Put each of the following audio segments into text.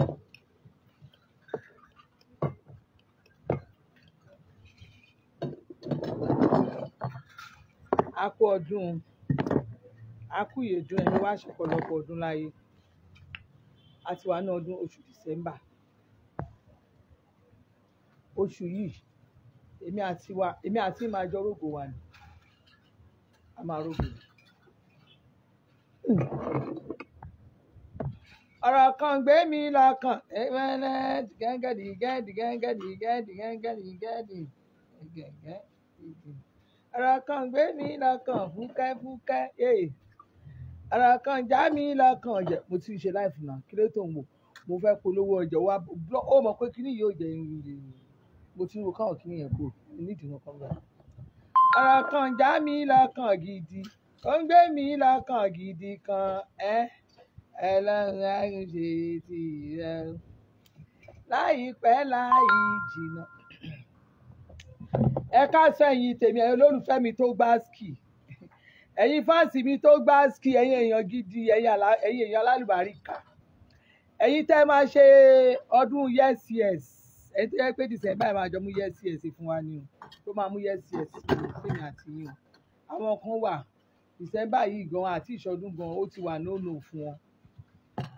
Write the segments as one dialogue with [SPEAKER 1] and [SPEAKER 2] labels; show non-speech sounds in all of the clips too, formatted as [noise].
[SPEAKER 1] A kú ọdún, a kú ìyèdún ẹni wá ṣọ̀pọ̀lọpọ̀ ọdún láyé. A ti wà ní ọdún oṣù December. Oṣù yìí, èmi àti wa, èmi àti máa jọ rógo wa A máa rógo ni. ọ̀rọ̀ kan gbé mi lọ́kàn ẹgbẹ́lẹ́ gẹ́gẹ́dì gẹ́gẹ́dì gẹ́gẹ́dì gẹ́gẹ́dì gẹ́gẹ́dì gẹ́gẹ́dì ọ̀rọ̀ kan gbé mi lọ́kàn fúkẹ́ fúkẹ́ ọ̀rọ̀ kan já mi lọ́kàn ọ̀jẹ̀ mo ti ṣe láìfù náà kí ló tó ń wò mo fẹ́ polówó ọjà wa ó mọ̀ pé kíní yóò jẹ irun rẹ̀ mo ti wo káwọn kíní yẹn kú nídìí wọn kọ́ bẹ́ẹ̀. ọ̀rọ̀ kan já mi lọ́kàn gidi ó gbé mi lọ́kàn gidi kan ẹ́. Eh? ẹlọ́run á ń ṣe tìrẹ o láìpẹ́ láì jìnnà ẹ káàsán ẹ̀yin tèmi ẹ̀yin olólùfẹ́ mi tó gbá ski ẹ̀yin fáǹsì mi tó gbá ski ẹ̀yin èèyàn gidi ẹ̀yin èèyàn alálùbáríkà ẹ̀yin tẹ́ máa ṣe ọdún yes yes ẹ̀yin tó yẹ pé December ẹ̀ máa jọ mú yes yes fún wa ni o tó máa mú yes yes fún mi àti yín o àwọn kan wà December yìí gan àti ìṣọdún gan ó ti wà nónò fún wọn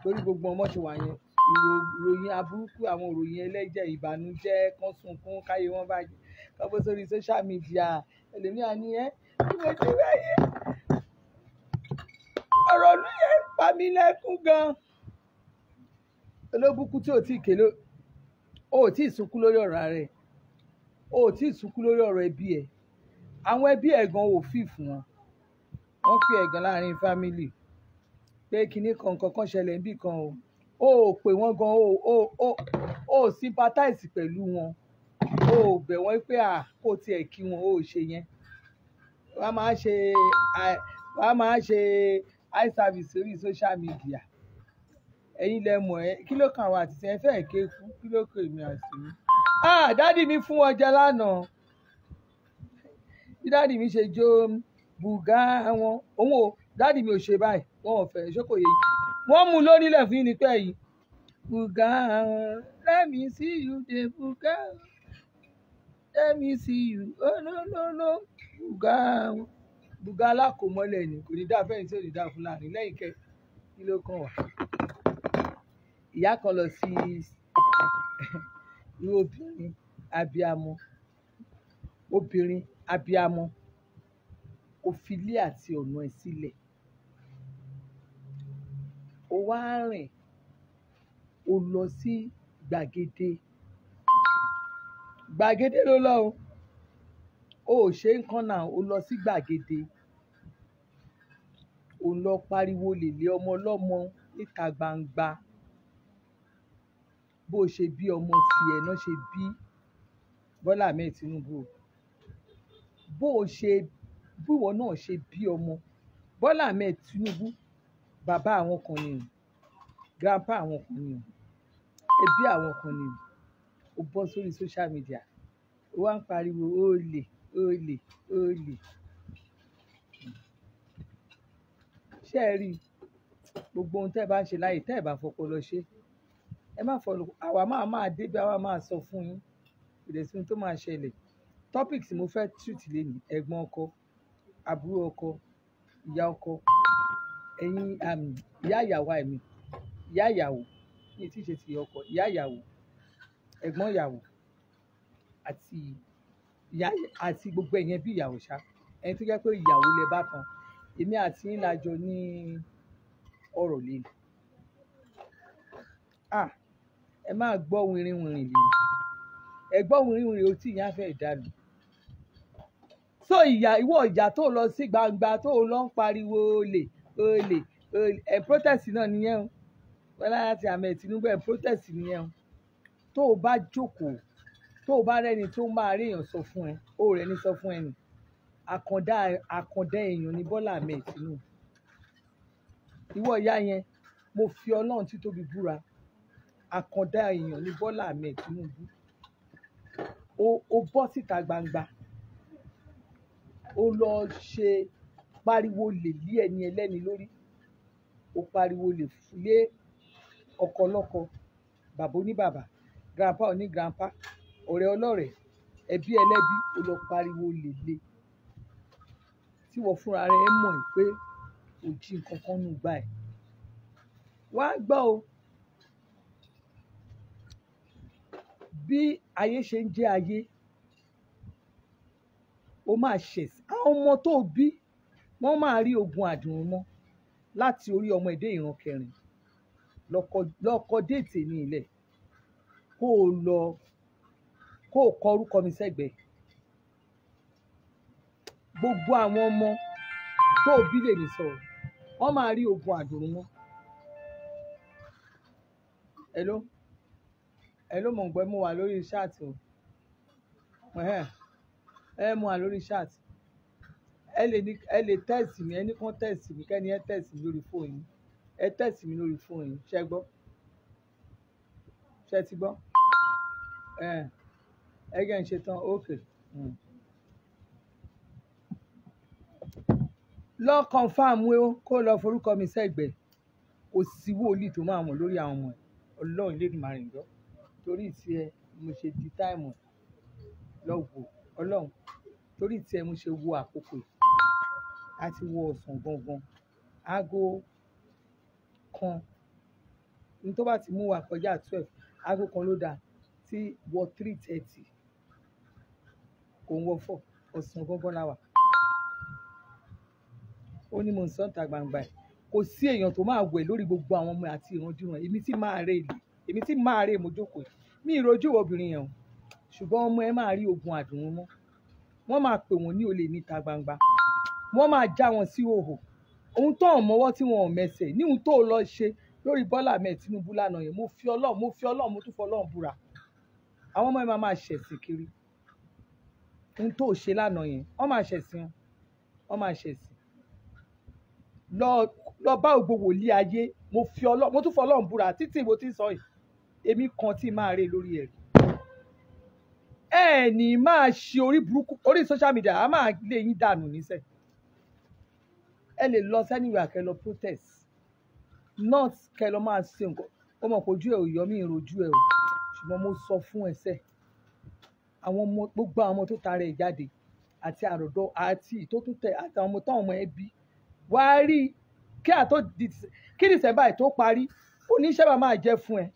[SPEAKER 1] torí gbogbo ọmọ ṣe wà yẹn ìròyìn aburúkú àwọn ìròyìn ẹlẹ́jẹ̀ ìbànújẹ́ kan sunkún káyé wọn bàjẹ́ kan bó sórí social media ẹlòmíà ni ẹ ìwé tí wọ́n yẹ ọ̀rọ̀ ló yẹ ń pa mí lẹ́kún gan-an olóbùkún tí ò tí ì kélé o ò tí ì sunkún lórí ọ̀rọ̀ rẹ̀ o ò tí ì sunkún lórí ọ̀rọ̀ ẹbí ẹ̀ àwọn ẹbí ẹ̀ gan-an ò fì fún wọn wọ́n fi ẹ̀gàn láàrin fámìlì pé kinní kan kankan ṣẹlẹ̀ níbì kan o o ò pè wọ́n gan o o o o sympathize pẹ̀lú wọn o ò bẹ̀ wọ́n pé à kò tiẹ̀ kí wọn o ò ṣe yẹn wọ́n á máa ṣe wọ́n á máa ṣe eye service lórí social media ẹ̀yin lẹ mọ̀ ẹ́ kí ló kàn wá àtìsẹ́ ẹ fẹ́ẹ̀ ké fún kí ló kàn èmi àti mi ah dádì mi fún wọn jẹ lánàá bí dádì mi ṣe jó bùgá wọn òun ò dáàdì mi ò ṣe báyìí wọn ò fẹ́ ṣé kò yẹ yìí wọ́n mú un lónílẹ̀ fún yín ní pẹ́ yìí. buga let me see you dey buga let me see you buga buga alákòmọ́lẹ̀ ni kò ní dáa fẹ́yìn tí ò ní dáa fún láàrin lẹ́yìn kẹ kí ló kàn wá. ìyá kan lọ sí irú obìnrin abiamọ obìnrin abiamọ kò fi ilé àti ọ̀nà ẹ̀ sílẹ̀ ó wá rìn ó lọ sí gbàgede gbàgede ló lọ o ò ṣe nǹkan náà ó lọ sí gbàgede ó lọ pariwo lèlé ọmọ ọlọ́mọ níta gbangba bó o ṣe bí ọmọ tiẹ̀ náà ṣe bí Bọ́lá Ahmed Tinubu bó o ṣe bíwọ náà ṣe bí ọmọ Bọ́lá Ahmed Tinubu bàbá àwọn kan ni o grandpa àwọn kan ni o ẹbí àwọn kan ni o ó bọ́ sórí social media ó wá ń pariwo olè olè olè ṣé ẹ rí gbogbo ohun tẹ́ ẹ bá ń ṣe láàyè tẹ́ ẹ bá fọpọ lọ ṣe ẹ má fọlọ àwa máa máa débi àwa máa sọ fún yín ìrètí tó máa ṣẹlẹ̀ topics mo fẹ́ treat lé ní ẹ̀gbọ́n ọkọ àbúrò ọkọ ìyá ọkọ ẹ̀yin um, ìyá ìyàwó àìmí ìyá ìyàwó ní tí ṣe ti ọkọ ìyá ìyàwó ẹ̀gbọ́n ìyàwó àti ìyá àti gbogbo ẹ̀yẹn bí ìyàwó ṣá ẹni tó jẹ́ pé ìyàwó lẹ bá tán èmi àti yín lájọ ní ọ̀rọ̀ lẹ́nu ẹ máa gbọ́ wìrìwìrì lẹ́nu ẹ gbọ́ wìrìwìrì otí yẹn á fẹ́ dànù so ìyá ìwọ ìjà tó lọ sí gbangba tó lọ ń pariwo lè olè olè ẹ protest náà nìyẹn o Bọ́lá láti Ahmed Tinubu ẹ protest nìyẹn o tó o bá jókòó tó o bá rẹ́ni tó máa réèyàn sọ fún ẹ ó rẹ́ni sọ fún ẹ nì àkàndá àkàndá èèyàn ni Bọ́lá Ahmed Tinubu ìwọ ìyá yẹn mo fi Ọlọ́run títóbi búra àkàndá èèyàn ni Bọ́lá Ahmed Tinubu ó bọ́ síta gbangba ó lọ ṣe pariwo lè lé ẹni ẹlẹ́ni lórí ó pariwo lè lé ọkọ ọlọ́kọ bàbá oníbàbà grandpa oní grandpa ọ̀rẹ́ ọlọ́rẹ̀ ẹbí ẹlẹ́bí ó lọ pariwo lè lé tí wọ́n fúnra rẹ̀ mọ̀ ẹ́ pé ò jí nǹkan kan nù gbà ẹ̀ wá gbọ́ o bí ayé ṣe ń jẹ́ ayé ó máa ṣẹ̀ àwọn ọmọ tó bí wọ́n máa rí ogun àdùnrún mọ́ láti orí ọmọ èdè ìran kẹrin lọ́kọ déètì ní ilẹ̀ kó o lọ kó o kọ orúkọ mi sẹ́gbẹ̀ẹ́ gbogbo àwọn ọmọ tó òbí lè mi sọ̀rọ̀ wọ́n máa rí ogun àdùnrún mọ́. Hello? Hello mọ̀ ń gbẹ́ mo wà lórí ṣáàtì o ẹ mo wà lórí ṣáàtì ẹ lè ní ẹ lè tẹ̀sì mi ẹ ní kán tẹ̀sì mi kẹ́ni ẹ tẹ̀sì mi lórí fóònù yín ẹ tẹ̀sì mi lórí fóònù yín ṣẹ́ gbọ́ ṣẹ́ ti gbọ́ ẹ gẹ́ ń ṣe tán ókè. Hmm. lọ kọ̀ǹfàmù o kó lọ forúkọ mi sẹ́gbẹ̀ẹ́ kò sí wòlíì tó máa mọ̀ lórí àwọn ọmọ ẹ̀ ọlọ́run lè máa rìn gbọ́ torí ìtì ẹ mo ṣe di táìmù lọ́wọ́ ọlọ́run torí tiẹ̀ mo ṣe wo àkókò yìí a ti wo ọ̀sán gangan aago kan ní tó bá ti mú wa kọjá twelve aago kan ló dáa tí wọ three thirty kò ń wọ four ọ̀sán gangan la wà ó ní mo ń sọ́ǹtà gbangba ẹ̀ kò sí èèyàn tó máa wẹ̀ lórí gbogbo àwọn ọmọ àti ìrandíran èmi tí máa rè lè èmi tí máa rè mo mi ìrojú obìnrin yẹn o ṣùgbọ́n ọmọ ẹ máa rí ogun àdùnnú mọ́ wọ́n máa pè wọ́n ní olè níta gbangba wọ́n máa já wọn sí òhò ohun tó hàn mọ́wọ́ tí wọ́n ò mẹsẹ̀ níhun tó lọ ṣe lórí Bọ́lá Ahmed Tinubu lánàá yẹn mo fi Ọlọ́run mo fi Ọlọ́run mo tún fọ Ọlọ́run búra àwọn ọmọ yẹn máa máa ṣẹ̀sìn kiri ohun tó ṣe lánàá yẹn wọ́n máa ṣẹ̀sìn wọ́n máa ṣẹ̀sìn lọ lọ bá ògbówó lé ayé mo fi Ọlọ́run mo tún fọ Ọlọ́run búra títí mo ti sọ yìí èmi kan tí máa rè lórí ẹ̀rí ẹ ní máa ṣe orí burúkú orí social media a máa lé yín dànù níṣẹ́ ẹ lè lọ sẹ́niwà kẹ lọ protest not kẹ lọ máa ṣe nǹkan ó mọ̀ kojú ẹ̀ ò yọ mí ìrojú ẹ̀ o ṣùgbọ́n mo sọ fún ẹsẹ̀ àwọn ọmọ gbogbo àwọn ọmọ tó tara ẹ̀ jáde àti àròdọ àti ìtótútẹ àtàwọn ọmọ táwọn ọmọ ẹ bí wàá rí kí àtó kí nìṣẹ́ báyìí tó parí oníṣẹ́ bá máa jẹ́ fún ẹ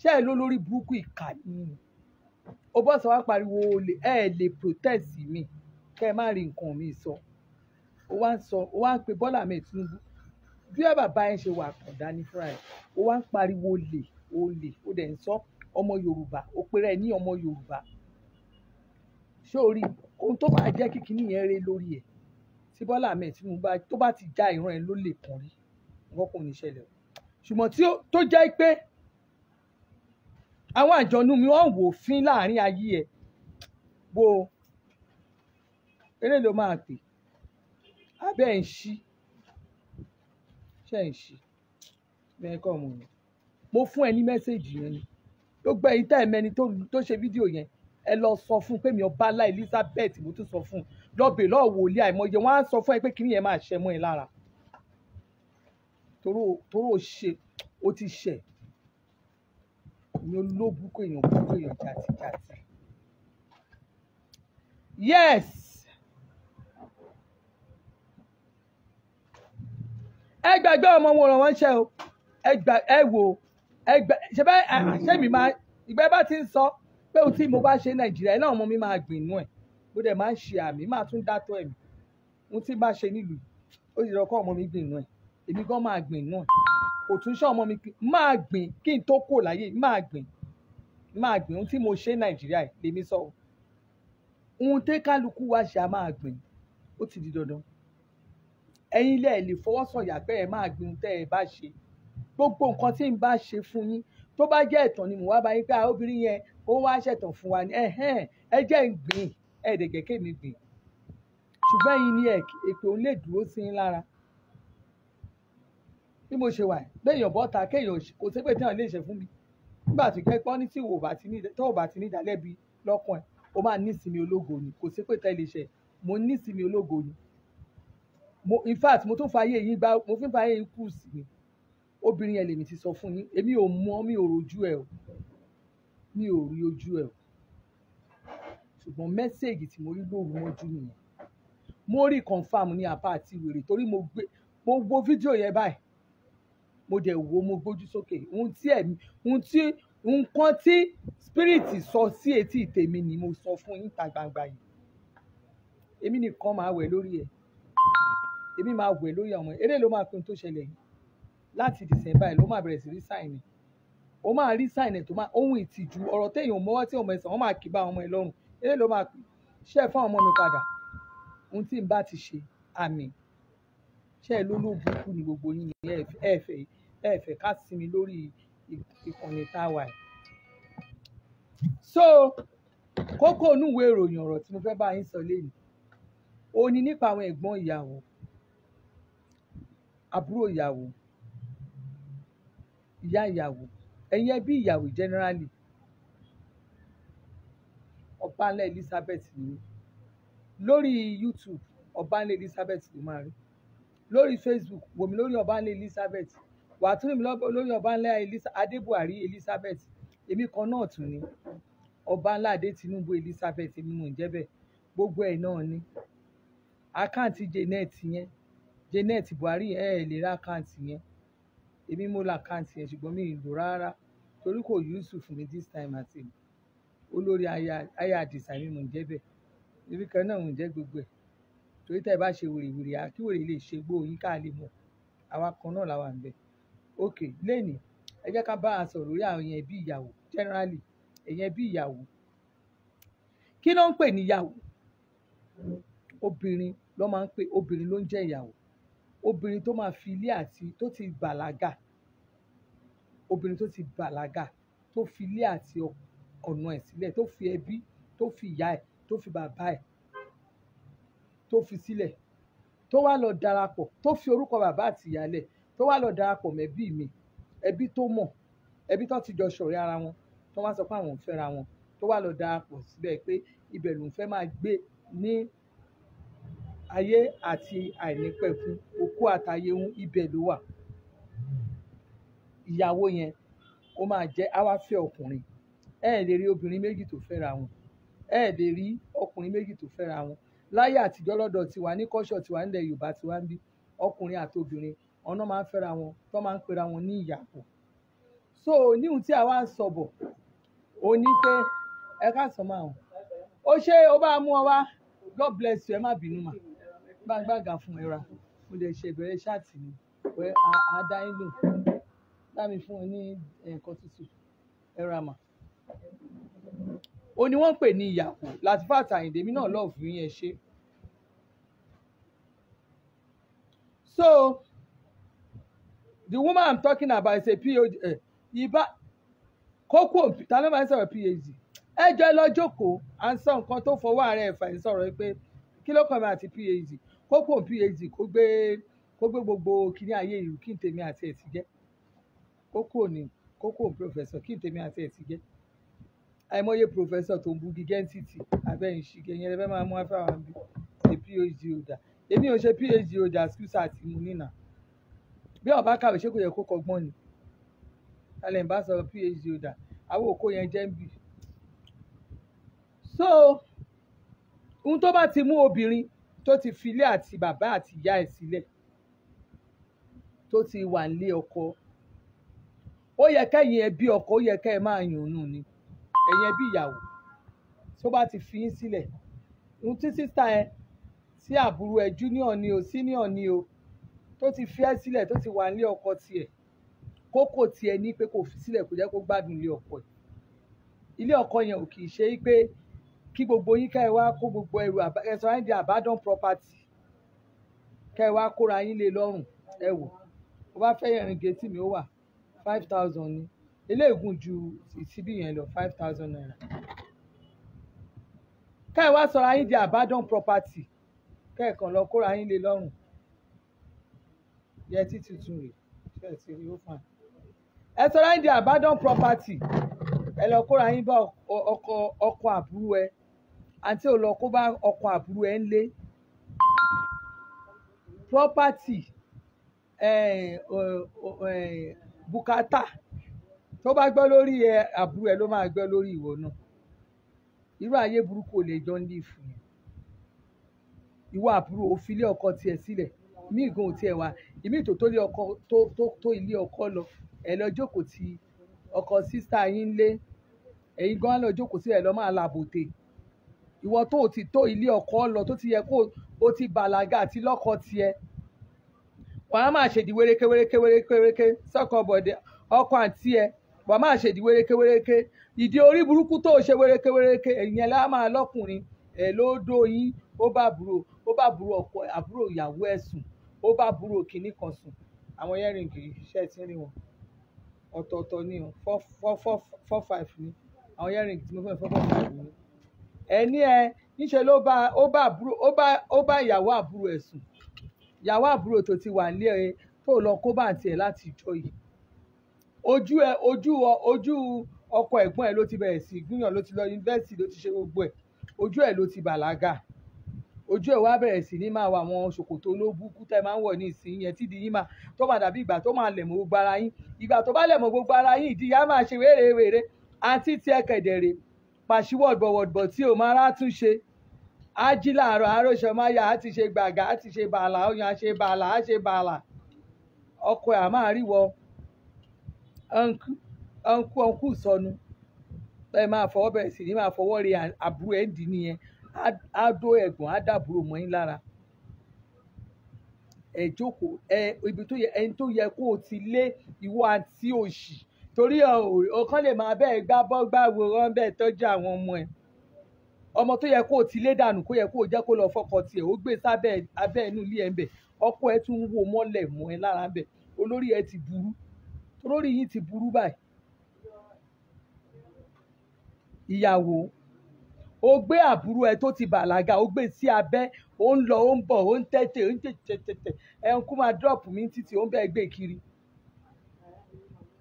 [SPEAKER 1] ṣé ẹ ló lórí burúkú ìkà yìí o bọ́sà wá pariwo ẹ lè protest mi kẹ́ ẹ má rí nǹkan mi sọ o wá ń sọ o wá ń pe Bọ́lá mi Tinubu bí ẹ bàbá ẹ ṣe wà kàn dání fúnra ẹ o wá ń pariwo olè olè o dẹ̀ ń sọ ọmọ Yorùbá o pèrè ẹ ní ọmọ Yorùbá ṣé ohun tó bá jẹ́ kí kinní yẹn lórí ẹ̀ tí Bọ́lá Ahmed Tinubu tó bá ti já ìran ẹ̀ ló lè kàn rí nǹkan kò ní ṣẹlẹ̀ o ṣùgbọ́n tó jẹ́ pé àwọn àjọ̀nú mi wọ́n wò fín láàrin ayé ẹ̀ wo eré ló máa tè abẹ́ ẹ̀ ń ṣí ṣe ń ṣí bẹ́ẹ̀ kọ́ mo ní mo fún ẹ ní mẹ́sẹ̀gì yẹn ni gbogbo ẹ̀yin tẹ́ ẹ mẹ́ni tó ṣe fídíò yẹn ẹ lọ sọ fún pé mi ọba alá Elizabeth mo tún sọ fún lọ́bẹ̀ lọ́ọ̀ wòlíì àìmọye wọ́n á sọ fún ẹ pé kíní yẹn máa ṣẹ mọ́ ẹ lára toró toró ṣe ó ti ṣẹ̀ èèyàn olóbùkù èèyàn burúkú èèyàn jàtìjàtì yes ẹ gbàgbé ọmọ wọn ràn ṣe o ẹ gbà ẹ wò ẹ gbà ṣe bẹ àṣẹ mi máa ìgbà bá ti ń sọ pé ohun tí mo bá ṣe nàìjíríà iná ọmọ mi máa gbìnú ẹ bó dẹ̀ máa ń ṣe àmì máa tún dátọ ẹ̀mí ohun tí bá ṣe nílùú ó sì rọ ọmọ mi gbìnú ẹ̀ èmi gan máa gbìn náà òtúnṣe ọmọ mi máa gbìn kí n tó kò láyé máa gbìn máa gbìn ohun tí mo ṣe nàìjíríà lèmi sọ ohun tẹ kálukú wá ṣe a máa gbìn ó ti di dandan ẹ̀yin ilé ẹ lè fọwọ́sọ̀yà pé ẹ máa gbìn tẹ ẹ bá ṣe gbogbo nǹkan tí n bá ṣe fún yín tó bá jẹ́ ẹ̀tàn ni mò ń wá bá yín pé obìnrin yẹn ó wá ṣẹ̀tàn fún wa ni ẹ jẹ́ ń gbìn ẹ dẹ̀gẹ̀kẹ́ mi gbìn ṣùgbọ́n ẹ̀yin ni èpè òun lè dúró sí yín lára bí mo ṣe wà béèyàn bọ́ta kéèyàn kò sépè tí wọn lè ṣe fún mi nígbà tí kẹ́kọ́ ní tí ò bá ti ní ìdálẹ́bi lọ́kàn ẹ̀ ó máa ní ìsinmi ológo ni kò sépè tẹ́ lè ṣe mo ní ìsinmi ológo ni mo in fact mo tún fààyè yín gbá mo fi ń fààyè yín kù sí mi obìnrin yẹn lèmi ti sọ fún yín èmi ò mọ mi ò rojú ẹ o mi ò rí ojú ẹ o ṣùgbọ́n mẹ́sẹ̀gì tí mo rí lóru mọ́jú nìyẹn mo rí confam ní apá àti wèrè torí mo gbé mo wo fídíò yẹn báyìí mo dẹ̀ wò mo gbójú sókè ohun tí ẹ̀mí ohun tí nǹkan tí spirit sọ sí etí tèmi ni mo sọ fún yín ta gbangba yìí èmi nìkan máa wẹ̀ lórí ẹ̀ èmi máa wẹ̀ lórí ọmọ eré ló máa pin tó ṣẹlẹ̀ yìí láti December ẹ̀ ló máa bẹ̀rẹ̀ sí rí sáìnì ó máa rí sáìnì tó máa ohun ìtìjú ọ̀rọ̀ téèyàn mọ́wọ́ tí ọmọ ẹ̀sán wọ́n máa kí bá ọmọ ẹ lọ́rùn eré ló máa pin ṣe é fún ọmọ mi padà ohun tí n bá ti ṣe àmì ṣe é lólóbùkún ní gbogbo yín ní ẹ̀fẹ̀ yìí ẹ fẹ́ ká sinmi lórí ìkànnì tá a wà yìí. so kókó onúwèé ìròyìn ọ̀rọ̀ tí mo fẹ́ bá yín sọ lẹ́yìn ó ní nípa àwọn ẹ̀gbọ́n ìyàwó àbúrò ìyàwó ìyá ìyàwó ẹ̀yin ẹbí ìyàwó generally ọ̀bánlẹ̀ Elizabeth ni lórí YouTube ọ̀bánlẹ̀ Elizabeth ló máa rí lórí Facebook wòmí lórí ọ̀bánlẹ̀ Elizabeth wàtúrú mi lórí ọba ńlá adébuhari elizabeth èmi kan náà tún ni ọba ńlá adé tinubu elizabeth èmi mò ń jẹ́ bẹ́ẹ̀ gbogbo ẹ̀ náà ni àkáǹtì janet yẹn janet buhari ẹ ẹ lè ra àkáǹtì yẹn èmi mo la àkáǹtì yẹn ṣùgbọ́n mi ì lò rárá torí kò yùúsù fún this time àti olórí aya àdìsá mi mò ń jẹ́ bẹ́ẹ̀ ibi kan náà mò ń jẹ́ gbogbo ẹ̀ torí tẹ́ ẹ bá ṣe wèrèwèrè àkíwèrè lè ṣe gbóòyìn ká lè mọ̀ àwa kan náà làwa ń ok lẹ́nì ẹ jẹ́ ká bá a sọ̀rọ̀ lórí àwọn ẹbí ìyàwó generally èèyàn ẹbí ìyàwó kí ló ń pè níyàwó obìnrin ló máa ń pè obìnrin ló ń jẹ́ ìyàwó obìnrin tó máa fi ilé àti tó ti bàlágà obìnrin tó ti bàlágà tó fi ilé àti ọ̀nà ẹ̀ sílẹ̀ tó fi ẹbí tó fi ìyá ẹ̀ tó fi bàbá ẹ̀ tó fi sílẹ̀ tó wá lọ darapọ̀ tó fi orúkọ bàbá àti ìyá lẹ̀ tó wá lọ darapọ̀ mẹ́bí mi ẹbí tó mọ̀ ẹbí tó ti jọ ṣọ̀rẹ́ ara wọn tó wá sọ pé àwọn ò fẹ́ra wọn tó wá lọ darapọ̀ síbẹ̀ pé ibẹ̀ lòun fẹ́ máa gbé ní ayé àti àìnípẹ̀kun òkú àtayé ń ibẹ̀ ló wà ìyàwó yẹn ó máa jẹ́ àwa fẹ́ ọkùnrin ẹ lè rí obìnrin méjì tó fẹ́ra wọn ẹ lè rí ọkùnrin méjì tó fẹ́ra wọn láyé àtijọ́ lọ́dọ̀ tiwa ní kọ́ṣọ̀ tiwa nílẹ̀ yorùbá tiwa ń bí ọkùnrin àti obìnrin ọ̀nà máa ń fẹ́ra wọn tó máa ń pera wọn ní ìyàpọ̀ so níhun tí a wá ń sọ bọ̀ ó ní pé ẹ ká sọ máa hàn ó ṣe ó bá mú ọ wá god bless you ẹ má bínú mà gbàgbàgà fún ẹ ra mo dẹ̀ ṣe ìbẹ̀rẹ̀ ṣáàtì mi pé àádá ń lò dámi fún ọ ní ẹ̀ẹ̀kan tútù ẹ ra mà ó ní wọ́n pè ní ìyàpọ̀ Latifat Àyìndé mi náà lọ́ọ̀fù yín ẹ ṣe so the woman i'm talking about is a phd ẹ eh, ibà kókó ta ló máa ń sọ̀rọ̀ phd ẹ jọ ẹ lọ jókòó à ń sọ nǹkan tó fọwọ́ ààrẹ ẹ̀fà ń sọ̀rọ̀ pé kí ló kàn mí àti phd Koko, phd kó gbé kó gbé gbogbo kíní ayé ìlú kí n tèmi àti ẹ̀ ti jẹ́ kókó ni Koko professor kí n tèmi àti ẹ̀ ti jẹ́ àìmọye professor tó ń bu gigantity abẹ́yìn ṣìgẹ̀ yẹn lẹ́fẹ̀ẹ́ máa mú afẹ́ àwọn àbí ṣe phd holder èmi ò ṣe phd holder school sat mo nínà bí ọba kàwé ṣé kò yẹ kó kọ́gbọ́n ni alẹ́ ń sọ phd ọ̀dà àwọn òkó yẹn jẹ́ ń so ohun tó bá ti mú obìnrin tó ti filé àti bàbá àti ìyá ẹ̀ sílẹ̀ tó ti wà nílé ọkọ ó yẹ kẹ́yìn ẹbí ọkọ ó yẹ kẹ́ ẹ máa yùnnú ni ẹ̀yin ẹbí ìyàwó tó bá ti fi yín sílẹ̀ ohun tí sísá ẹ sí àbúrò ẹ júnior ni o senior ni o tó ti fi ẹ́ sílẹ̀ tó ti wà nílé ọkọ tiẹ̀ kókò tiẹ̀ ní pé kò fi sílẹ̀ kò jẹ́ kó gbádùn ilé ọkọ yìí ilé ọkọ yẹn ò kì í ṣe pé kí gbogbo yín ká ẹ wá kó gbogbo ẹrù ẹsọ àbádọ́n property ká ẹ wá kóra yín lé lọ́rùn ẹ wò ó bá fẹ́ yẹn rìn gétí mi ó wà five thousand ni eléègùn ju ìsíbí yẹn lọ five thousand naira ká ẹ wá sọra yín di àbádọ́n property ká ẹ kàn lọ kóra yín lé lọ́rùn yẹtí tuntun rè ṣe é ti rí ó fà. ẹ sọ̀rọ̀ ìdí àbádọ́n property ẹ lọ kóra yín bá ọkọ ọkọ àbúrò ẹ àǹtí ò lọ kó bá ọkọ àbúrò ẹ ń lé property bùkátà tó bá gbọ́ lórí ẹ àbúrò ẹ ló máa gbọ́ lórí ìwọ náà irú ayé burúkú ò lè jọ ń lè fún yẹn ìwọ àbúrò òfìlẹ ọkọ tiẹ̀ sílẹ̀ mi gan ò tiẹ̀ wá ìmí tó tó ilé ọkọ lọ ẹ lọ jókòó ti ọkọ sísá yín lé ẹ̀yin gan lọ jókòó sí ẹ lọ máa làbòtè ìwọ tó ti tó ilé ọkọ lọ tó ti yẹ kó o ti bàlágà àti lọ́kọ tiẹ̀ wàá máa ṣèdí wéréké wéréké wéréké wéréké sọkọ bọdẹ ọkọ àǹtí ẹ wàá máa ṣèdí wéréké wéréké ìdí orí burúkú tó ṣe wéréké wéréké ẹ̀yìn ẹ̀ máa lọ́kùnrin ẹ̀ ló dó yín ó bá àbúrò ó bá àbúrò ọkọ àbúrò ìyàwó ẹ̀ sùn ó bá burú kínní kan sùn àwọn earring yìí ṣe ti rí wọn ọ̀tọ̀ọ̀tọ̀ ni o four four four four five ni àwọn earring tí mo fẹ́ four four five ni ẹni ẹ níṣẹ́ ló bá ó bá àbúrò ó bá ó bá ìyàwó àbúrò ẹ̀ sùn ìyàwó àbúrò tó ti wà nílé ẹ tó lọ kó bá tiẹ̀ láti jọ yìí ojú ẹ ojú ọ ojú ọkọ ẹ̀gbọ́n ẹ ló ti bẹ̀rẹ̀ sí gbìyànjú ló ti lọ yunifásitì ló ti ṣe gbogbo ẹ̀ ojú ẹ ló ti bàlágà ojú ẹ̀ wá bẹ̀rẹ̀ sí ní máa wà àwọn ṣòkòtò olóbùkú tẹ́ máa ń wọ̀ ní ìsìn yẹn tídìí yín máa tó máa dàbí ìgbà tó máa lẹ̀ mọ́ gbogbo ara yín ìgbà tó bá lẹ̀ mọ́ gbogbo ara yín ìdí yá máa ṣe wérewère àti tiẹ̀ kẹ̀dẹ̀rẹ̀ pàṣíwọ̀dbọ̀wọ̀dbọ̀ tí o máa rá tún ṣe ájí làárọ̀ aróṣọmáyà á ti ṣe gbàgà á ti ṣe bààlà ọyàn á ṣe bààlà á ṣe bààlà ọkọ ẹ̀ àmà àríwọ ọ̀nkú ọ̀nkú sọnù ẹ máa fọwọ́ bẹ̀rẹ̀ sí ní máa fọwọ́ re àbúrò ẹ̀ ń dì nìyẹn á dó ẹ̀gbọ́n á dàbúrò mọ́ yín lára ẹ jókòó ẹ ibi tó yẹ ẹni tó yẹ kó o ti lé ìwọ àti òṣì torí ọkàn lè máa bẹ́ẹ̀ gbá bọ́ gbá wòran bẹ́ẹ̀ tọ́jú àwọn ọmọ ẹ̀ ọmọ tó yẹ kó o ti lé dànù kó yẹ kó o jẹ́ kó lọ fọkọ tiẹ̀ ó gbé sábẹ́ abẹ́ inú ilé ẹ̀ ń bẹ̀ ọkọ ẹ tún ń wo mọ́lẹ̀ mọ́ ẹ lára ń bẹ̀ olórí ẹ ti burú olórí yìí ti burú báyìí ìyàwó ó gbé àbúrò ẹ tó ti bàlágà ó gbé sí abẹ́ ó ń lọ ó ń bọ̀ ó ń tẹ́tẹ̀ ó ń tẹ̀tẹ̀tẹ̀ ẹ̀hún kó máa drop mi títí ó ń bẹ́ẹ̀ gbé kiri.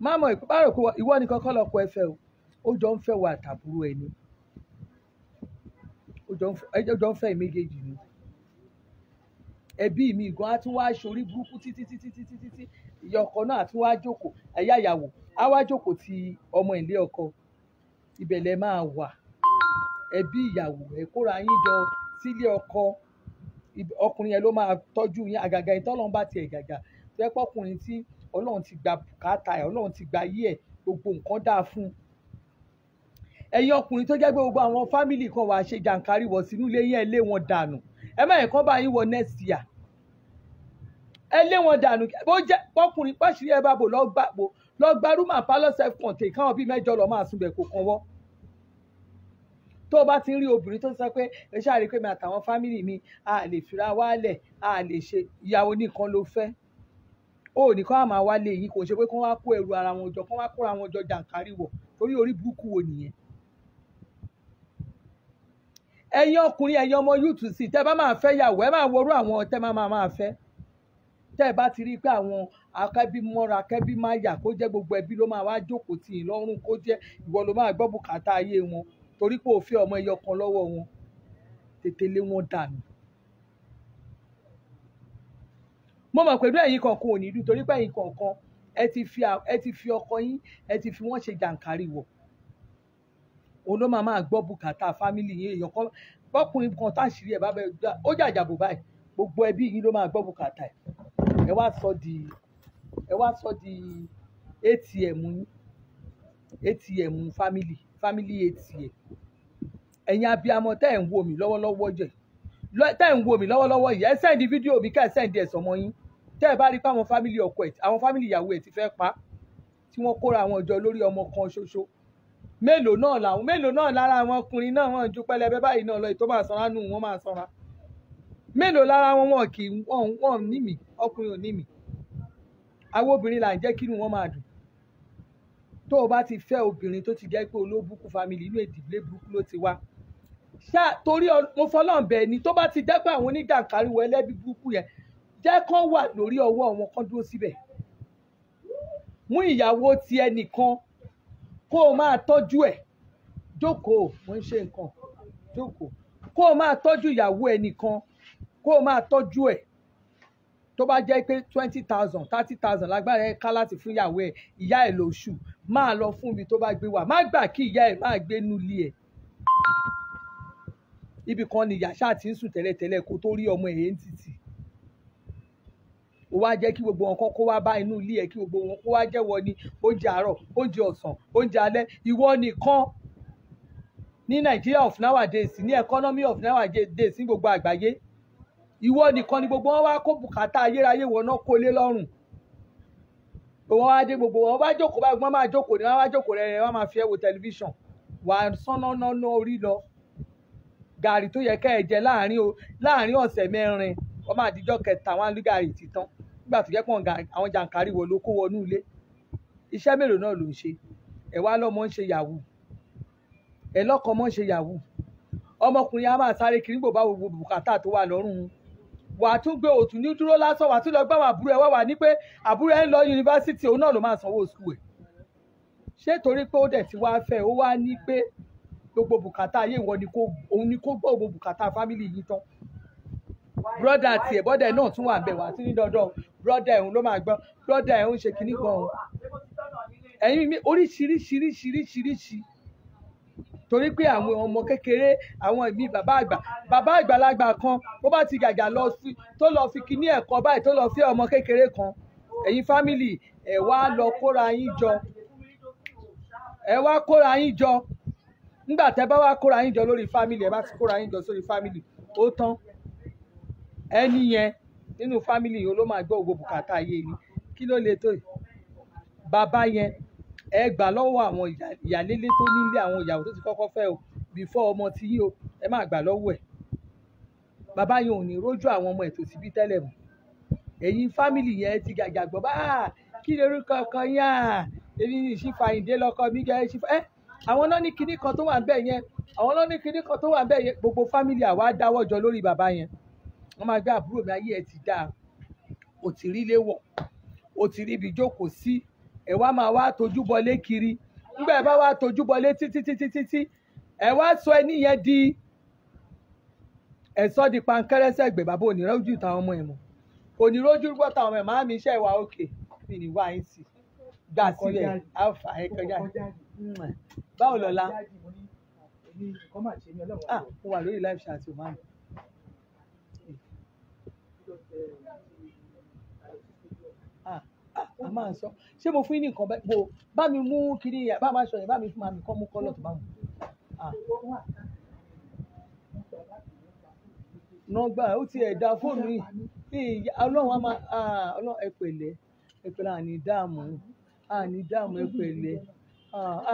[SPEAKER 1] má mọ̀ ìpárò pé ìwọ nìkan ẹ fẹ́ o ó jọ ń fẹ́ ẹ ni ó jọ ń fẹ́ méjèèjì ni ẹbí mi gan á tún wá títí títí títí títí ti ẹbí ìyàwó ẹ kóra yín jọ sílé ọkọ ọkùnrin yẹn ló máa tọ́jú yín àgàgà yìí tọ́lọ́run bá tiẹ̀ gàgà tó yẹ pé ọkùnrin tí ọlọ́run ti gba bùkátà ẹ̀ ọlọ́run ti gba ayé ẹ̀ gbogbo nǹkan dáa fún un ẹ̀yin ọkùnrin tó jẹ́ pé gbogbo àwọn fámìlì kan wàá ṣe jàǹkárí wọ̀ sínú ilé yín lé wọn dànù ẹ má yẹn kán bá yín wọ next year ẹ lé wọn dànù bó jẹ́ ọkùnrin pàṣírí ẹ bá bò lọ́gbàrú màá pálọ́sẹ̀ kọ̀ǹtè káwọn bíi mẹ́jọ lọ́ọ́ máa sunbẹ̀ kó kan wọ́ tó o bá ti rí obìnrin tó ti sọ pé ẹ ṣáà rí pé mi àtàwọn fámìlì mi a lè fira wálẹ̀ a lè ṣe ìyàwó nìkan ló fẹ́ ó nìkan àmà wálé yìí kò ṣe pé kí wọ́n wá kó ẹrù ara wọn jọ kí wọ́n wá kóra wọn jọ jàǹkárí wọ̀ torí orí burúkú wo nìyẹn ẹ̀yin ọkùnrin ẹ̀yin ọmọ yúùtù sí tẹ́ bá máa fẹ́ yàwó ẹ máa wọrú àwọn tẹ́ máa máa fẹ́ tẹ́ bá ti rí i pé àwọn akẹ́bí mọ́ra akẹ́bí máa yà kó jẹ́ gbogbo ẹbí ló máa wá jókòó tì í lọ́rùn kó jẹ́ ìwọ ló máa gbọ́ bùkátà ayé wọn torí pé ó fẹ́ ọmọ ẹyọ kan lọ́wọ́ wọn tètè lé wọn dànù. mo mọ̀ pé inú ẹ̀yin kọ̀ọ̀kan ò ní dùn torí pé ẹ̀yin kọ̀ọ̀kan ẹ ti fi ọkọ yín ẹ ti fi wọ́n ṣe jàǹkárì wọ̀ òun ló máa máa gbọ́ bùkátà fámìlì yín èèyàn kan bọ́kùnrin kan táṣìírí ẹ̀ bá bẹ ó jàjàbò báyìí gbogbo ẹbí yín ló máa gbọ́ bùkátà ẹ̀ ẹ wá sọ di ẹ wá sọ di atm yín atm fámìlì family atm ẹ̀yin abiyamọ tẹ́ ẹ̀ ń wo mí lọ́wọ́lọ́wọ́ jẹ tẹ́ ẹ̀ ń wò mí lọ́wọ́lọ́wọ́ yìí ẹ sẹ́ndì fídíò mi ká ẹ sẹ́ndì ẹ̀sán mọ́ yín tẹ́ ẹ bá rí pé àwọn family ọkọ ẹ̀ àwọn family ìyàwó ẹ̀ ti fẹ́ pa tí wọ́n kóra àwọn ìjọ lórí ọmọ kan ṣoṣo mélòó náà làwọn mélòó náà lára àwọn ọkùnrin náà wọ́n ju pẹlẹbẹ báyìí náà lọ ètò máa sanra nù wọ́n máa sanra mélòó lára wọn wọn kì í wọn ní mi ọkùnrin ò ní mi àwọn obìnrin là ń jẹ́ kínú wọn máa dùn tó o bá ti fẹ́ obìnrin tó ti jẹ́ pé olóbùkú family inú ìdílé burúkú ló ti wá ṣá torí mo fọlọ́n bẹ́ẹ̀ ni tó bá ti jẹ́ pé àwọn onídàǹkáríwọ̀ ẹlẹ́bí burúkú yẹn jẹ́ kán wà lórí ọwọ́ wọn kán dúró síbẹ̀ mú ìyàwó ti ẹnìkan kó o máa tọ́jú ẹ̀ jókòó mo ń ṣe nǹkan jókòó kó o máa tọ́jú ìyàwó ẹnìkan kó o máa tọ́jú ẹ̀ tó bá jẹ́ pé twenty thousand thirty thousand lágbára ẹ̀ ká láti fún ìyàwó ẹ̀ ìyá ẹ̀ lóṣù máa lọ fún ibi tó bá gbé wà má gbà kí ìyá ẹ̀ máa gbé nulí ẹ̀ ibì kan ni ìyá ṣáà ti ń sùn tẹ́lẹ̀tẹ́lẹ̀ kó tó rí ọmọ ẹ̀ ń títì ó wá jẹ́ kí gbogbo wọn kọ́ kó wá bá inú ilé ẹ̀ kí gbogbo wọn kó wá jẹ́wọ́ ni oúnjẹ àárọ̀ oúnjẹ ọ̀sán oúnjẹ alẹ́ ìwọ nìkan ní Nàìjíríà of nowadays ní economy of nowadays ní gbogbo àgbáyé ìwọ nìkan ni gbogbo wọn wá kó bùkátà ayérayé wọn náà kó lé lọ́rùn wọn wá dé gbogbo wọn wá jókòó báyìí wọn máa jókòó ni wọn wá jókòó rẹ wọn máa fi ẹ wo tẹlifíṣàn wà sánnánánná orí lọ gàrí tó yẹ ká ẹ jẹ láàrin láàrin ọ̀sẹ̀ mẹ́rin wọn máa dijọ́ kẹta wọn á lú gàrí títán nígbà tó yẹ pọ̀ àwọn jàǹkárí wo ló kó wọnú ilé iṣẹ́ mélòó náà ló ń ṣe ẹ̀ wá lọ́mọ ń ṣe yahoo ẹ̀ lọ́kọ mọ́ ń ṣe yahoo ọmọkùnrin á máa sáré kiri gbòbá gbogbo bùkátà tó wà lọ́rùn wàá tún gbé òtún ní dúró lásán wàá tún lọ gbá àwọn àbúrò ẹ wá wà ní pé àbúrò ẹ ń lọ yunifásitì òun náà ló máa sanwó sùkúù ẹ ṣé torí pé ó dẹ̀ ti wá fẹ́ ó wá ní pé gbogbo bùkátà ayé ìwọ ni kò òun ni kò gbọ́ gbogbo bùkátà fámìlì yìí tán
[SPEAKER 2] brọ́dà tiẹ̀ bọ́dà ẹ̀ náà tún
[SPEAKER 1] wà bẹ̀ wá sí ní dandan brọ́dà ẹ̀ òun ló máa gbọ́ brọ́dà ẹ̀ òun ṣe kinní gan-an ẹ̀yin mi torí pé àwọn ọmọ kékeré àwọn ìmí bàbá àgbà bàbá àgbàlagbà kan bó bá ti gàgà lọ sí tó lọ fi kíní ẹ̀kọ́ báyìí tó lọ fi ọmọ kékeré kan ẹ̀yin fámìlì ẹ wá lọ kóra yín jọ ẹ wá kóra yín jọ nígbà tẹ bá wá kóra yín jọ lórí fámìlì ẹ bá ti kóra yín jọ sórí fámìlì ó tán ẹni yẹn nínú fámìlì yìí ó ló máa gbọ́ ògbó bùkátà ayé ni kí ló le tó yìí bàbá yẹn ẹ gbà lọ́wọ́ àwọn ìyálélé tó nílé àwọn ìyàwó tó ti kọ́kọ́ fẹ́ o bífọ́ ọmọ tí yín o ẹ má gbà lọ́wọ́ ẹ̀ bàbá yẹn ò ní rójú àwọn ọmọ ẹ̀ tó ti bí tẹ́lẹ̀ mọ́ ẹ̀yin fámìlì yẹn ti gàgàgbọ́ bá kí ni orúkọ ọkọ yín à èmi ní ìṣífà ìdè lọkọ mi jẹ́ ìṣífà ẹ́ àwọn náà ní kinní kan tó wà bẹ́ẹ̀ yẹn àwọn náà ní kinní kan tó wà bẹ́ẹ̀ yẹn gbogbo fámìlì àwa dáwọ́ jọ lórí bàbá yẹn wọ́n máa gbé àbúrò mi ayé ẹ̀ ti dáa ò ti rí léwọ̀ ò ti rí ibi jókòó sí ẹ wá máa wá tójú bọlé kiri nígbà ẹ bá wá tójú bọlé títí títí títí ẹ wá sọ ẹni yẹn di ẹ̀sọ́ di pankẹ́rẹ́sẹ̀ gbé bàbá onírọ́jú táwọn ọmọ ẹ̀ mọ̀ onírọ́jú gbọ́ táwọn ọmọ ẹ̀ máa mi iṣẹ́ ìwà òkè mi ní wá ẹ̀ sì gbà sílẹ̀ àfà ẹ̀ kọjá báwo lọ́la ah mo wà lórí live chat o máa mi a máa sọ ṣé mo fún yín ní nǹkan bẹ́ẹ̀ bò bá mi mú kiri yẹn bá máa sọ yẹn bá mi fún màmí kọ́ mú kọ́lọ̀ tó bá mú.
[SPEAKER 2] nọgbà ó ti ẹ̀ da fóònù
[SPEAKER 1] yìí ọlọ́run á máa ọlọ́run ẹ pẹ̀lẹ́ ẹ pẹ̀lẹ́ àní dààmú àní dààmú ẹ pẹ̀lẹ́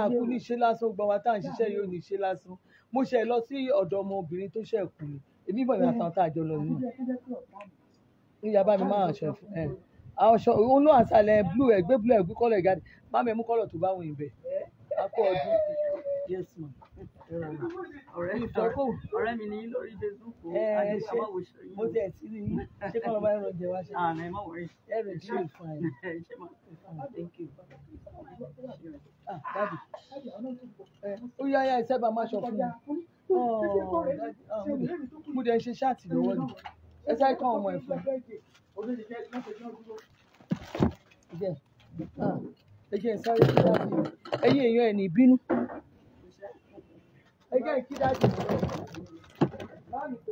[SPEAKER 1] àkú ní ṣe lásán gbọ́n wa tá à ń ṣiṣẹ́ yóò ní ṣe lásán mo ṣe lọ sí ọ̀dọ̀ ọmọbìnrin tó ṣẹ̀ ni èmi bọ̀ ní àtàwọn tá a jọ lọ nínú ìyá bá mi máa ṣe fún ẹ aṣọ olú àṣàlẹ̀ blue ẹ̀ gbé blue ẹ̀ gbé kọ́lọ̀ ìjáde má mi mú kọ́lọ̀ tó bá wọn ìbẹ̀ akọ ọdún yes ma. ọ̀rẹ́ mi ní lórí facebook o àdìsá má wo ṣe yín. mo ti ẹ̀ sí ni ṣé kọ́lọ̀ bá ẹran jẹ wá ṣe. àná ẹ má wọrí. ẹrù jí ò fà ẹ.
[SPEAKER 2] ṣé ma thank you. ah dadi ó yá yá
[SPEAKER 1] ìṣẹ́bà má ṣọ fún mi. Ah, mo dẹ̀ ṣe ṣáàtì lọ́wọ́ ni ẹ sáré kọ́ ọmọ ẹ̀ fún mi. Ah, ẹ jẹ́ kí dájú ẹyí èèyàn ẹ̀ ní ìbínú ẹ jẹ́ ìkí dájú ẹgbẹ̀rún ti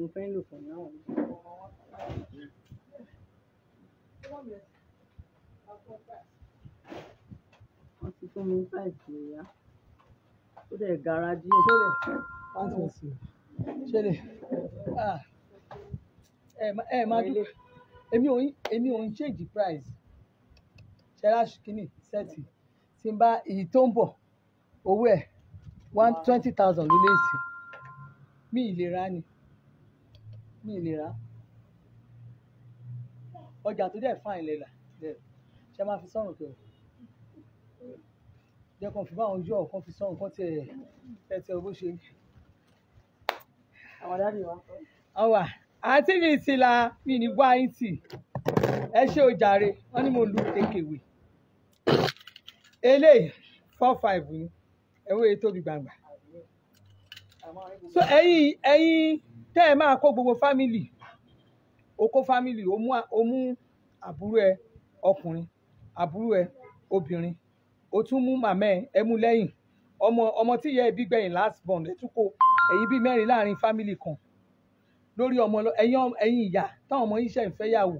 [SPEAKER 2] mo fẹ́ lò for now.
[SPEAKER 1] wọ́n ti fún mi five lè yá ó dẹ̀ gara díẹ̀. ṣẹlẹ̀ ah. ẹ máa dúró èmi ò ń èmi ò ń change price ṣẹlá kìíní sẹ́ẹ̀tì tí n bá èyí tó ń bọ̀ owó ẹ̀ one twenty thousand ló lé sí mi ìlera ni mi ì lè rà ọjà tó dẹ̀ fáìn lè là ṣe máa fi sọ́run kẹ́ o jẹ́ kàn fi báwọn yọ̀ kàn fi sọ́run kàn tiẹ̀ ẹ̀ tiẹ̀ bó ṣe. àwọn dáàbì wa kọ́. ọwà àǹtí mi ti la mi ní bọ́ àyín tì ẹ ṣe o jàre wọ́n ní mo lu èkèwé eléyìí four five ni ẹ̀wọ́ èyí tóbi gbàngbà so ẹ̀yin ẹ̀yin tẹ́ ẹ máa kó gbogbo fámìlì o kó fámìlì o mú o mú àbúrò ẹ ọkùnrin àbúrò ẹ obìnrin o tún mú màmá ẹ mú lẹ́yìn ọmọ ọmọ tí ìyá ẹ gbẹ̀yìn last born ẹ tún kó ẹ̀yin bíi mẹ́rin láàrin fámìlì kan lórí ọmọ ẹ̀yin ẹ̀yin ìyá táwọn ọmọ yín ṣe ń fẹ́yàwó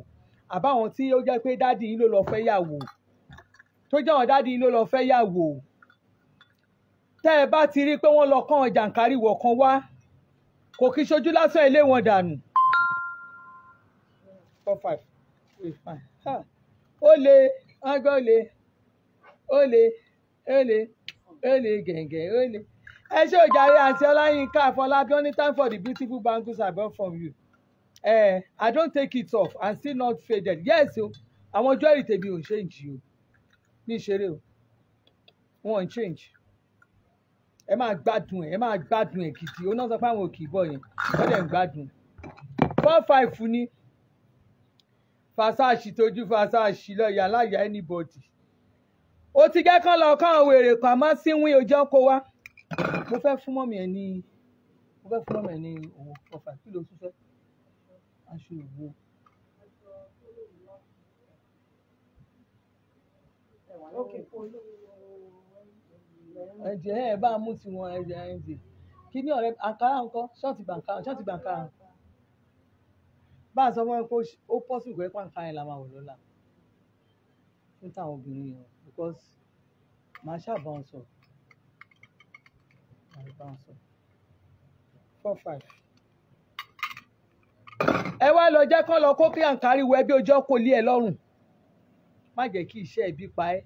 [SPEAKER 1] àbáwọn tí ó jẹ́ pé dádì yín ló lọ fẹ́yàwó tó jẹ́ wọn dádì yín ló lọ fẹ́yàwó tẹ́ ẹ bá ti rí i pé wọ́n lọ kán jàǹkárí wọ̀ kan wá kò kí ṣojú lásán ilé wọn dànù. four five eight five ó lè ọgọ́ lè ó lè ó lè ó lè gẹ̀ǹgẹ̀ ó lè. ẹ ṣe òjàre àti ọláyínká àfọlábí only time for the beautiful bangles I bought from you. Uh, I don't take it off and still not faded. yes o àwọn jọ́rìí tèmi ò ṣe ń jì o ní ìṣeré o wọn change ẹ máa gbádùn ẹ ẹ máa gbádùn ẹ kìtì ó náà sọ pé àwọn òkè bọ̀ yẹn wọ́n dẹ̀ ń gbádùn four five ni fasáàsì tójú fasáàsì lọ́ọ̀yà láyà anybody ó ti jẹ́ kán lọ kán àwọn èrè kan máa sí wín ojú ọkọ wa mo fẹ́ fún mọ́mì ẹ̀ ní mo fẹ́ fún mọ́mì ẹ̀ ní owó ọ̀fà kí ló fẹ́ aṣọ ìwò.
[SPEAKER 2] Okay, follow ẹ̀jẹ̀ ẹ̀ bá
[SPEAKER 1] mú tiwọn ẹ̀jẹ̀ ẹ̀jẹ̀ kí ní ọ̀rẹ́ àǹkárá ńkọ́ ṣọ́ọ̀tì bàǹkárá ṣọ́ọ̀tì bàǹkárá bá a sọ fún ẹ pé ó pọ́sùn ìgbẹ́ pàǹkárá yẹn la máa wò lọ́la fún táwọn obìnrin yẹn because màá ṣàbá wọn sọ màá bá wọn sọ four five. ẹ wá lọ jẹ́ kán lọ kó kí àǹkárí wọ ẹbí ojú ọkọ̀ lé ẹ lọ́rùn má jẹ́ kí iṣẹ́ ẹbí pa ẹ́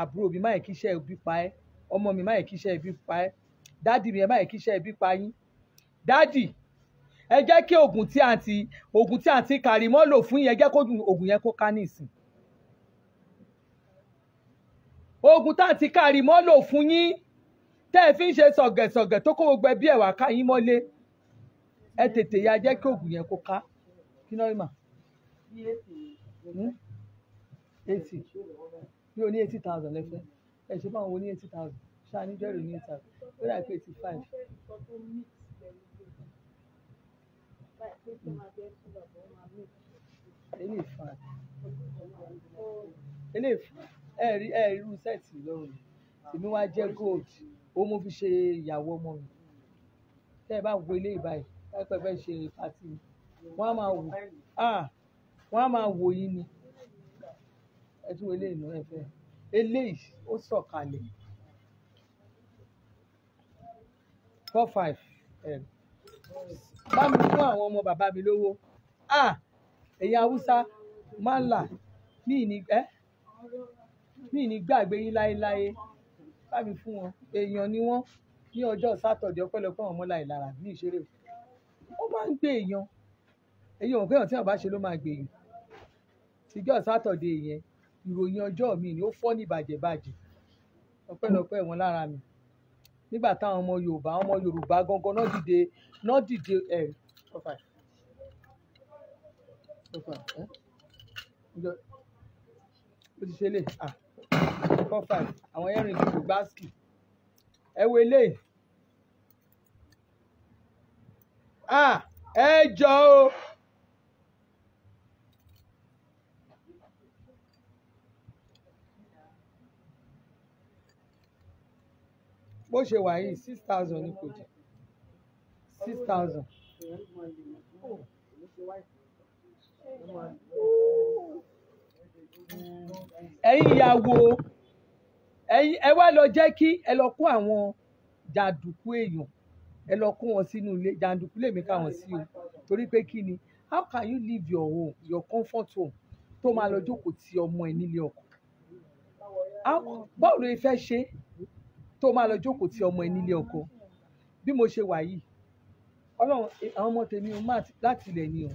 [SPEAKER 1] àbúrò mi má yẹ kí iṣẹ́ pa ẹ́ ọmọ mi má yẹ kí iṣẹ́ pa ẹ́ dáàdì mi ẹ má yẹ kí iṣẹ́ pa yín dáàdì ẹ jẹ́ kí oògùn tí àǹtí oògùn tí àǹtí Kàrímọ́ lò fún yín ẹ jẹ́ kó oògùn yẹn kó ká nísìn oògùn tí àǹtí Kàrímọ́ lò fún yín tẹ́ ẹ fi ń ṣe sọ̀gẹ̀sọ̀gẹ̀ tó kó gbogbo ẹbí ẹ̀ ká yín mọ́lé ẹ tètè ya jẹ́ kí oògùn yẹn kó ká kí náà rí mà. Hmm? mi ò ní eighty thousand lẹ́fẹ́ ẹ ṣe fún àwọn oní eighty thousand ṣáà ní jẹ́rìí ní eighty thousand ó dà pé eighty five. eléyìí fa eléyìí fa ẹ rí ẹ rí irú sẹ́ẹ̀tì lọ́rùn èmi wá jẹ́ gold ó mú fi ṣe ìyàwó ọmọ mi tẹ́ ẹ bá wo eléyìí báyìí láìpẹ́ fẹ́ ṣe pàtì wọ́n á máa wò ah, wọ́n á máa wò yín ni ẹ tún eléyìí náà ẹ fẹ́ eléyìí ó sọ̀kalẹ̀ four five eh, bá mi fún àwọn ọmọ bàbá mi lówó ah ẹ̀yin haúsá mọ́là ní ìní ẹ́ ní ìní gbàgbé yín láéláé bá mi fún wọn èèyàn ni wọ́n ní ọjọ́ sátọ̀dẹ̀ ọpẹ́lọpẹ́ àwọn ọmọláì lára ní ìṣeré ó máa ń gbé èèyàn èyí òun kéèyàn tí wọn bá ṣe ló máa gbé èèyàn tìjọ́ sátọ̀dẹ̀ yẹn ìròyìn ọjọ́ mi ni ó fọ́ ní bàjẹ́bàjẹ́ ọpẹ́lọpẹ́ wọn lára mi nígbà táwọn ọmọ yorùbá ọmọ yorùbá gangan náà dìde náà dìde ẹ ọfà ọfà ẹ ó ti ṣe lè à four five àwọn ẹ̀rìn ìdìbò gbáàsì ẹ wo eléyìí à ẹ jọ o. bó ṣe wà yìí six thousand ní kò jẹ six thousand. ẹ̀yin ìyàwó ẹ wá lọ jẹ́ kí ẹ lọ kó àwọn jàǹdùkú èèyàn ẹ lọ kó wọn sínú ilé jàǹdùkú lèmi ká sí o torí pé kí ni how can you leave your home your comfort home tó máa lọ jókòó ti ọmọ ẹ nílé ọkọ báwo ló fẹ́ ṣe tó máa lọ jókòó ti ọmọ ẹ nílé ọkọ bí mo ṣe wà yìí ọlọ́run àwọn ọmọ tèmi o máa láti ilẹ̀ ni o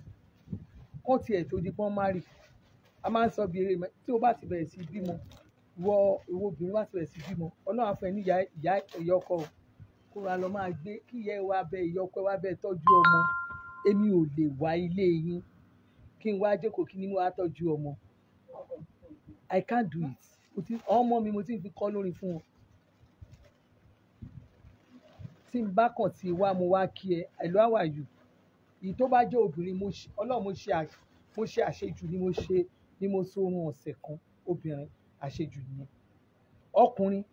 [SPEAKER 1] kọ́ tiẹ̀ tó di pọ́n má a máa ń sọ bí eré tí o bá ti bẹ̀rẹ̀ sí bímọ wọ ìwọ obìnrin bá ti bẹ̀rẹ̀ sí bímọ ọlọ́run á ní ìyá ìyá ọkọ kó ra lọ máa gbé kí ìyá ẹ wá bẹ ìyá ọkọ ẹ wá bẹ tọ́jú ọmọ èmi ò lè wá ilé yín kí n wá jókòó kí ni mo wá tọ́jú ọmọ I can't do it ọmọ mi mo ti fi kọ́ lórí fún wọn tí n bá kàn ti wá mo wá kí ẹ ẹ̀lú àwàyù èyí tó bá jẹ́ obìnrin mo mo ṣe àṣejù ni mo ṣe ni mo so oorun ọ̀sẹ̀ kan obìnrin àṣejù nìyẹn ọkùnrin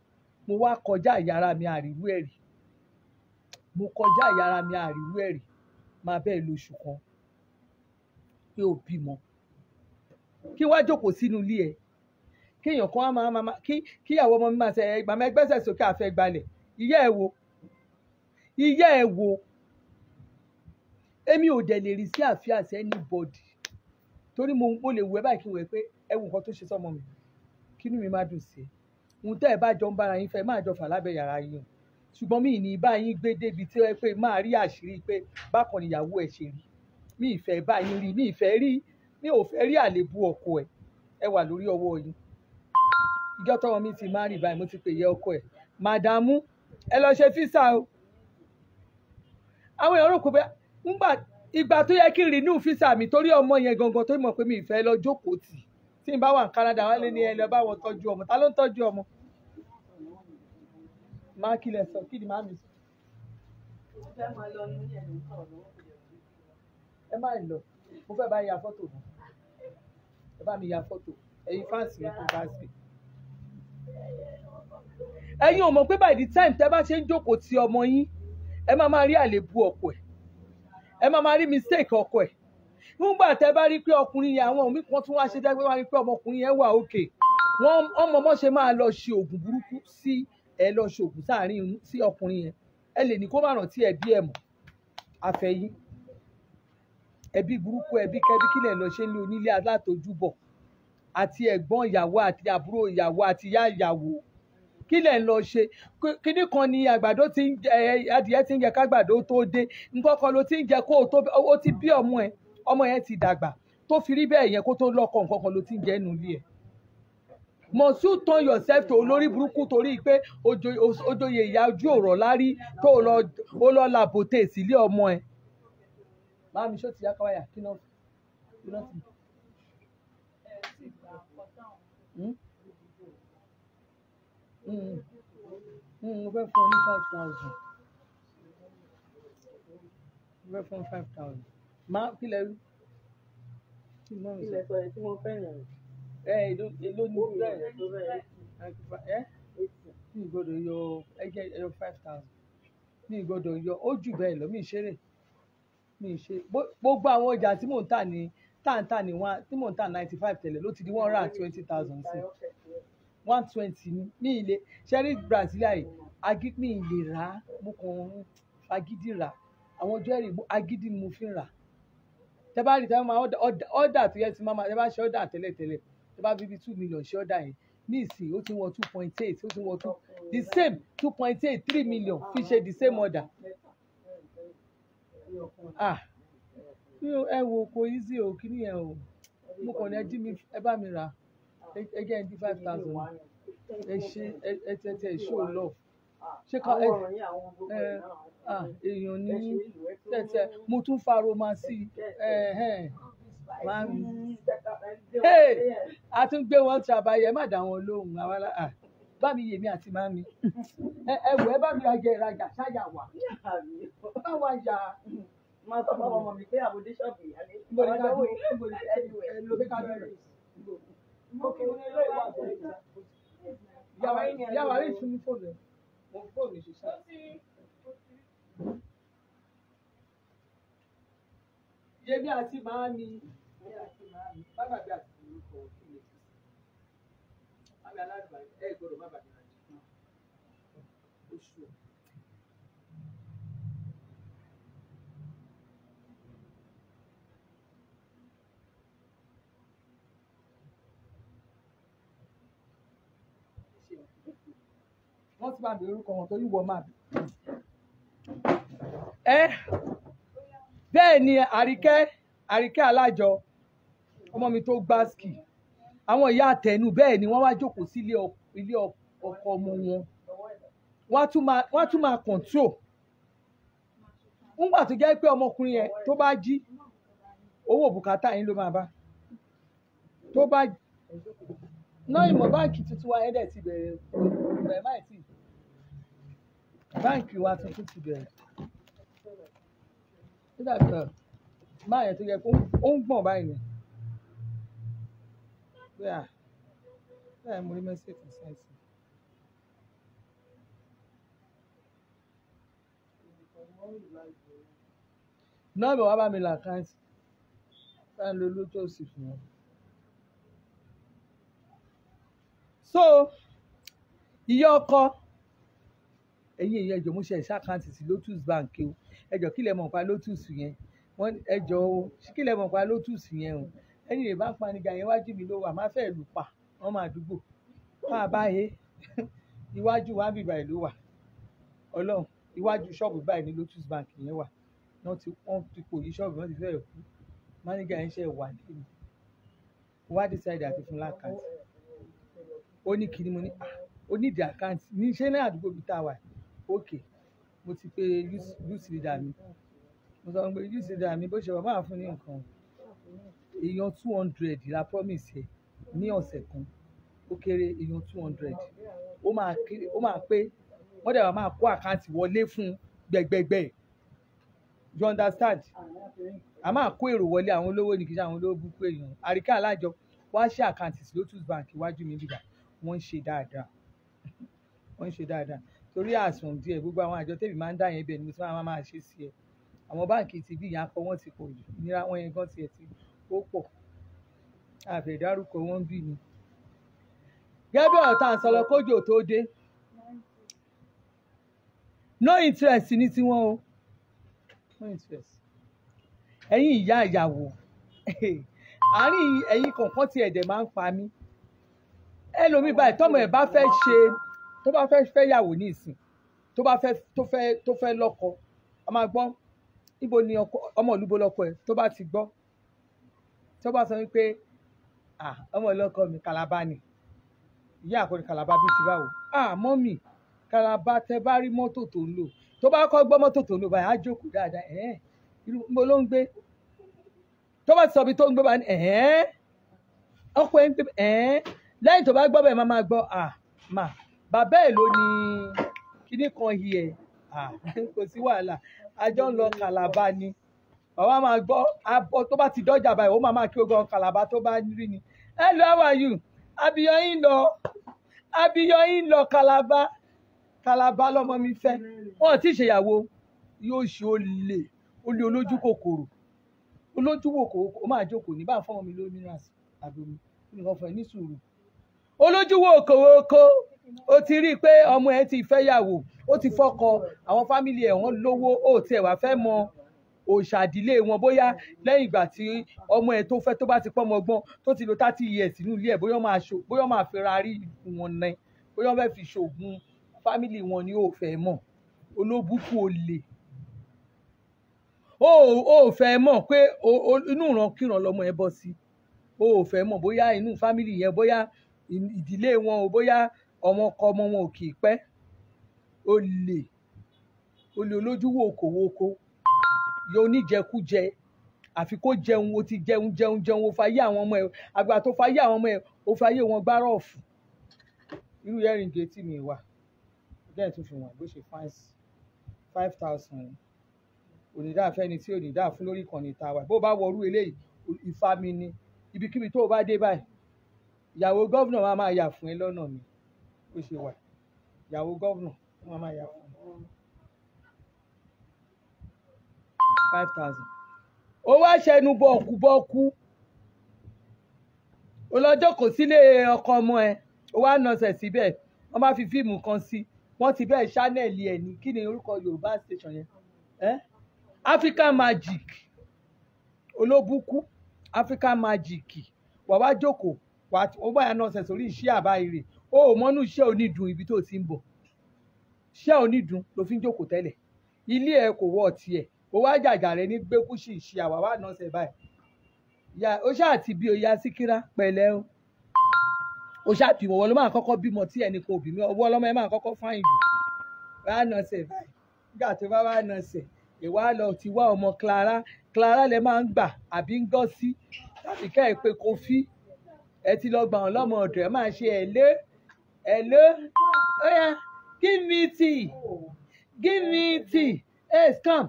[SPEAKER 1] mo wá kọjá ìyára mi àríwú ẹ̀rí mo kọjá ìyára mi àríwú ẹ̀rí máa bẹ́ẹ̀ lóṣù kan pé ó bímọ kí wá jókòó sínú ilé ẹ kéèyàn kan á máa máa kí kíyàwó ọmọ mi máa ṣe ẹ gbàmẹ́gbẹ́sẹ̀ sókè àfẹ́gbalẹ̀ ìyá ẹ wo ìyá ẹ wo èmi ò dẹ̀ lè rí sí àfíà anybody torí mo mo lè wù ẹ báyìí kí n wẹ̀ pé ẹ wo nǹkan tó ṣe sọmọ mi kí inú mi má dùn sí ẹ ohun tẹ́ ẹ bá jọ ń bára yín fẹ́ máa jọ fà lábẹ́ yàrá yín o ṣùgbọ́n mi ní bá yín gbé débi tí ẹ pé máa rí àṣírí pé bákan ìyàwó ẹ ṣe rí mi ìfẹ́ bá yín rí mi ìfẹ́ rí mi ò fẹ́ rí àléébù ọkọ ẹ ẹ wà lórí ọwọ́ yín ìjọ tọwọ́ mi ti máa rìn báyìí mo ti pè yẹ ọkọ ẹ màdàmú ẹ lọ ṣe físà o àwọn èèyàn rò pé ńgbà ìgbà tó yẹ kí n renew físà mi torí ọmọ yẹn gangan tó mọ̀ pé mi ìfẹ́ lọ jókòó tì tí n bá wà ní Canada wọ́n lé ní ẹ lọ bá wọn tọ́jú ọmọ ta ló ń tọ́jú ọmọ. má kílẹ̀ sọ kí ni má mi sọ. ẹ má lọ mo fẹ́ bá ya fọ́tò mi ẹ bá mi ya fọ́tò ẹ̀yin fáǹsì mi kò bá sí. ẹ̀yin ò mọ̀ pé by the time tẹ́ bá ṣe ń jókòó ti ọmọ yín ẹ máa máa rí àléébù ọkọ ẹ̀ ẹ máa máa rí mistake ọkọ ẹ̀ nígbà tẹ́ bá rí pé ọkùnrin yẹn àwọn òmí kan tún wá ṣe dágbé wá rí pé ọmọkùnrin yẹn wà òkè wọ́n ọmọọmọ ṣe máa lọ ṣe oògùn burúkú sí ẹ lọ ṣe oògùn sáàárín sí ọkùnrin yẹn ẹ lè ní kó má rántí ẹbí ẹ mọ́ àfẹyín ẹbí burúkú ẹbí kẹbí kílẹ̀ lọ ṣe ń onílé alátojúbọ̀ àti ẹ̀gbọ́n ìyàwó àti àbúrò ìyàwó àti ìyá ìyàwó kí lẹ̀ ń lọ ṣe kíní kan ni àgbàdo ti ń jẹ adìyẹ ti ń jẹ kágbàdo tó dé nǹkan kan ló ti ń jẹ kó o tó o ti bí ọmọ ẹ ọmọ yẹn ti dàgbà tó fi rí bẹ́ẹ̀ yẹn kó tó lọ́kọ̀ nǹkan ló ti ń jẹ nù lé ẹ̀ must you yourself to olórí burúkú torí pé ojoyè ìyá ojú ọ̀rọ̀ lárí tó o lọ làbòtè sílé ọmọ ẹ. Màámi ṣó ti yá káwáyà kí náà kí náà ti. Hmm. Hmm, mo fẹ́ fún ọ ní five thousand mo fẹ́ fún ọ five thousand má kí lẹ rí kí mọ́ mi sọ. ilẹ̀ sọ̀rọ̀ tí mo fẹ́ yàn. ẹ èló èló ni bẹ́ẹ̀ ẹ mi gbọ́dọ̀ yọ ẹ jẹ́ yọ five thousand mi gbọ́dọ̀ yọ ó jù bẹ́ẹ̀ lọ mi ṣeré mi ṣe gbogbo àwọn ọjà tí mò ń tà ní tàǹtà ní one tí mò ń tà ninety five tẹ́lẹ̀ ló ti di one hundred and twenty thousand sí one twenty ni mi ì lè ṣẹ́rí Brasilia yìí agí mi ì lè rà á mo kàn ń fagídí rà àwọn ọjọ́ ẹ̀rì agídí ni mo fi ń rà tẹ bá rí tẹ máa ọ̀dà tó yẹ ti máa tẹ ṣe ọ̀dà tẹ́lẹ̀tẹ́lẹ̀ tẹ bá two million ṣe ọ̀dà yẹn ní ìsìn ó ti wọ two point eight ó ti wọ two the same two point eight three million fi ṣe the same order ah ẹ wo kò easy o kí ni ẹ o mo kàn ní ẹ jí mi ẹ bá mi rà ẹ jẹ́ ẹdí five thousand ẹ ṣe ẹ tẹ̀tẹ̀ ẹ show love ṣé ká ẹ ẹ èèyàn ní tẹ̀tẹ̀ mo tún fa romance ẹ ẹ máa ń a tún gbé wọn trabayẹ ẹ má dá wọn lóhùn àwa bá mi yèmí àti má mi ẹ wọ ẹ bá mi ajẹ ìrajà ṣáyà wà báwa yà máa sọ fún ọmọ mi pé àbòdé ṣọ́ọ̀bù ìyálé ọjọ́ wo ẹ ló fẹ́ ká bẹ̀rẹ̀ yàrá yìí tún ní fóònù mo fóònù ìṣiṣẹ́. yébi àti màá mi bàbá bí àti orúkọ kí ni àbí aládùúgbò ẹ gbọ́dọ̀ bàbá bí àti oṣù. wọ́n ti bá mi orúkọ wọn torí wọ́n máa bì. ẹ eh, bẹ́ẹ̀ ni àríkẹ́ àríkẹ́ alájọ ọmọ mi tó gbá ski àwọn ìyá àtẹnu bẹ́ẹ̀ ni wọ́n wá jókòó sí ilé ọkọ ọmọ wọn wọ́n á tún máa control ńgbà tó jẹ́ pé ọmọkùnrin yẹn tó bá jí owó bùkátà yín ló máa bá tó bá jí náà ìmọ̀ báǹkì tuntun wa ẹ̀dẹ̀ ti bẹ̀rẹ̀ bẹ̀rẹ̀ máì tì báǹkì wa tuntun ti bẹ̀rẹ̀ nígbà kan máa yẹn tó yẹ kó ó ń gbọ̀n báyìí ni bẹ́ẹ̀ bẹ́ẹ̀ mo rí mẹ́sẹ̀kì sẹ́ǹsì. náà bẹ̀ wá bá mi là káǹtì báyìí ló lójó òsì fún wọn. so ìyá ọkọ ẹ̀yin èèyàn ẹjọ mo ṣe ẹṣẹ àkáǹtì sí lotus bank o ẹjọ kílẹ̀ mọ̀ pa lotus yẹn wọ́n ẹjọ o kílẹ̀ mọ̀ pa lotus yẹn o ẹ̀yin lè bá paniga yẹn wájú mi ló wà má fẹ́ lù pa wọ́n máa dúgbò máa bá yé [laughs] iwájú wa bìbà ìlú wà ọlọ́run iwájú ṣọ́ọ̀bù báyìí ní lotus bank yẹn wà wọ́n ti wọ́n ti pò yí ṣọ́ọ̀bù wọ́n ti fẹ́ kú mániga yẹn ṣe wà níbi wọ́n á àti fún lákàtì ó ní kíní mo ní ah, ó ní ìdí àkáǹtì ní ṣé ní àdúgbò bíi tá a wà ok mo ti pe youth leader mi mo sọ pé youth leader mi bó ṣe wà máa fún ní nǹkan èèyàn two hundred la promise ẹ ní ọ̀sẹ̀ kan ó kéré èèyàn two hundred ó máa pé wọ́n dẹ̀ wá máa kó àkáǹtì wọlé fún gbẹgbẹgbẹ you understand a máa kó èrò wọlé àwọn olówó ní kí ṣe àwọn olówó búkú èèyàn àríkà alájọ wá ṣe àkáǹtì sí lotus bank iwájú mi bíbá wọ́n ń ṣe dáadáa wọ́n ń ṣe dáadáa torí àsùn díẹ̀ gbogbo àwọn àjọ tèmi máa ń dá yẹn bẹ́ẹ̀ ni mo ti máa máa ṣe sí ẹ àwọn báǹkì ti bí ìyá akọ wọ́n ti pọ̀ jù ìnira wọn yẹn gan tiẹ̀ ti ó pọ̀ àfẹ̀dárúkọ wọn bí ni. gẹ́gẹ́ ọ̀tá àsọ̀rọ̀ kójò tó dé no interest ní tiwọn o no interest ẹ̀yin ìyá ìyàwó [laughs] àárín ẹ̀yin kọ̀ọ̀kan tiẹ̀ dẹ̀ máa ń pa mí ẹlòmíì báyìí tọ́mọ ẹ̀ bá fẹ́ ṣe tó bá fẹ́ fẹ́ yàwó ní ìsìn tó bá fẹ́ tó fẹ́ tó fẹ́ lọ́kọ a máa gbọ́ ibo ni ọmọ ìlú bo lọ́kọ ẹ̀ tó bá ti gbọ́ tó bá sọ wípé ọmọ ìlọ́kọ mi Calabar ni ìyá àkọ́ni Calabar bíi ti báwo àmọ́ mi Calabar tẹ bá rí mọ́tò tó ń lò tó bá kọ́ gbọ́ mọ́tò tó ń lò báyìí á jókòó dáadáa ẹ̀ẹ́n irú mo ló ń gbé tó bá ti sọ ibi tó ń gbé báyìí ẹ̀ẹ́n ọkọ ẹ̀ ń gbé ẹ̀ẹ́n lẹ́yìn tó bá gbọ́ bẹ́ẹ̀ máa máa gbọ́ à mà bàbá ẹ̀ ló ní kíní kan yìí ẹ̀ [laughs] kò sí wàhálà àjọ ń lọ kàlàbà ni bàbá máa gbọ́ abọ́ tó bá ti dọ́jà báyìí ó máa máa kí ó gan kàlàbà tó bá rí ni hello how are you abiyọ yín lọ abiyọ yín lọ kàlàbà kàlàbà lọmọ mi fẹ́ wọn ti ṣèyàwó yóò ṣe ó lè ó lé olójú kòkòrò olójú kòkòrò ó máa jókòó ní bá fọwọ́ mi lómi náà àbí omi nǹkan fún ẹ ní sùúrù olójúwò okòwò oko ó ti rí i pé ọmọ ẹ ti fẹ́yàwó ó ti fọ́kọ àwọn fámìlì ẹ̀ wọ́n lówó ó tiẹ̀ wá fẹ́ mọ òòṣà ìdílé wọn bóyá lẹ́yìn ìgbà tí ọmọ ẹ tó fẹ́ tó bá ti pọ́ ọmọ ọgbọ́n tó ti lo thirty years nínú ilé ẹ̀ bóyá ọmọ àṣọ bóyá ọmọ àfẹ́rarí wọn nẹ bóyá ọmọ ẹ fi ṣoògùn fámìlì wọn ni ó fẹ́ mọ̀ olóbùkù olè o ò fẹ́ mọ̀ pé inú ìrankíran lọmọ ẹ bọ́ sí o ò fẹ́ mọ̀ bóyá inú fámìlì yẹn bóyá ìdílé wọn o bóyá ọmọ ọkọ ọmọ wọn ò kì í pẹ́ olè olè olójúwò okòwòko yóò níjẹkújẹ àfi kó jẹun o ti jẹun jẹun jẹun o fàyè àwọn ọmọ ẹ àgbà tó fàyè àwọn ọmọ ẹ o fàyè wọn gbárọ ọfù irú yẹrin gẹẹtì mi wà bẹ́ẹ̀ tó fi wọn bó ṣe fáìsì five thousand onídàáfẹ́ni tí onídàá fún lórí ìkànnì tá wa, wà bó bá wọrú eléyìí ìfami ni ibikíbi tó o bá dé báyìí ìyàwó gọ́vnà máa máa yà fún ẹ lọ́nà ni ó ṣe wà ìyàwó gọ́vnà máa máa yà fún ẹ. five thousand ó wá ṣẹnu bọ̀kúbọ̀kú ó lọ jókòó sílé ọkọ ọmọ ẹ ó wá nọsẹ̀ síbẹ̀ wọ́n bá fi fíìmù kan sí wọ́n ti bẹ́ẹ̀ ṣánẹ́ẹ̀lì ẹ̀ ní kí ni orúkọ yorùbá station yẹn eh? african magic olóbùkú african magic wàá wá jókòó wà ó báyà náà ṣẹ̀ sórí iṣẹ́ àbáyèrè ó mọ́nú iṣẹ́ onídùn ibi tó ti ń bọ̀ iṣẹ́ onídùn ló fi ń jókòó tẹ́lẹ̀ ilé ẹ kò wọ́ tiẹ̀ ó wá jàjà rẹ ní gbẹ́kúṣì iṣẹ́ àwàwà náà ṣẹ̀ báyìí ya ó ṣáà ti bí oya síkírá pẹ̀lẹ́ o ó ṣáà bímọ wọ́n ló máa kọ́kọ́ bímọ tí ẹnì kan òbí mi ọwọ́ ọlọ́mọ ẹ máa kọ́kọ́ fáyìn jù wá náà ṣẹ̀ báyìí nígbà tó bá wá náà ṣẹ̀ ìwà lọ ti wá ọmọ Clara Clara lẹ máa ń gbà àbí ń gọ́ sí tàbí ká ẹ pé Kofi ẹ ti lọ gbà wọn lọ́mọ ọ̀dọ̀ ẹ máa ṣe ẹ̀lé ẹ̀lé oya give me tea give me tea ace come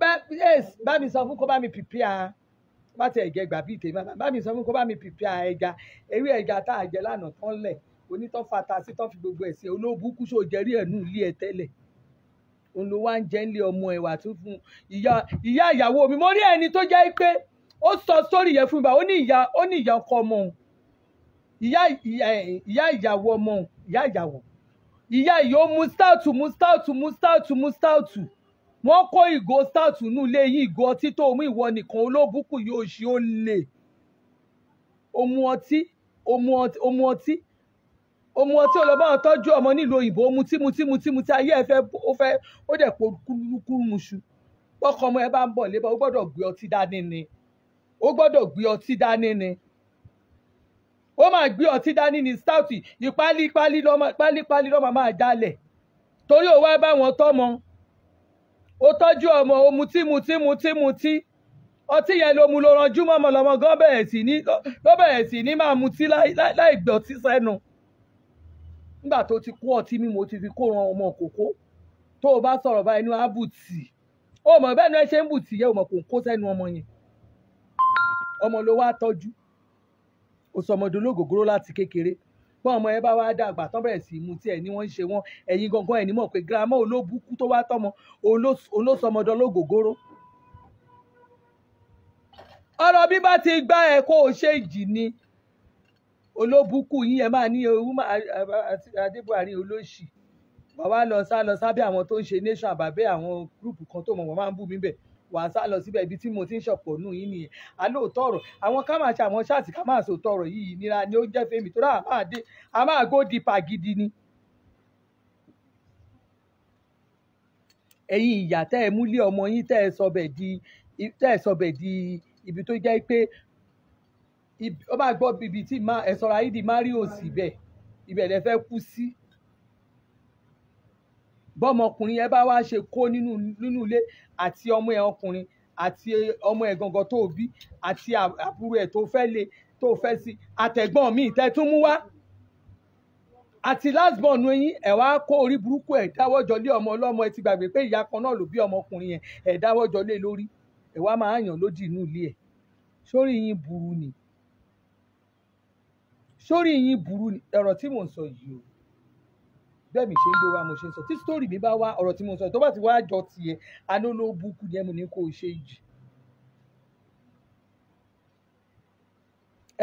[SPEAKER 1] bá ace bá mi sọ fún kó bá mi prepare bá tẹ ẹ̀jẹ̀ gbà bíi tèmi bá mi sọ fún kó bá mi prepare ẹja ewé ẹja tá a jẹ lánàá tán lẹ̀ onítọ́ fata sí tọ́ fi gbogbo ẹ̀ sí olóòbùkún ṣò jẹ́rí ẹ̀nú ilé ẹ̀ tẹ́lẹ̀ òun ló wá ń jẹ́ nílé ọmọ ẹ̀ wà tún fún ìyá ìyá ìyàwó mi mo rí ẹni tó jẹ́ pé ó sọ sórí yẹn fún mi bá ó ní ìyá ó ní ìyá ọkọ ọmọ òun ìyá ìyá ìyàwó ọmọ ìyá ìyàwó ìyá ìyó mu stout mu stout mu stout mu stout wọ́n kó ìgò stout nù lé yín ìgò ọtí tó mú ìwọ nìkan olóbùkù yóò ṣe ó lè omu ọtí omu ọtí omu ọtí omu ọtí ọlọ́ba ọtọ́jú ọmọ nílùú òyìnbó mutí mutí mutí mutí ayé ẹ fẹ́ ó fẹ́ ó dẹ̀ kó kúrúkúrú ọkọ ọmọ ẹ bá ń bọ̀ lébà ó gbọ́dọ̀ gbé ọtí dání ni ó gbọ́dọ̀ gbé ọtí dání ni ó máa gbé ọtí dání ní stout ìpálípálí lọ́mọ pálípálí lọ́mọ máa jalẹ̀ torí ó wá bá wọn tọ́mọ ó tọ́jú ọmọ ó mutí mutí mutí mutí ọtí yẹn ló mu ló ranjú mọ́mọ́ lọ́mọ gan bẹ̀rẹ̀ sí ní ló bẹ̀rẹ̀ sí ní máa mutí láì gbọ̀tí sẹ́nu nígbà tó ti kó ọtí mímu ó ti fi kó ran ọmọ kókó tó o bá sọ̀rọ̀ bá inú ábùtì o mọ̀ bẹ́ẹ̀ ni ẹ ṣe ń bùtì yẹ o kò ń kó sẹ́nu ọmọ yẹn ọmọ ló wá tọ́jú ó sọ ọmọdé olóògógóró láti kékeré bọ́n ọmọ ẹ bá wá dàgbà tán bẹ̀rẹ̀ sí mutí ẹ̀ ní wọ́n ń ṣe wọ́n ẹ̀yin gangan ẹ̀ ní mọ̀ pé girama olóbùkú tó wá tọmọ olóṣọmọdé olóògógóró. ọ̀rọ̀ bí bá ti gbá ẹ̀ kó o ṣe ìjì ni olóbùkú yín ẹ̀ máa ní ewu adébùhárí olóṣì wàá lọ sá lọ sábẹ́ àwọn tó ń ṣe nation àbàbẹ́ àwọn gúrùpù kan tó mọ̀ wọ́n máa ń bù mí bẹ́ẹ̀ wàá sá lọ síbẹ̀ ibi tí mo ti ń ṣọ̀pọ̀ nù yín nìyẹn alóòótọ́ ọ̀rọ̀ àwọn ká máa ṣe àwọn ṣáàtì ká máa sòótọ́ ọ̀rọ̀ yìí ìnira ni ó jẹ́ fèmí tó dáa máa dé a máa gó di pàgidi ni. ẹ̀yin ìyá tẹ́ ẹ múlé ọmọ yín tẹ́ ẹ sọbẹ̀ di di ibi tó jẹ́ pé ó máa gbọ́ bíbi tí ẹ sọ̀rọ̀ ayídi máríò síbẹ̀ ibẹ̀ lẹ fẹ́ kú sí. Si bọ́mọkùnrin yẹn bá wá ṣe kó nínú nínú ilé àti ọmọ ẹ̀ ọkùnrin àti ọmọ ẹ̀ gangan tó bí àti àbúrò ẹ̀ tó fẹ́ lé tó fẹ́ sí àtẹ̀gbọ́n mi tẹ́ tún mú wá àti lásbọ̀nù yín ẹ̀ wá kó orí burúkú ẹ̀ dáwọ́jọlé ọmọ ọlọ́mọ ẹ ti gbàgbé pé ìyá kan náà ló bí ọmọkùnrin yẹn ẹ̀ dáwọ́jọlé lórí ẹ̀ wá máa yàn lódì inú ilé ẹ̀ sórí yín burú ni sórí yín burú ni ọ̀rọ̀ tí mò ń sọ yìí o bẹ́ẹ̀ mi ṣe ń gbé wa mo ṣe ń sọ tí sítórì mi bá wá ọ̀rọ̀ tí mo sọ tó bá ti wá jọ tiẹ̀ àná ni ẹ mo ní kó o ṣe jì.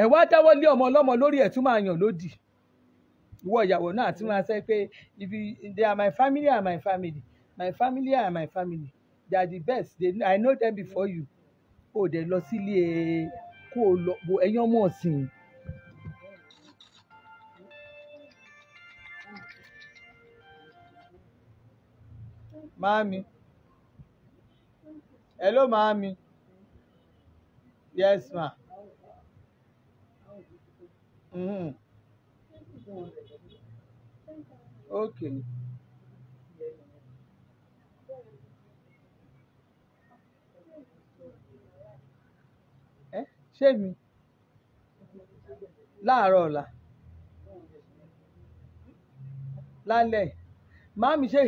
[SPEAKER 1] ẹ wá dáwọ́ lé ọmọ ọlọ́mọ lórí ẹ̀ tún máa yàn lódì ìwọ ìyàwó náà tí wọ́n á pé if they are my family are my family my family are my family they are the best they, I know them before you. o dẹ̀ lọ sílé ẹ e, kó o lọ ẹ̀yin ọmọ ọ̀sìn. Màámi. Hello, Màámi. Yes, ma. Mm-hmm. Okay. Ẹ eh, ṣé mi? Láàárọ̀ ọ̀la. Lálẹ́. Màámi ṣe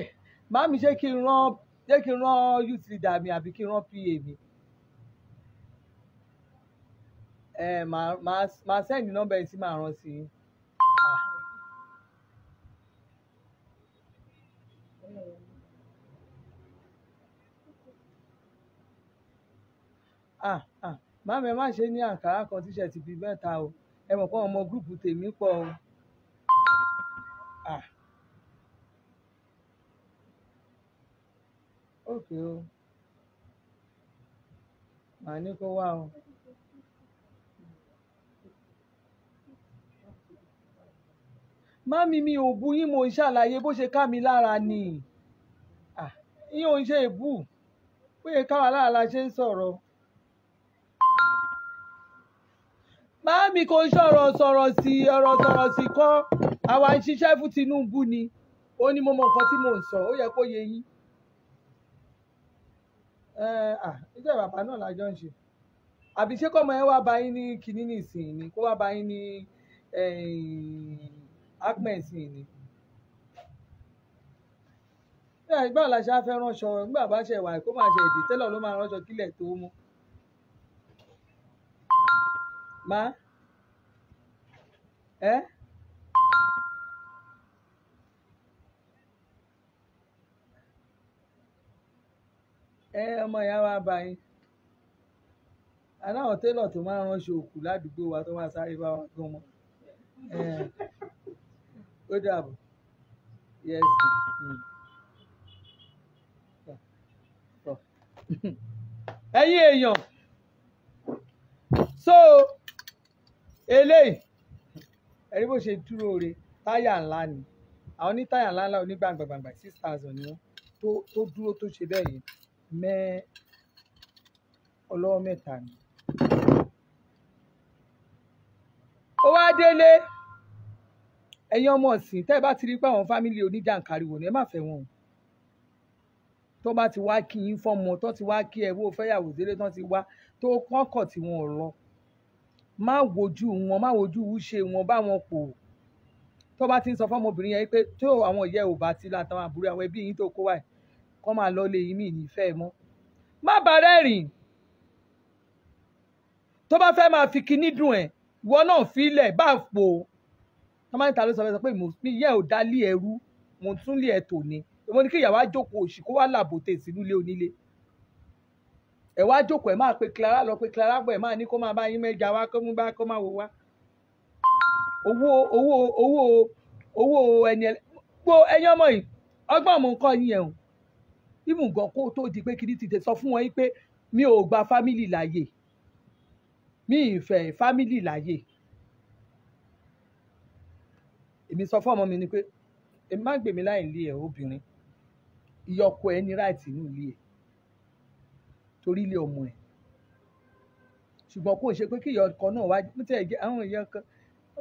[SPEAKER 1] màmí ṣé kí n rán ṣé kí n rán youth leader mi àbí kí n rán pa mi ẹ màá send nọ́mbà yìí tí màá rán sí i. ah ah, ah. màmí ẹ má ṣe ní àǹkárá kan tíṣẹ̀tì bíi mẹ́ta o ẹ mọ̀ pé ọmọ gúrùpù tèmi pọ̀ o. ah òkè o màá ní kó wá o. mami mi ò bu yín mo ń ṣàlàyé bó ṣe ká mi lára ni yín ò ń ṣe èbù bóyá káwa lára la ṣe ń sọ̀rọ̀. Máàmì kò sọ̀rọ̀ sọ̀rọ̀ sí ọ̀rọ̀ sọ̀rọ̀ sí kọ́ àwa ń ṣiṣẹ́ fún Tinubu ni ó ní mo mọ nǹkan tí mò ń sọ ó yẹ kó yé yín. iṣẹ́ bàbá náà lájọ ń ṣe àbí ṣé kọ́mọ ẹ wá ní kinní ni kó wá bá yín ní agmẹ̀sìn ni. nígbà la ṣe afẹ́ ránṣọ bá ṣe wà kó èdè tẹ́lọ̀ ló máa ránṣọ kílẹ̀ tó mú. má ẹ ọmọ ìyá wa bá yín aláwọn télọ̀ tó máa ń òkú ládùúgbò wa tó máa sáré bá wa gan wọn ó dàbọ̀ yẹ́sì. ẹ̀yin èèyàn so eléyìí ẹ̀rí bó ṣe dúró re táyà ńlá ni àwọn ní táyà ńlá ńlá onígbàgbàgbàgbà six thousand ni wọ́n tó dúró tó ṣe bẹ́ẹ̀ yẹn mẹ́ ọlọ́wọ́ mẹ́ta ni. ó wá délé ẹ̀yin ọmọ ọ̀sìn tẹ́ ẹ bá ti rí pé àwọn fámìlì oníjàǹkáriwò ni ẹ má fẹ́ wọn o tó bá ti wá kí yín fọmọ tó ti wá kí ẹ wó fẹ́yàwó délé tó ti wá tó kọ́kọ̀ tí wọn ò lọ má wojú wọn má wojú ṣe wọn bá wọn pọ̀ tó bá ti ń sọ fọmọbìnrin yẹn pé tó àwọn ìyá ò bá ti la tàwọn àbúrò àwọn ẹbí yín tó kó wáyé kọ́ máa lọ lé mi nífẹ̀ẹ́ mọ́ má bàa rẹ́rìn tó bá fẹ́ máa fi kinní dùn ẹ̀ ìwọ náà filẹ̀ bá fò tọ́mọ́ni ta ló sọ fẹ́ sọ pé mo ní yẹ́ ò dálé ẹrú mo tún lé ẹ̀ tò ní èmo ní kí ìyàwó àjòkò òṣì kó wá làbòtè sínú ilé onílé ẹ wá jókòó ẹ máa pe Clara lọ pe Clara pọ̀ ẹ máa ní kó máa bá yín mẹ́ja wá kó mú bá kó máa wò wá owó owó owó owó ẹni ẹ gbó ẹyán mọ̀ yìí ọgbọ́n mò ń kọ́ yín ẹ̀hún even gan kó tó di pé kiri tètè sọ fún wọn pé mi ò gba family láàyè mi ìfẹ́ family láàyè èmi sọ fún ọmọ mi ni pé èmi má gbèmí láì lé ẹ obìnrin ìyọkọ ẹ ní ráìtì inú ilé ẹ torí ilé ọmọ ẹ ṣùgbọ́n kò ṣe pé kí ìyọkọ náà wá tẹ ẹ àwọn èèyàn kan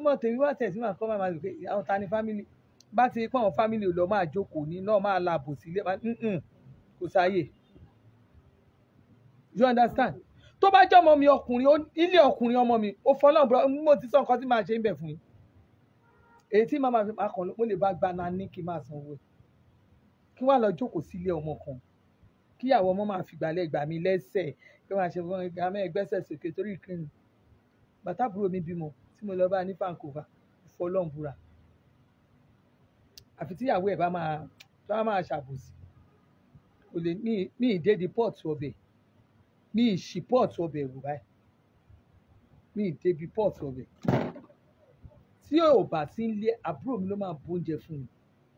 [SPEAKER 1] wọ́n tèmi wá tẹ̀sí máa kọ́ máa máa lò pé àwọn ta ni family bá ti pọ̀ àwọn family ò lọ máa jókòó ní náà máa la àbò sílé máa kò sáyè you understand tó bá jẹ́ ọmọ mi ọkùnrin ilé ọkùnrin ọmọ mi ó fọlọ́n bọ́ mo ti sọ nǹkan tí màá ṣe ń bẹ̀ fún yín èyí tí màmá fi máa kàn ló lè bá gba nání kí máa san owó kí wàá lọ jókòó sí ilé ọmọ kan kíyàwó ọmọ máa fi gbàlẹ̀ gbà mí lẹ́sẹ̀ kí wọ́n ṣe fún ẹgbẹ́ amẹ́ ẹgbẹ́sẹ̀ sókè torí kíni bàtà àbúrò mi bímọ tí mo lọ bá ní Vancouver fọlọ́n búra àfi tíyàwó ẹ̀ bá máa tó máa ṣàbòsí olè ní ní ìdédi pọ́ọ̀tù ọbẹ̀ ní ìṣí pọ́ọ̀tù ọbẹ̀ wò báyìí ní ìdébi pọ́ọ̀tù ọbẹ̀ tí ò bá ti ń lé àbúrò mi ló máa bu oúnjẹ fún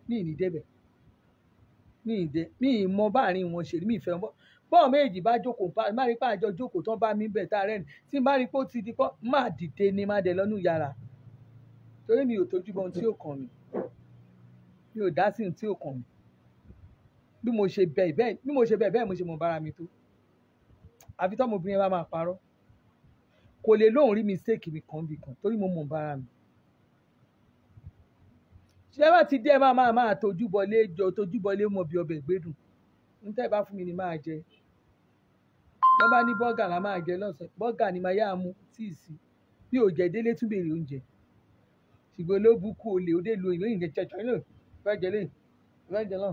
[SPEAKER 1] mi ní ìní ní ìdẹ ní ìmọ̀ báàrin wọn ṣèlú mi ìfẹ́ bọ́ọ̀ méjì bá jókòó má rí pàjọ jókòó tán bá mi bẹ̀ tá a rẹ́ni tí n bá rí pé ó ti di pọ́ má dìde ni má dẹ lọ́nù yàrá torí mi ò tójú bọ́ ohun tí ó kàn mí mi ò dá sí ohun tí ó kàn mí bí mo ṣe bẹ bẹ́ẹ̀ bí mo ṣe bẹ bẹ́ẹ̀ mo ṣe mọ bára mi tó àfi tọ́mọbìnrin bá máa parọ́ kò lè lóun rí mistake mi kan bí kan torí mo mọ bára mi ṣé bá ti dé ẹ máa máa máa tójú bọlé jọ tójú bọlé mọ bí ọbẹ̀ gbẹdùn níta ìbá fún mi ni máa jẹ wọn bá ní bọ́gà la máa jẹ lọ́sàn-án bọ́gà ni màá yá mu tíì sí bí ò jẹ délé tún béèrè oúnjẹ ṣùgbọ́n olóbùkù olè òde lu ìlú ìjẹ chẹ́chọ́ ilé ìfẹ́ jẹ lé ìfẹ́ jẹ náà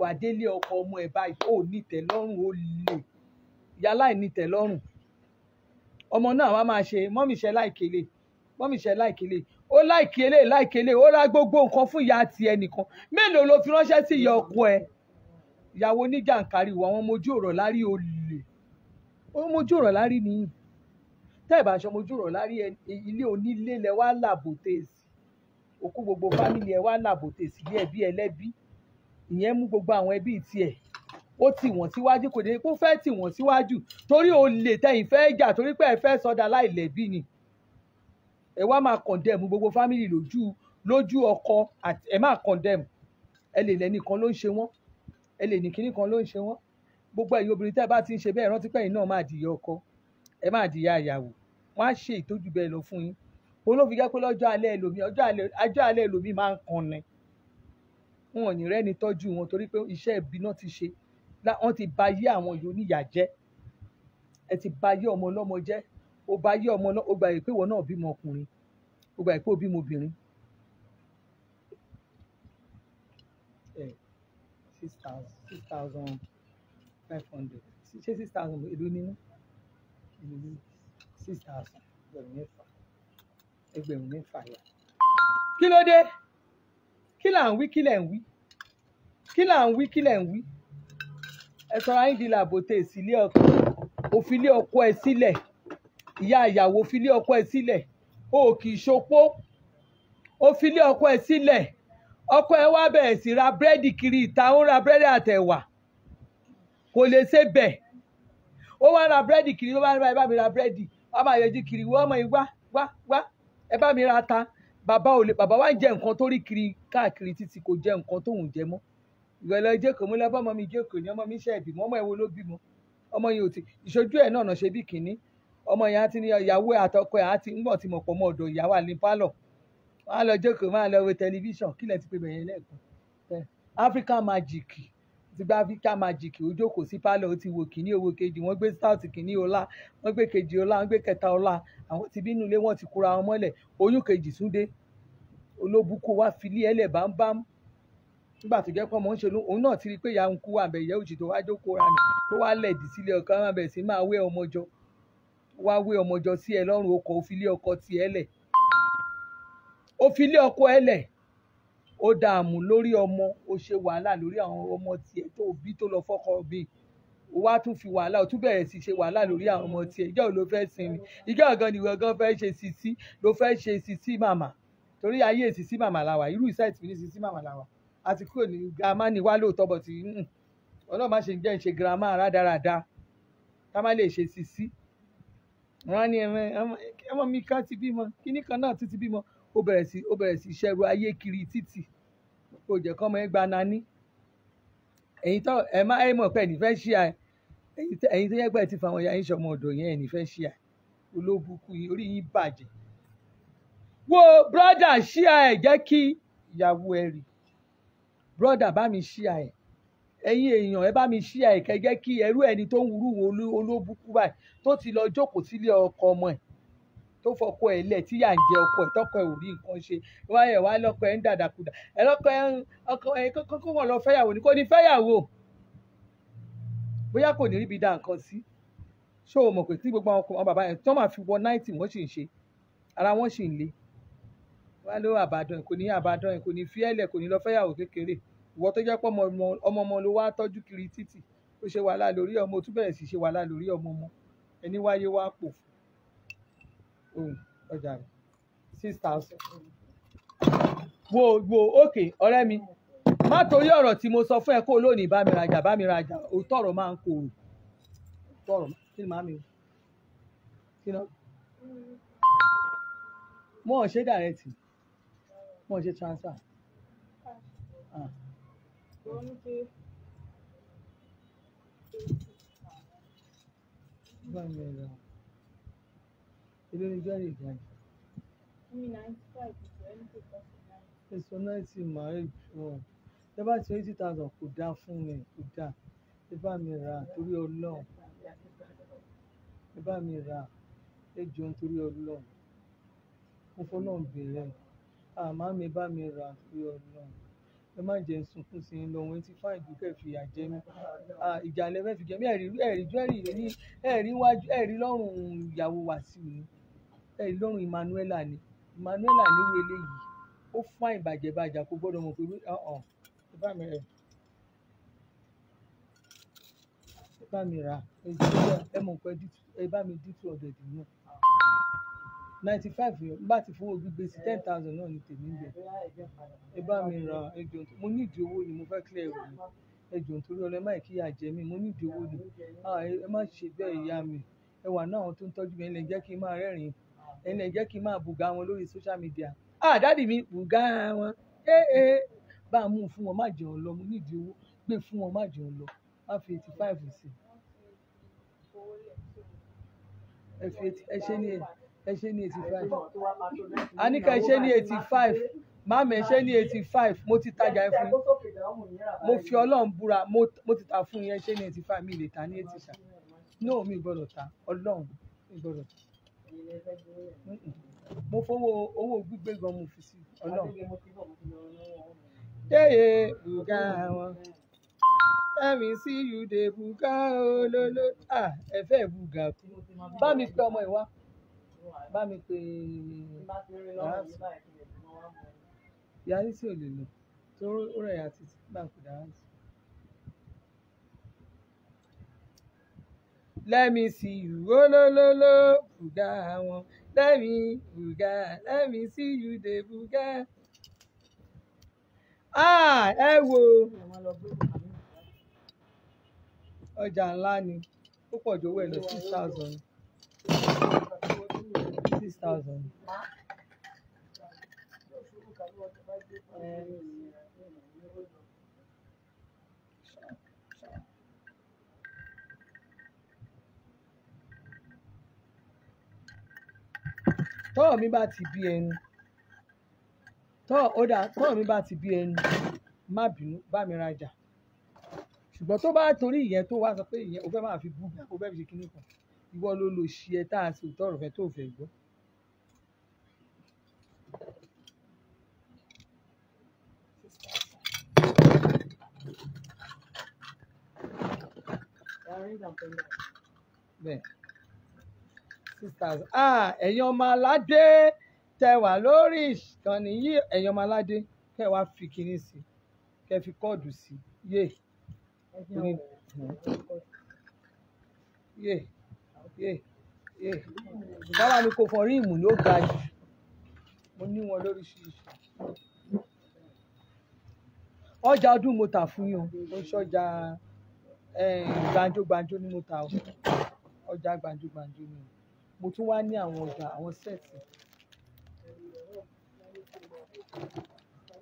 [SPEAKER 1] wà délé ọkọ ọmọ ẹ̀ báyìí ó ní tẹ́lọ́rùn ó lè yálà ní tẹ́lọ́rùn ọmọ náà wàá máa ṣe mọ́mìṣẹ́ láìkélé mọ́mìṣẹ́ láìkélé ó láìkélé láìkélé ó ra gbogbo nǹkan fún ìyá àti ẹnìkan mélòó ló fi ránṣẹ́ sí ìyá ọkọ ẹ̀ ìyàwó oníjàǹkárí wọ àwọn mojú ọ̀rọ̀ lárí olè ó mojú ọ̀rọ̀ lárí nìyí tẹ́ ẹ̀ aṣọ mojú ọ̀rọ̀ lárí ilé onílé lẹ wá làbò òkú gbogbo fámìlì ẹ wá làbò ilé ẹbí ẹlẹ́bí ìyẹn mú gbogbo àwọn ẹbí tiẹ̀ ó tì wọ́n síwájú kò dé kó fẹ́ tì wọ́n síwájú torí o lè tẹ̀yìn fẹ́ jà torí pé ẹ fẹ́ sọdá láìlẹ́bí ni ẹ wá máa condemn gbogbo fámìlì lójú lójú ọkọ ẹ máa condemn ẹ lè lẹ́ni kan ló ń ṣe wọ́n ẹ lè ní kinní kan ló ń ṣe wọ́n gbogbo ẹ̀yin obìnrin tẹ́ ẹ bá ti ń ṣe bẹ́ẹ̀ rántí pẹ́yìn náà máa dìyà ọkọ ẹ máa dìyà ìyàwó wọ́n á ṣe ìtọ́jú bẹ́ẹ̀ lọ fún yín olófin jẹ́ pé lọ́jọ́ alẹ́ ẹlòmíì ọjọ́ alẹ́ ẹlòmíì máa ń kan ni wọn ò ní rẹ́ni tọ́jú wọn torí pé iṣẹ́ ibi náà ti ṣe wọ́n ti ba ayé àwọn yòó níyà jẹ́ ẹ ti ba ayé ọmọ ọlọ́mọ jẹ́ ó ba ayé ọmọ náà ó gba ìpè ìwọ náà bímọ ọkùnrin ó gba ìpè òbí mobìnrin. six thousand six thousand five hundred kí ló dé? kí là ń wí kí lẹ̀ ń wí kí là ń wí kí lẹ̀ ń wí ẹ sọ ayé di làbò tẹ ìsílẹ ọkọ òfìlẹ ọkọ ẹ sílẹ̀ ìyá ìyàwó òfìlẹ ọkọ ẹ sílẹ̀ o kì í ṣopó òfìlẹ ọkọ ẹ sílẹ̀ ọkọ ẹ wá bẹ̀rẹ̀ sí ra búrẹ́dì kiri ìta ó ń ra búrẹ́dì àtẹ̀wà kò lè ṣe bẹ̀ ó wá ra búrẹ́dì kiri ó bá ní bá mi ra búrẹ́dì wọ́n máa yọjú kiri wọ́n mọ̀ wá wá wá ẹ bá mi ra ta bàbá ò lè bàbá wa ń jẹ nǹkan tó rí kiri káàkiri títí kò jẹ nǹkan tóun jẹ mọ́ ìrọ̀lẹ́ jẹ́kọ̀ọ́ múlá bá ọmọ mi jẹ́kọ̀ọ́ ni ọmọ mi ṣe ìbímọ ọmọ ìwo ló bímọ ọmọ yìí ò ti ìṣojú ẹ̀ náà ṣe bí kínní ọmọ yẹn á ti ní ìyàwó àtọkọ ẹ̀ á ti ń bọ̀ ti mọ̀ pọ̀ mọ́ ọ̀dọ̀ ìyàwó àlè pálọ̀ á lọ jẹ́kọ̀ọ́ máa lọ wo tẹlifíṣàn kílẹ̀ ti pè bẹ̀yẹn lẹ́ẹ̀kan African Magic ti gba vika magic ó jókòó sí pálọ̀ ó ti wò kíní owó kejì wọ́n gbé south kíní ọlá wọ́n gbé kejì ọlá wọ́n gbé kẹta ọlá àwọn ti bínú ilé wọ́n ti kúra wọn mọ́lẹ̀ oyún kejì túndé olóbùkún wá filí ẹlẹ̀ bámbám nígbà tó jẹ́ pé ọmọ ń ṣe ló òun náà ti rí i pé ìyá ń kú àbẹ̀ ìyá òjì tó wá jókòó ra nù tó wá lẹ̀dí sílé ọkọ àwọn abẹ̀ sí máa wé ọmọ jọ wá wé ọmọ jọ sí ẹ lọ́rùn ọkọ̀ òfilé ọkọ̀ tiẹ̀ lẹ̀ òfilé ọkọ̀ ẹ ó dààmú lórí ọmọ ó ṣe wàhálà lórí àwọn ọmọ tiẹ̀ tó bí tó lọ fọ́kọ mi ó wá tún fi wàhálà ó tún bẹ̀rẹ̀ sí ṣe wàhálà lórí àwọn ọmọ tiẹ̀ ìjọ́ ló fẹ́ sinmi ìjọ́ gan ni gangan fẹ́ ṣe sí sí ló fẹ́ ṣe sí sí màmá torí ayé èsì sí màmá làwà irú iṣẹ́ ìtìmí sí sí màmá làwà àti kúrò ní girama wá lóòótọ́ bọ̀ tí hmm, ọlọ́run má ṣe jẹ́ ń ṣe girama rádaràda ká má lè ṣe sí sí wọn á ní ẹmọ mi ká ti bímọ kíní náà tún ti bímọ ó bẹ̀rẹ̀ sí ó bẹ̀rẹ̀ sí ṣẹ́rú ayé kiri títì kò jẹ́ kọ́mọ ẹ gba nání ẹ̀yin tó ẹ má ẹ mọ̀ pé ẹ̀ní fẹ́ ṣí à ẹ̀yin tó yẹ pé ẹ ti fàwọn ìyá yín ṣọmọ ọ̀dọ̀ yẹn ẹ̀ní fẹ́ ṣí olóbùkún yín orí yín bàjẹ́ wo brọ́dà ṣí ẹ̀ jẹ́ kí ìyàwó ẹ rí brọ́dà bá mi ṣí ẹ̀ ẹ̀yin èèyàn ẹ bá mi ṣí ẹ̀ kẹ́ jẹ́ kí ẹrú ẹni tó ń wúrú wo olóbùkún báyìí tó ti lọ jókòó sílé ọkọ ọmọ ẹ̀ tó fọkọ ẹ̀ lẹ̀ tí yà ń jẹ ọkọ ẹ̀ tọkọ ẹ̀ ò rí nǹkan ṣe wá ẹ̀ wá lọ́kọ ẹ̀ ń dàdàkudà ẹ̀ lọ́kọ ẹ̀ ọkọ ẹ̀ kọ́kọ́ wọn lọ fẹ́yàwó ni kò ní fẹ́yàwó bóyá kò ní ríbi dá nǹkan sí ṣé o mọ̀ pé tí gbogbo àwọn bàbá yẹn tí wọ́n máa fi wọ náìtì wọ́n sì ń ṣe ara wọn sì ń le wá ló àbàdàn kò ní àbàdàn kò ní fi ẹ̀lẹ̀ kò ní lọ fẹ́yàwó kékeré ìwọ tó jẹ́ pé ọmọ ọmọ ló wá tọ́jú kiri títì ó ṣe wàhálà lórí ọmọ ó tún bẹ̀rẹ̀ sí ṣe wàhálà lórí ọmọ ọmọ ẹni wáyé wá pòfo Mm, ọjà rẹ̀ six thousand. wo wo ok ọ̀rẹ́ mi má torí ọ̀rọ̀ tí mo sọ fún ẹ kó o lónìí bá mi rajà bá mi rajà o tọrọ máa ń korò tọrọ kí ni màá mi kí ni mo ò ṣe direct mo ò ṣe transfer. Ah. One ilé ní jọ́ọ̀nì ìdájì. èso náà ti máa rí jù ọ́ ẹ bá ti eighty thousand kò dáa fún mi kò dáa ẹ bá mi rà torí ọlọ́run ẹ bá mi rà ẹ jọ̀ọ́ torí ọlọ́run mo fọlọ́run bèrè àmọ́ mi bá mi rà torí ọlọ́run ẹ má jẹ́ sunkún sí i lọ́wọ́ etí fáìn ju kẹ́ fìyà jẹ mí ìjà lẹ́fẹ̀ẹ́ fi jẹ mí ẹ̀rí jẹ́rìí ẹ̀rí lọ́rùn ìyàwó wàsíù ni ẹ lọ́rùn emmanuella ni emmanuella nírú eléyìí ó fún àìbàjẹ́bàjà kò gbọ́dọ̀ mọ̀ pé ọ̀hún ẹ bá mi rẹ̀ ẹ bá mi rà ẹ mọ̀ pé ẹ bá mi dí two hundred nù ninety five yẹn bá ti fowó gbígbé sí ten thousand náà ni tèmi ń ẹ bá mi ra ẹjọ mo nídìí owó ni mo fẹ́ clear ẹ̀rọ mi ẹjọ nítorí ọlọ́ ẹ má kí ìyà jẹ mí mo nídìí owó ni ah, ẹ má ṣe bẹ́ẹ̀ ìyá mi ẹ wà náà tó ń tọ́jú mi ẹ lè jẹ́ kí n máa rẹ́rìn-ín ẹ̀yin ẹ̀ jẹ́ kí n máa bùgá wọn lórí social media ah dáàdì mi bùgá wọn ee bá a mú un fún wọn má jẹun lọ mo nídìí owó gbé e fún wọn má jẹun lọ má fi eighty five sí ẹ fi ẹ ṣe ní ẹ ṣe ní eighty five
[SPEAKER 2] àníkà ẹ ṣe ní eighty five máàmì ẹ ṣe ní eighty
[SPEAKER 1] five mo ti tajà ẹ fún yín mo fi ọlọ́run búra mo ti ta fún yín ẹ ṣe ní eighty five mi lè ta ní eighty five no mi gbọ́dọ̀ ta ọlọ́run mi gbọ́dọ̀ ta mo fowó owó gbígbé gan mo fi sí ọlọ́run déyè bùgá wọn ẹ̀mí sí yùdé bùgá olólò à ẹ̀fẹ̀ kú bá mi pe ọmọ ìwá bá mi pe yàrá sí òlè lọ tó rẹ̀ àti bá kú dáhà sí. let me see you olólóló bùgá wọn let me bùgá let me see you dey bùgá. Ah, ẹ wo ọjà ńlá ni ó pọ̀ jówó ẹ̀ lọ six thousand six thousand. tọ́wọ́ mi bá ti bí ẹnu tọ́wọ́ ó dà tọ́wọ́ mi bá ti bí ẹnu má bínú bá mi rajà ṣùgbọ́n tó bá torí ìyẹn tó wá sọ pé ìyẹn o fẹ́ máa fi bú o fẹ́ fi ṣe kíní kan ìwọ ló lo ṣí ẹ tá a sì tọrọ fẹ́ tó fẹ́ gbọ́. bẹ́ẹ̀ sisters ah ẹ̀yin ọmọ aládé tẹ wà lórí ìkànnì yìí ẹ̀yin ọmọ aládé kẹ wá fi kinní sí kẹ fi kóòdù sí yé yé yé yé bàbá mi kò fọ ríìmù ló ga jù mo ní wọn lóríṣiríṣi ọjà ọdún mo tà fún yín o ó ṣọjà gbàǹjo gbàǹjo ni mo tà o ọjà gbàǹjo gbàǹjo ni o mo tún wá ní àwọn ọjà àwọn sẹ́ẹ̀tì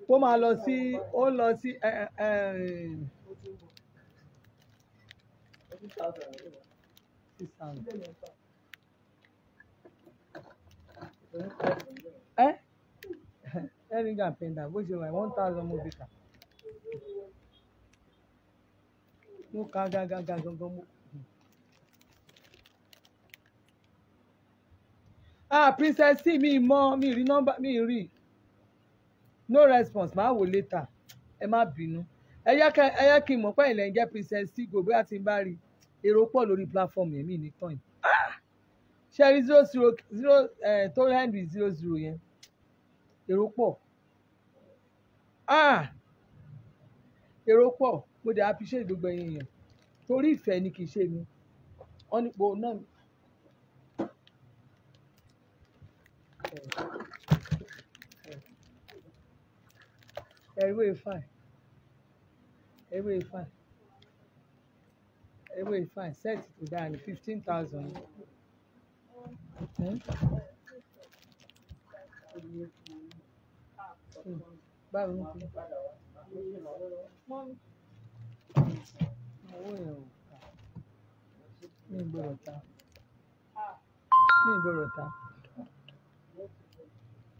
[SPEAKER 1] tó máa lọ sí ó lọ sí ẹ ẹringa penda bó ṣe wà one thousand mo mo kà gàgàgà gangan mo. ah princess tí mi mọ mi rí nọ́mbà mi rí no response máa wò later ẹ má bínú ẹ yẹ kí n mọ̀ pé ilẹ̀ jẹ́ princess tí gòbí àti bá rí èrò pọ̀ lórí platform yẹn mí ní tán ah! ṣe rí zero zero zero tó end with zero zero yẹn èrò pọ̀ ah! èrò pọ̀ mo dẹ̀ appreciate gbogbo ẹ̀yìn yẹn torí ìfẹ́ ni kì í ṣe mi wọ́n ní po náà ẹrú ifá ẹrú ifá ẹrú ifá Set to dáa ní fifteen thousand. Hmm? báwo ni kí owó yẹn ò kà mí gbọ́dọ̀ ta mí gbọ́dọ̀ ta.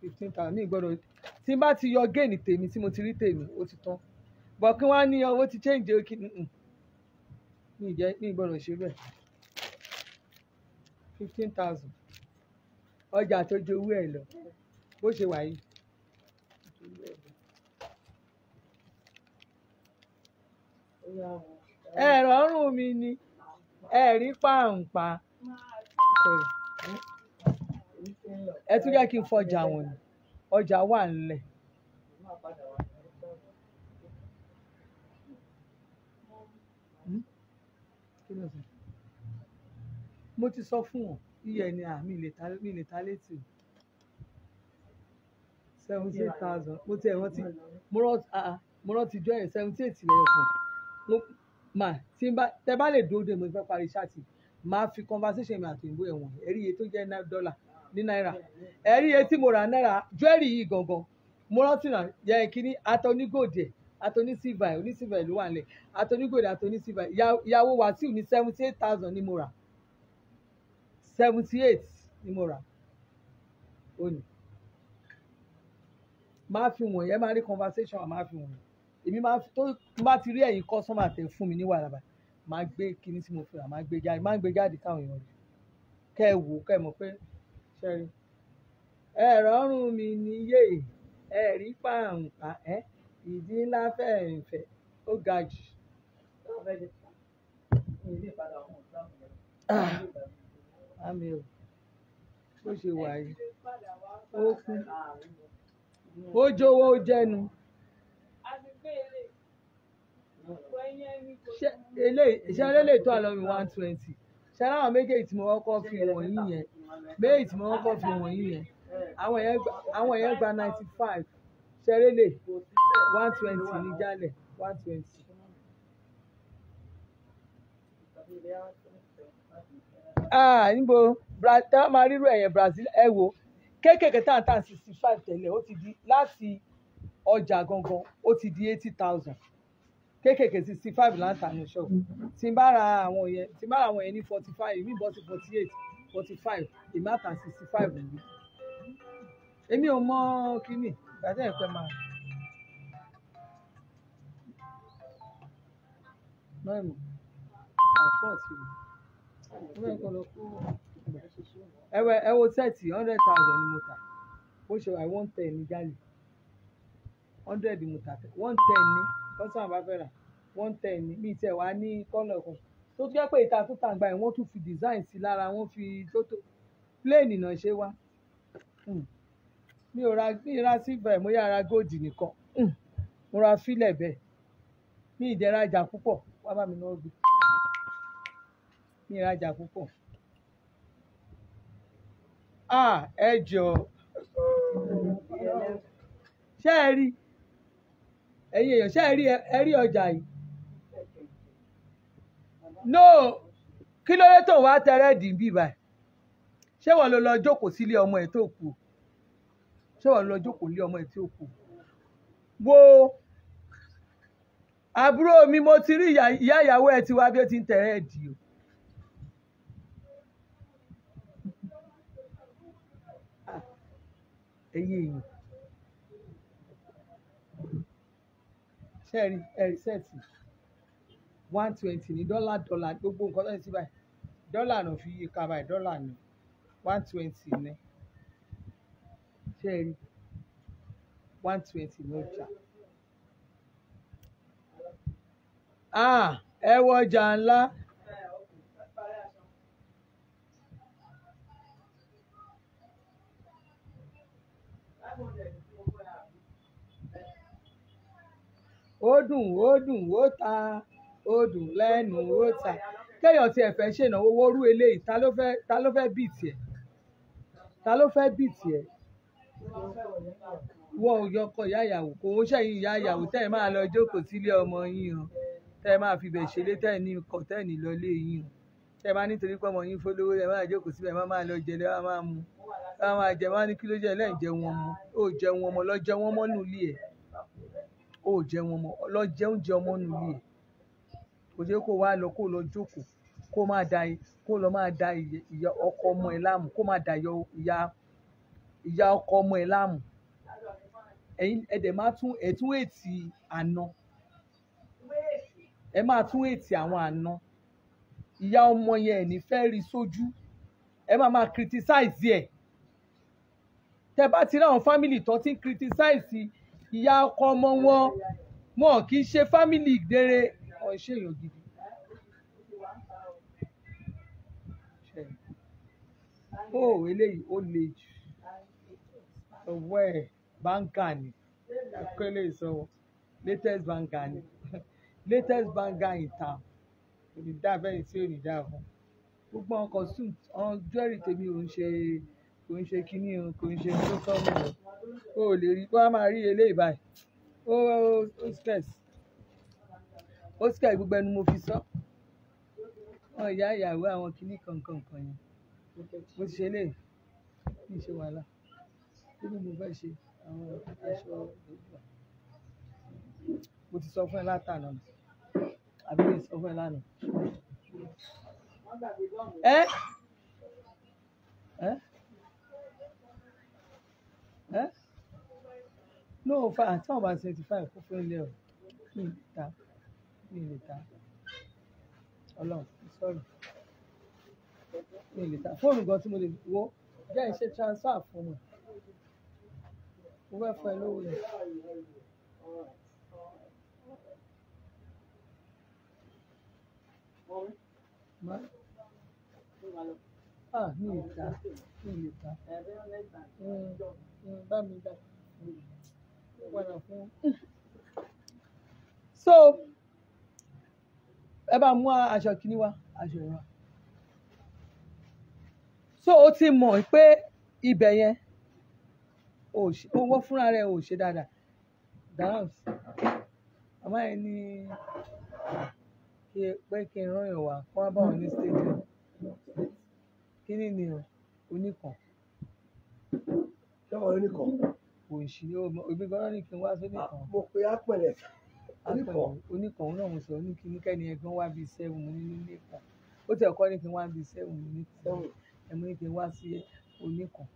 [SPEAKER 1] fifteen thousand mi gbọ́dọ̀ tí n bá ti yọ géènì tèmi tí mo ti rí tèmi ó ti tán bọ̀ kí wọ́n á ní owó ti change ó kì í mi jẹ́ mi gbọ́dọ̀ ṣe bẹ́ẹ̀ fifteen thousand ọjà tó ju owó ẹ̀ lọ bó ṣe wà yìí. ẹ̀rọ ọ̀rùn mi ni ẹ̀rí pàǹpà. Sorry
[SPEAKER 2] ẹ tún jẹ́ kí n fọjà wọn ni
[SPEAKER 1] ọjà wà ńlẹ̀. Hmm? mo ti sọ fún ọ iye ni àmì ilé ta létí o seventy eight thousand mo tiẹ̀ rántí mo rántí jọ yẹn seventy eight lẹ́yìn kan mà tí n bá tẹ bá lè dúró de mo fẹ́ parí ṣáàtì máa fi conversation mi àti òyìnbó ẹ̀wọ̀n ẹ̀rí iye tó jẹ́ náírà dọ́là ní náírà ẹ̀rí etí mo rà náírà jewelry yìí gangan mo rántí náà yẹ kínní atọ́nígòdì ẹ̀ atọ́nísìvà ẹ̀ onísìvà ẹ̀ ló wà nílẹ̀ atọ́nígòdì atọ́nísìvà ìyàwó wàsíù ní seventy eight thousand ni mo rà seventy eight ni mo rà òní máa fi wọ̀nyẹn máa rí conversation máa fi wọ̀nyẹn èmi máa tó bá ti rí ẹ̀yin kọ́sọ́mà tẹ̀ fún mi ní wàràbà máa gbé kíní tí mo fi rà máa gbé jáde máa gbé jáde káwọn èèyàn rẹ̀ kẹ́ ẹ wò ó kẹ́ ẹ mọ̀ pé ṣẹrí ẹ rọrùn mi níyè ẹ rí pàǹpà ẹ ìdí ńlá fẹǹfẹ ó ga jù. Ah, àmì ò bó ṣe wà yìí ó kú ó jówó ó jẹnu
[SPEAKER 2] ṣe eléyìí
[SPEAKER 1] tó àlọ́ mi one twenty ṣé láwọn méjèèjì tí mo kọ́kọ́ fi wọ̀nyí yẹn méjèèjì tí mo kọ́kọ́ fi wọ̀nyí yẹn àwọn yẹn gba ninety five ṣẹlẹ́lẹ̀ one twenty ní jálẹ̀ one twenty. Ah, níbo tá a máa rírò ẹ̀yẹn Brazil ẹ wo kéékèèké tá à ń tà sixty five tẹ́lẹ̀ ó ti di láti ọjà gangan ó ti di eighty thousand kéékèèké sí sixty five láǹtà ní ṣọ́ọ̀bù tí n bá ra àwọn yẹn tí n bá ra àwọn yẹn ní forty five èmi bọ́ sí forty eight forty five èmi àtà sixty five nìyí èmi ò mọ kínní ìgbàdé ẹ̀pẹ́ máa mẹ́rin àfọ́ọ̀tì rẹ̀ ọmọ ẹ̀kọ́ lọ kú ẹwẹ ẹwọ tẹ́tì hundred thousand ni mo tà ó ṣe wáyé one ten ní jálè hundred mo tà one ten ní kọ́sán àbáfẹ́ rà one ten ní mi tẹ̀ wá ní kọ́nà kan tó tún jẹ́ pé ìta tún tàǹgbà yìí wọ́n tún fi design sí lára wọ́n fi tótó plane náà ṣe wá hmm. mi ò ra mi ra silver mo yà ra gold nìkan hmm. mo ra filẹ̀ bẹ́ẹ̀ mi ìdẹ́ra jà púpọ̀ wá bá mi náà gbé mi ìra jà púpọ̀ ah ẹ jọ ṣé ẹ rí ẹ̀yin èèyàn ṣé ẹ rí ọjà yìí no kí ló dé tó wá tẹrẹ dì bí báyìí ṣé wọn ló lọ jókòó sílé ọmọ ẹ tó kù ṣé wọn ló lọ jókòó sílé ọmọ ẹ tó kù wo àbúrò mi mo ti rí ìyá ìyàwó ẹ ti wá bí ó ti ń tẹrẹ dì o. ẹyẹ èèyàn sẹ́ẹ̀rì ẹ̀rì sẹ́ẹ̀tì one twenty ní dọ́là dọ́là gbogbo nǹkan tó ń sí báyìí dọ́là náà fi yí ká báyìí dọ́là ní one twenty ní ṣe one twenty ní ọjà. Ah, ẹ wọ ọjà ńlá. ó dùn ó dùn ó ta odò lẹ́nu òòtà kéèyàn tiẹ̀ fẹ́ ṣe ìnáwó wórú eléyìí ta ló fẹ́ ta ló fẹ́ bì tiẹ̀ ta ló fẹ́ bì tiẹ̀ wọ òye ọkọ ìyá ìyàwó kò ó ṣẹ̀yìn ìyá ìyàwó tẹ́ ẹ máa lọ jókòó sílé ọmọ yín o tẹ́ ẹ máa fi bẹ̀ ṣeré tẹ́ ẹ ní ikọ̀ tẹ́ ẹ ní lọ lé yín o tẹ́ ẹ máa nítorí pé ọmọ yín fólówó ẹ máa jókòó síbẹ̀ ẹ máa lọ jẹ ẹ máa mu ẹ máa jẹ máa ní kí ló jẹ lẹ́yìn jẹ wọn mu ó jẹ wọn lọ jẹ wọn mọ ẹ ó jẹ wọn mọ lọ jẹ ọmọ nù ẹ kò jẹ́ kó wá lọ kó lọ jókòó kó máa da kó lọ máa da ìyá ọkọ ọmọ ẹ̀ láàmú kó máa da ìyá ìyá ọkọ ọmọ ẹ̀ láàmú ẹ̀yin ẹ̀dẹ̀ máa tún ẹ̀tún ètì àná ẹ máa tún ètì àwọn àná ìyá ọmọ yẹn ẹ̀ ní fẹ́ rí sójú ẹ máa máa criticize ẹ̀ tẹ bá ti ráwọn fámìlì tó ti ń criticize ìyá ọkọ ọmọ wọn wọn kì í ṣe fámìlì ìdẹ́rẹ́ ọkọ iṣẹ́ èèyàn gidi. Ó eléyìí ó le jù. Ọwọ́ ẹ̀ báńkà ni. Ẹ̀kọ́ eléyìí latest báńkà ni. Latest báńkà in town. Kò ní dá abẹ́rẹ́ tí ò ní dá fún. Gbogbo àwọn costume àwọn jewelry tèmi ò ń ṣe kò ń ṣe kíní o kò ń ṣe tó tọ́ mi o. lè rí kó a máa rí eléyìí báyìí. Ó stress. Oscar gbogbo ẹnu mo fi sọ wọn ìyá ìyàwó àwọn kinní kankan kan yẹn mo ti ṣe lè kí n ṣe wàhálà kí ni mo fẹ́ ṣe àwọn aṣọ ìgbà mo ti sọ fún ẹ látàná àbí mo ti sọ fún ẹ lánàá ẹ ẹ ẹ no àti àwọn bá seventy five kó fún ilé ọ kí n ta mi lè ta Ọlọ́run sọ̀rọ̀ mi lè ta fóònù gan tí mo lè wo jẹ́ ìṣe transfer fún mi
[SPEAKER 2] mo fẹ́ fọ ẹ lówó yẹn.
[SPEAKER 1] Ah, mi lè ta, mi lè ta. Hmm, hmm, bá mi dá. So ẹ bá mú aṣọ kíní wá aṣọ wa so o ti mọ̀ pé ibẹ̀ yẹn owó fúnra rẹ̀ ò ṣe dáadáa dahams àmọ́ ẹ ní pé kí n rán yàn wá kó wá bá wọn ní stadium kíní ni o oníkan. ṣé wọn oníkan. kò sí omi gan-an ní kí n wá sí oníkan. Ah, mo pe apẹ̀lẹ̀ fún oníkan oníkan òun náà mo sọ ní kíní kẹ́ni ẹ̀gbọ́n wá bíi sẹ́wọ̀n mo ní nílé kan ó tẹ̀ kọ́ ní kí n wá bíi sẹ́wọ̀n mo ní sẹ́wọ̀n ẹ̀mú ní kí n wá sí oníkan.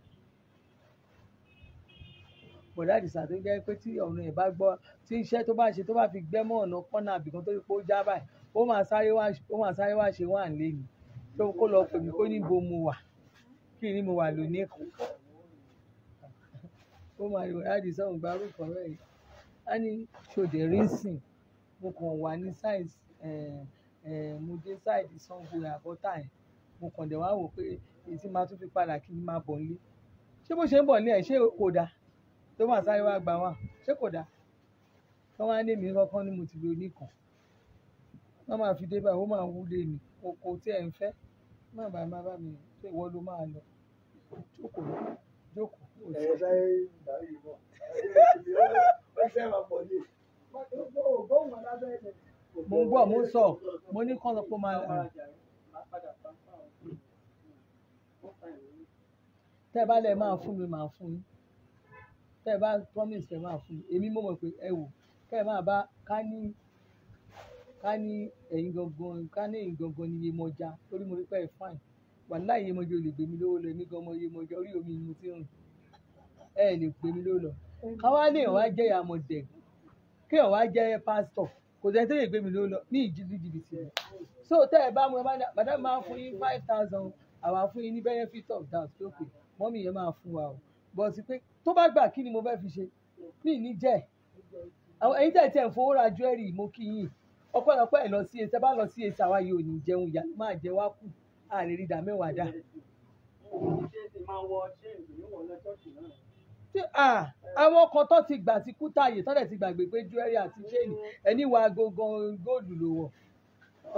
[SPEAKER 1] bọ̀dá àdìsá tó jẹ́ pé tí ọ̀nà ẹ̀ bá gbọ́ tí iṣẹ́ tó bá ṣe tó bá fi gbẹ́ mọ́ ọ̀nà kọ́nà àbìkan tó rí já báyìí ó máa sáré wá ṣe wà ń lé mi tó kó lọ pè mí kó níbo mo wà kí ni mo wà lónìí kan [laughs] ó máa rí bọ̀dá àdìsá òun gbárùkọ̀ rẹ̀ yìí. Ani ní ṣòdè rísìn mo kàn wà ní size eh, eh, mo dé side sango àkọ́tà yẹn mo kàn dẹ̀ wá wò pé èyí tí máa tún fi padà kí n máa bọ̀ nílé ṣé bó ṣe ń bọ̀ nílẹ̀ ṣé kò dáa tó máa sáré wá gbà wá ṣé kò dáa tó wá ní mi kankan ni mo ti lo nìkan wọ́n máa fi dé báyìí ó máa wúlé ni oko tí ẹ̀ ń fẹ́ má bàa má bàa mi pé ìwọ ló máa lọ jókòó jókòó. ẹ̀rọ sáré ìgbà yìí ẹsẹ̀ wà pọ̀ ní. mo ń bọ̀ mo ń sọ mo ní kọ́ lọ pé máa tẹ́ bá lẹ̀ máa fún mi máa fún mi tẹ́ bá promise ẹ máa fún mi èmi mo mọ̀ pé ẹ wò kẹ́ ẹ máa bá ká ní ká ní ẹ̀yin gangan ká ní ẹ̀yin gangan ní Yemọja torí mo rí pé ẹ fine wàláì Yemọja ò lè gbé mi lówó lọ èmi gan ọmọ Yemọja orí omi ni mo ti rìn ẹ lè gbé lówó lọ káwá lè wá jẹ́ àmọ̀dẹ̀gùn kí ọ̀wá jẹ́ pásítọ̀ kò sẹ́ni tó lè gbé mi ló lọ ní ìjìnlẹ̀ jìbìtì rẹ̀ so tẹ́ ẹ bá mu ẹ bàdá máa fún yín five thousand àwa fún yín ní benefit of doubt tó pè mọ́mì yẹn máa fún wa o bọ̀ sí pé tó bá gbà kí ni mo fẹ́ fi ṣe mí ní jẹ́ àwọn ẹ̀yin tẹ̀ tẹ̀ ń fowó ra jewelry mo kí yín ọ̀pọ̀lọpọ̀ ẹ̀ lọ sí ẹsẹ̀ bá lọ sí ẹsẹ̀ àwa yìí ò ní jẹun ìyá máa jẹ wá kù àlè rí ìdá mẹ́wàá dá àwọn kan tó ti gbà ti kú táàyè tó dẹ̀ ti gbàgbé pé jewelry àti chain ẹni wo aago gan góòlù ló wọ̀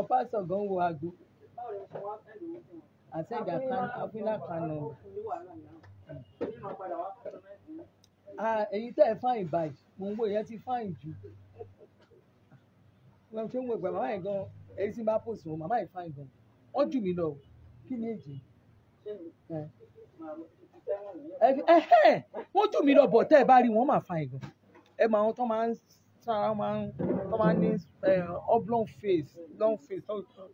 [SPEAKER 1] ọ̀pásọ̀ gan wo aago
[SPEAKER 2] àtẹ̀gà kan abúlá kan
[SPEAKER 1] nà èyí tẹ́ ẹ fáìn báyìí mò ń wo ìyẹn ti fáìn jù wọn ṣe ń wo ìgbà màmá yẹn gan èyí tí n bá pòsì wọn màmá yẹn fáìn gan wọ́n jù mí lọ kí ni èjì wọ́n jù mí lọ bọ̀ tẹ́ ẹ bá rí wọn máa fa ìgbọ̀n ẹ máa wọn máa ń sára máa ń tó máa ń ní oblong face long face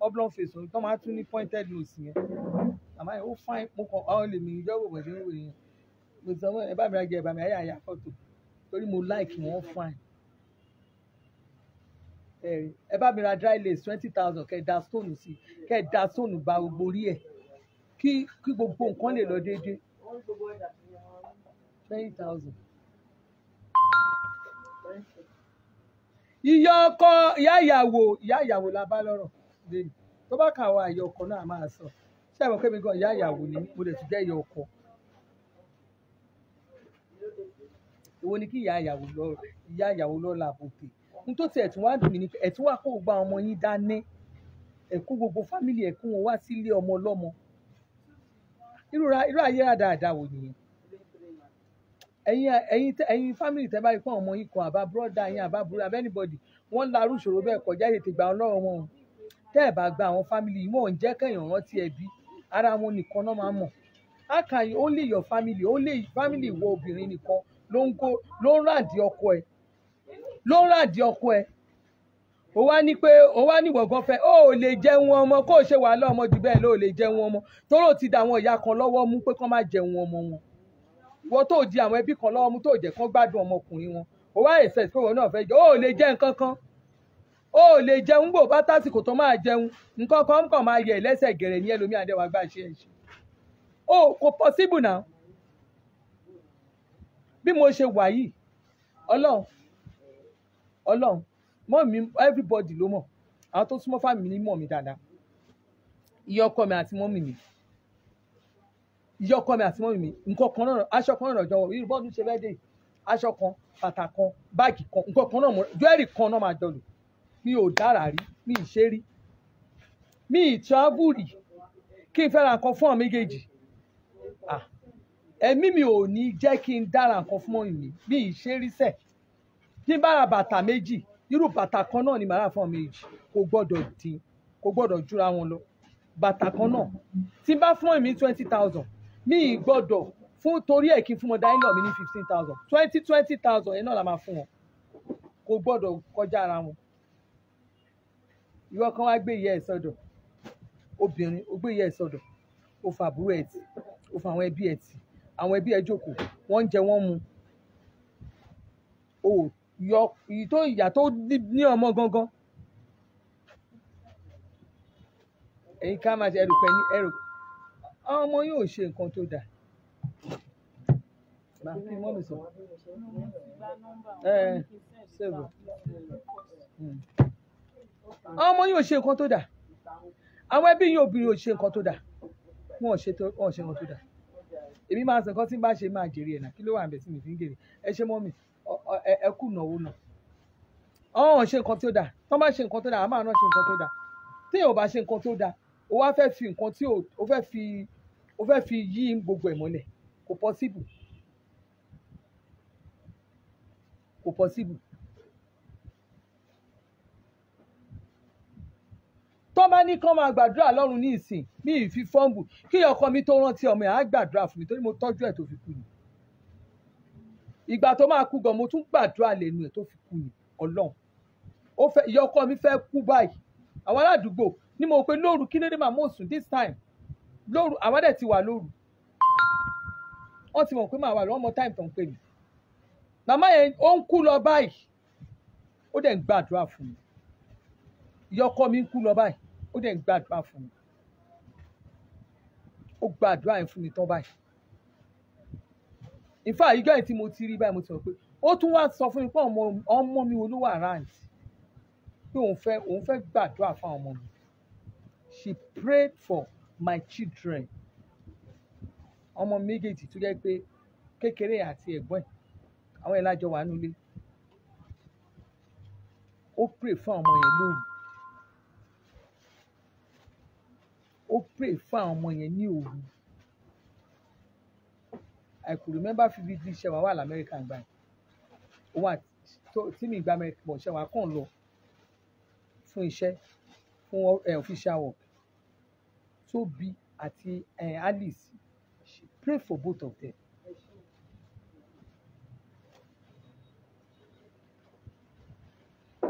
[SPEAKER 1] oblong face tó máa tún ní pointed nose yẹn àmọ́ ẹ̀ ó fine mo kàn ọ́ lè mi ìjọ́ òwò ṣe ń wò yẹn mo sọ ẹ bá mi ra jẹ ẹ bá mi ayé àyà fọ́tò torí mo like wọn fine ẹ bá mi ra dry lace twenty thousand kẹ da stone sí kẹ da stone ba gbogbo orí ẹ kí kí gbogbo nǹkan lè lọ déédéé twenty thousand. ọkọ ìyá ìyàwó ìyá ìyàwó la bá lọ́rọ̀ lẹ́yìn tó bá kà wá ìyá ọkọ náà máa sọ ṣé àwọn kẹ́mi gan ìyá ìyàwó ni mo lè tún jẹ́ ìyá ọkọ. ìwọ ni kí ìyá ìyàwó lọ ìyá ìyàwó lọ la bòkè n tó ti ẹ̀tún wá dùn mí ni ẹ̀tún wá kó gba ọmọ yín dání ẹ̀kú gbogbo fámìlì ẹ̀kú wọn wá sílé ọmọ ọlọ́mọ irú ayé àdáàdá wò nìyẹn ẹ̀yin ẹ̀yin ẹ̀yin family tẹ́ bá rí pọ́n ọmọ yìí kan àbá brọ́dà yín àbá burú àbẹ́ anybody wọ́n larú ìṣòro bẹ́ẹ̀ kọjá ètè ìgbà ọlọ́run wọn tẹ́ ẹ̀ bá gba àwọn family yìí wọn ò ń jẹ́ kẹ́yìn rántí ẹbí ara wọn nìkan náà máa mọ̀ àkàyè ó lè your family ó lè family wo obìnrin nìkan ló ń go ló ń ràǹdí ọkọ ẹ ló ń ràǹdí ọkọ ẹ o wá ní pé o wá jẹun ọmọ kó o ṣe wà ọmọ jù bẹ́ẹ̀ l'óò lè jẹun ọmọ tóró ti da àwọn ìyá kan lọ́wọ́ mú pé kán má jẹun ọmọ wọn wọ́n tó di àwọn ẹbí kan lọ́wọ́ mú tó jẹ́ kán gbádùn ọmọkùnrin wọn wá ẹ̀sẹ̀ pé wọn náà fẹ́ jẹ ò lè jẹ nǹkan kan ò lè jẹun bò bá tásìkò tó máa jẹun nǹkan kan kàn máa yẹ lẹ́sẹ̀ gẹ̀rẹ̀ ní ẹlòmí mọ́ mi everybody ló mọ̀ àwọn tó súnmọ́ fámìlì mọ̀ mi dáadáa ìyá ọkọ mi àti mọ́mì mi ìyá ọkọ mi àti mọ́mì mi nǹkan kan náà aṣọ kan náà jọwọ́ irú bọ́ọ̀lù ṣe fẹ́ dé aṣọ kan bàtà kan báàgì kan nǹkan kan náà jewelry kan náà máa jọlù mi ò dára rí mi ì ṣe rí mi ì travel kí n fẹ́ ra nǹkan fún àwọn méjèèjì ẹ̀mí mi ò ní jẹ́ kí n dára nǹkan fún mọ́mì mi mi ì ṣe rí sẹ́ẹ̀ kí n bá ra bàtà méjì irú bàtà kan náà ni màá rà fún ọmọ èjì kò gbọ́dọ̀ dín kò gbọ́dọ̀ jura wọn lọ bàtà kan náà tí bá fún èmi twenty thousand mi ì gbọ́dọ̀ fún torí ẹ̀ kí n fún wọn dáínà mi ní fifteen thousand twenty twenty thousand yẹn náà la máa fún wọn kò gbọ́dọ̀ kọjá ara wọn ìwọ kan wá gbé ìyá ẹ̀ sọ́dọ̀ obìnrin ó gbé ìyá ẹ̀ sọ́dọ̀ ó fa àbúrò ẹ̀ tì ó fa àwọn ẹbí ẹ̀ tì àwọn ẹbí ẹ̀ jókòó wọ́n ń jẹ wọ́n mu ó yọ èyí tó ìyà tó ní ọmọ gangan ẹ̀yin ká máa ṣe ẹrù pẹ̀ ní ẹrù àwọn ọmọ yóò ṣe nǹkan tó dáa máa kí mọ́ mi sọ
[SPEAKER 2] ẹ̀ ṣèlú àwọn ọmọ yóò ṣe nǹkan tó dáa
[SPEAKER 1] àwọn ẹbí yóò ṣe nǹkan tó wọn sọ nǹkan tí n bá ṣe máa jèrè ẹ̀ kí ló wà tí mi fi ń gèrè ẹ kù náwó náà ọ̀hún ṣe nǹkan tí ó dáa tó bá ṣe nǹkan tó dáa àmọ́ àná ṣe nǹkan tó dáa tí èèyàn bá ṣe nǹkan tó dáa ó wá fẹ́ fi nǹkan tí ó fẹ́ fi ó fẹ́ fi yí gbogbo ẹ̀ mọ́lẹ̀ kò possible kò possible. tó bá ní kán máa gbàdúrà lọ́run ní ìsìn ní ìfi fọ́ǹbù kí ọkọ mi tó rántí ọmọ ẹ̀ á gbàdúrà fún mi torí mo tọ́jú ẹ̀ tó fi kú ni ìgbà tó máa kú gan mo tún gbàdúrà lẹ́nu ẹ̀ tó fi kú ni ọlọ́run ó fẹ́ ìyá mi fẹ́ kú báyìí àwọn aládùúgbò ni mo pe lóru kí lédè màmú òsùn this time lóru àwọn dẹ̀ ti wà lóru wọ́n ti mọ̀ pé màá wà lọ́mọ time tó ń pè mí màmá yẹn ó ń kú lọ báyìí ó dẹ̀ ń gbàdúrà fún mi ìyá ọkọ mi ń kú lọ báyìí ó dẹ̀ ń gbàdúrà fún mi ó gbàdúrà yẹn fún mi tán báyìí ìfà ìjọ yìí tí mo ti rí báyìí mo ti sọ pé ó tún wá sọ fún mi pé ọmọ mi wo ló pé òun fẹ́ òun fẹ́ gbàdúrà fún ọmọ mi she prayed for my children ọmọ méjèèjì tó jẹ́ pé kékeré àti ẹ̀gbọ́n ẹ̀ àwọn ẹ̀ lájọ wà nílé ó pray fún àwọn ọmọ yẹn lóru ó pray fún àwọn ọmọ yẹn ní òru. I could remember vividly ṣẹ̀wá wà lamẹ́ríkà ń gbà yẹn òun àti tí mi gba amẹ́ríkà bọ̀ ṣẹ̀wá kàn lọ fún iṣẹ́ fún eh, official work Tóbi àti eh, Alice she pray for both of them.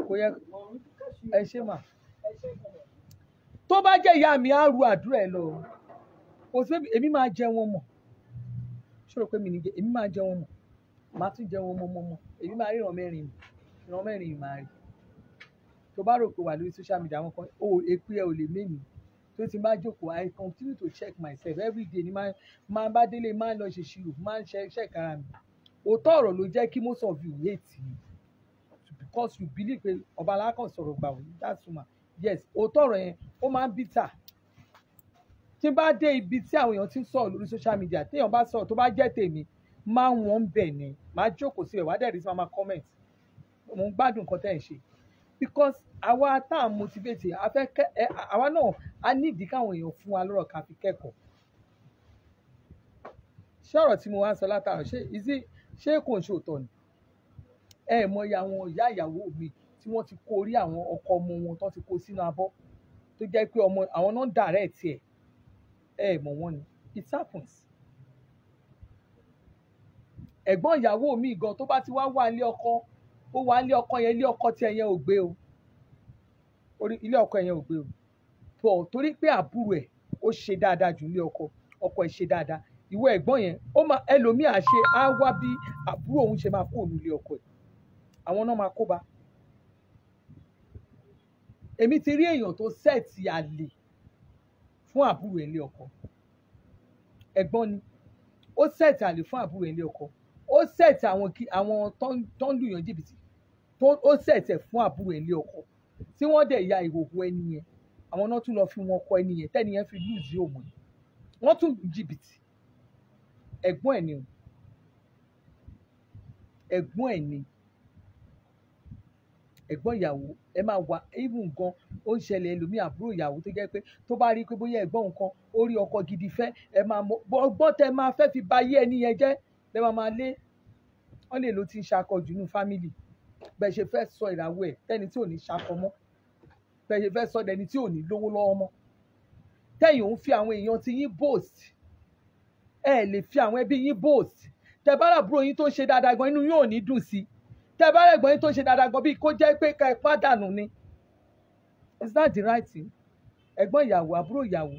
[SPEAKER 1] kò yẹ ẹ ṣe mà tó bá jẹ́ ìyá mi á ru àdúrà ẹ lọ kò sí èmi máa jẹ wọn mọ̀ ṣòro pé mi jẹ èmi máa jẹ wọn mọ màá tún jẹ wọn mọmọmọ èmi máa ríran mẹ́rin ìran mẹ́rin máa rí tó bá rò pé wà lórí social media àwọn kan ó epi ẹ ò lè mémi tó ti máa jókòó i continue to check myself every day ni máa bá délé máa lọ ṣe ṣirò máa ń ṣe iṣẹ́ kára mi òótọ́ ọ̀rọ̀ ló jẹ́ kí most of you hate me because you believe pé ọba alákàn gbà wọ́n that's woman yes òótọ́ ọ̀rọ̀ yẹn ó máa ń bitter tí bá dé ibi tí àwọn èèyàn ti ń sọ̀rọ̀ lórí social media téèyàn bá sọ̀rọ̀ tó bá jẹ́ tèmi máa ń wọ́n bẹ̀ ni máa jókòó sí ẹ̀ wá dẹ̀rí sí máa máa comment mo ń gbádùn nǹkan tẹ́ ẹ̀ ṣe because àwa tá à ń motivate afẹ́ kẹ́ ẹ àwa náà a nídìí káwọn èèyàn fún wa lọ́rọ̀ ká fi kẹ́kọ̀ọ́ ṣé ọ̀rọ̀ tí mo wá ń sọ látàrọ̀ ṣé ìsí ṣé kò ń ṣe òótọ́ ni ẹ mọ iye àwọn ìyá ìyàwó mi tí wọ́n ti kó orí àwọn ọkọ ọmọ wọn tó ti kó sínú abọ́ tó jẹ́ pé ọmọ àwọn náà direct ẹ̀ ẹ mọ̀ wọ́n ni it happens. ẹ̀gbọ́n ìyàwó mi gan tó bá ti wá wà ilé ọkọ ó wà ilé ọkọ yẹn ilé ọkọ tí ẹ̀yẹn ò gbé o ilé ọkọ ẹ̀yẹn ò gbé o pọ̀ torí pé àbúrò ẹ̀ ó ṣe dáadáa jù ilé ọkọ ọkọ ẹ̀ ṣe dáadáa ìwọ ẹ̀gbọ́n yẹn ó máa ẹlòmíà ṣe á wá bí àbúrò òun ṣe máa kó òun ilé ọkọ ẹ̀ àwọn náà máa kó ba èmi ti rí èèyàn tó sẹ́ẹ̀tì àlè fún àbúrò ilé ọkọ ẹ̀gbọ́n ni ó sẹẹtì àlè fún àbúrò ilé ọkọ ó sẹẹtì àwọn kí àwọn tó ń lùyàn jìbìtì ó sẹẹtì ẹ fún àbúrò ilé ọkọ tí wọ́n dẹ̀ ya ìhòòhò ẹni yẹn àwọn náà tún lọ fi wọn kọ ẹni yẹn tẹ́ni yẹn fi lùzí òmùn wọ́n tún jìbìtì ẹ̀gbọ́n ẹ̀ ni ẹ̀gbọ́n ẹ̀gbọ́n ìyàwó ẹ máa wà even gan ó ń ṣẹlẹ̀ ẹlòmíì àbúrò ìyàwó tó jẹ́ pé tó bá rí i pé bóyá ẹ̀gbọ́n nǹkan ó rí ọkọ gidi fẹ́ ẹ máa mọ ọgbọ́n tẹ máa fẹ́ fi ba ayé ẹni yẹn jẹ́ lẹ máa máa lé wọ́n lè lo ti ń ṣakọjù nínú fámìlì bẹ́ẹ̀ ṣe fẹ́ sọ ìràwọ ẹ̀ tẹ́ni tí ò ní ṣakọ mọ́ bẹ́ẹ̀ ṣe fẹ́ sọ dẹni tí ò ní lówó lọ́wọ́ mọ́ tẹ́yìn òun fi àwọn èèyàn ti yín boast ẹ lè fi àwọn ẹbí yín boast tẹ bá rà yín tó ń ṣe dáadáa gan inú yóò ní dùn sí tẹ bá rẹ̀ gbọ́n yín tó ṣe dáadáa gan bíi kó jẹ́ pé ká ẹ pàdánù ni is that the right thing ẹ̀gbọ́n ìyàwó àbúrò ìyàwó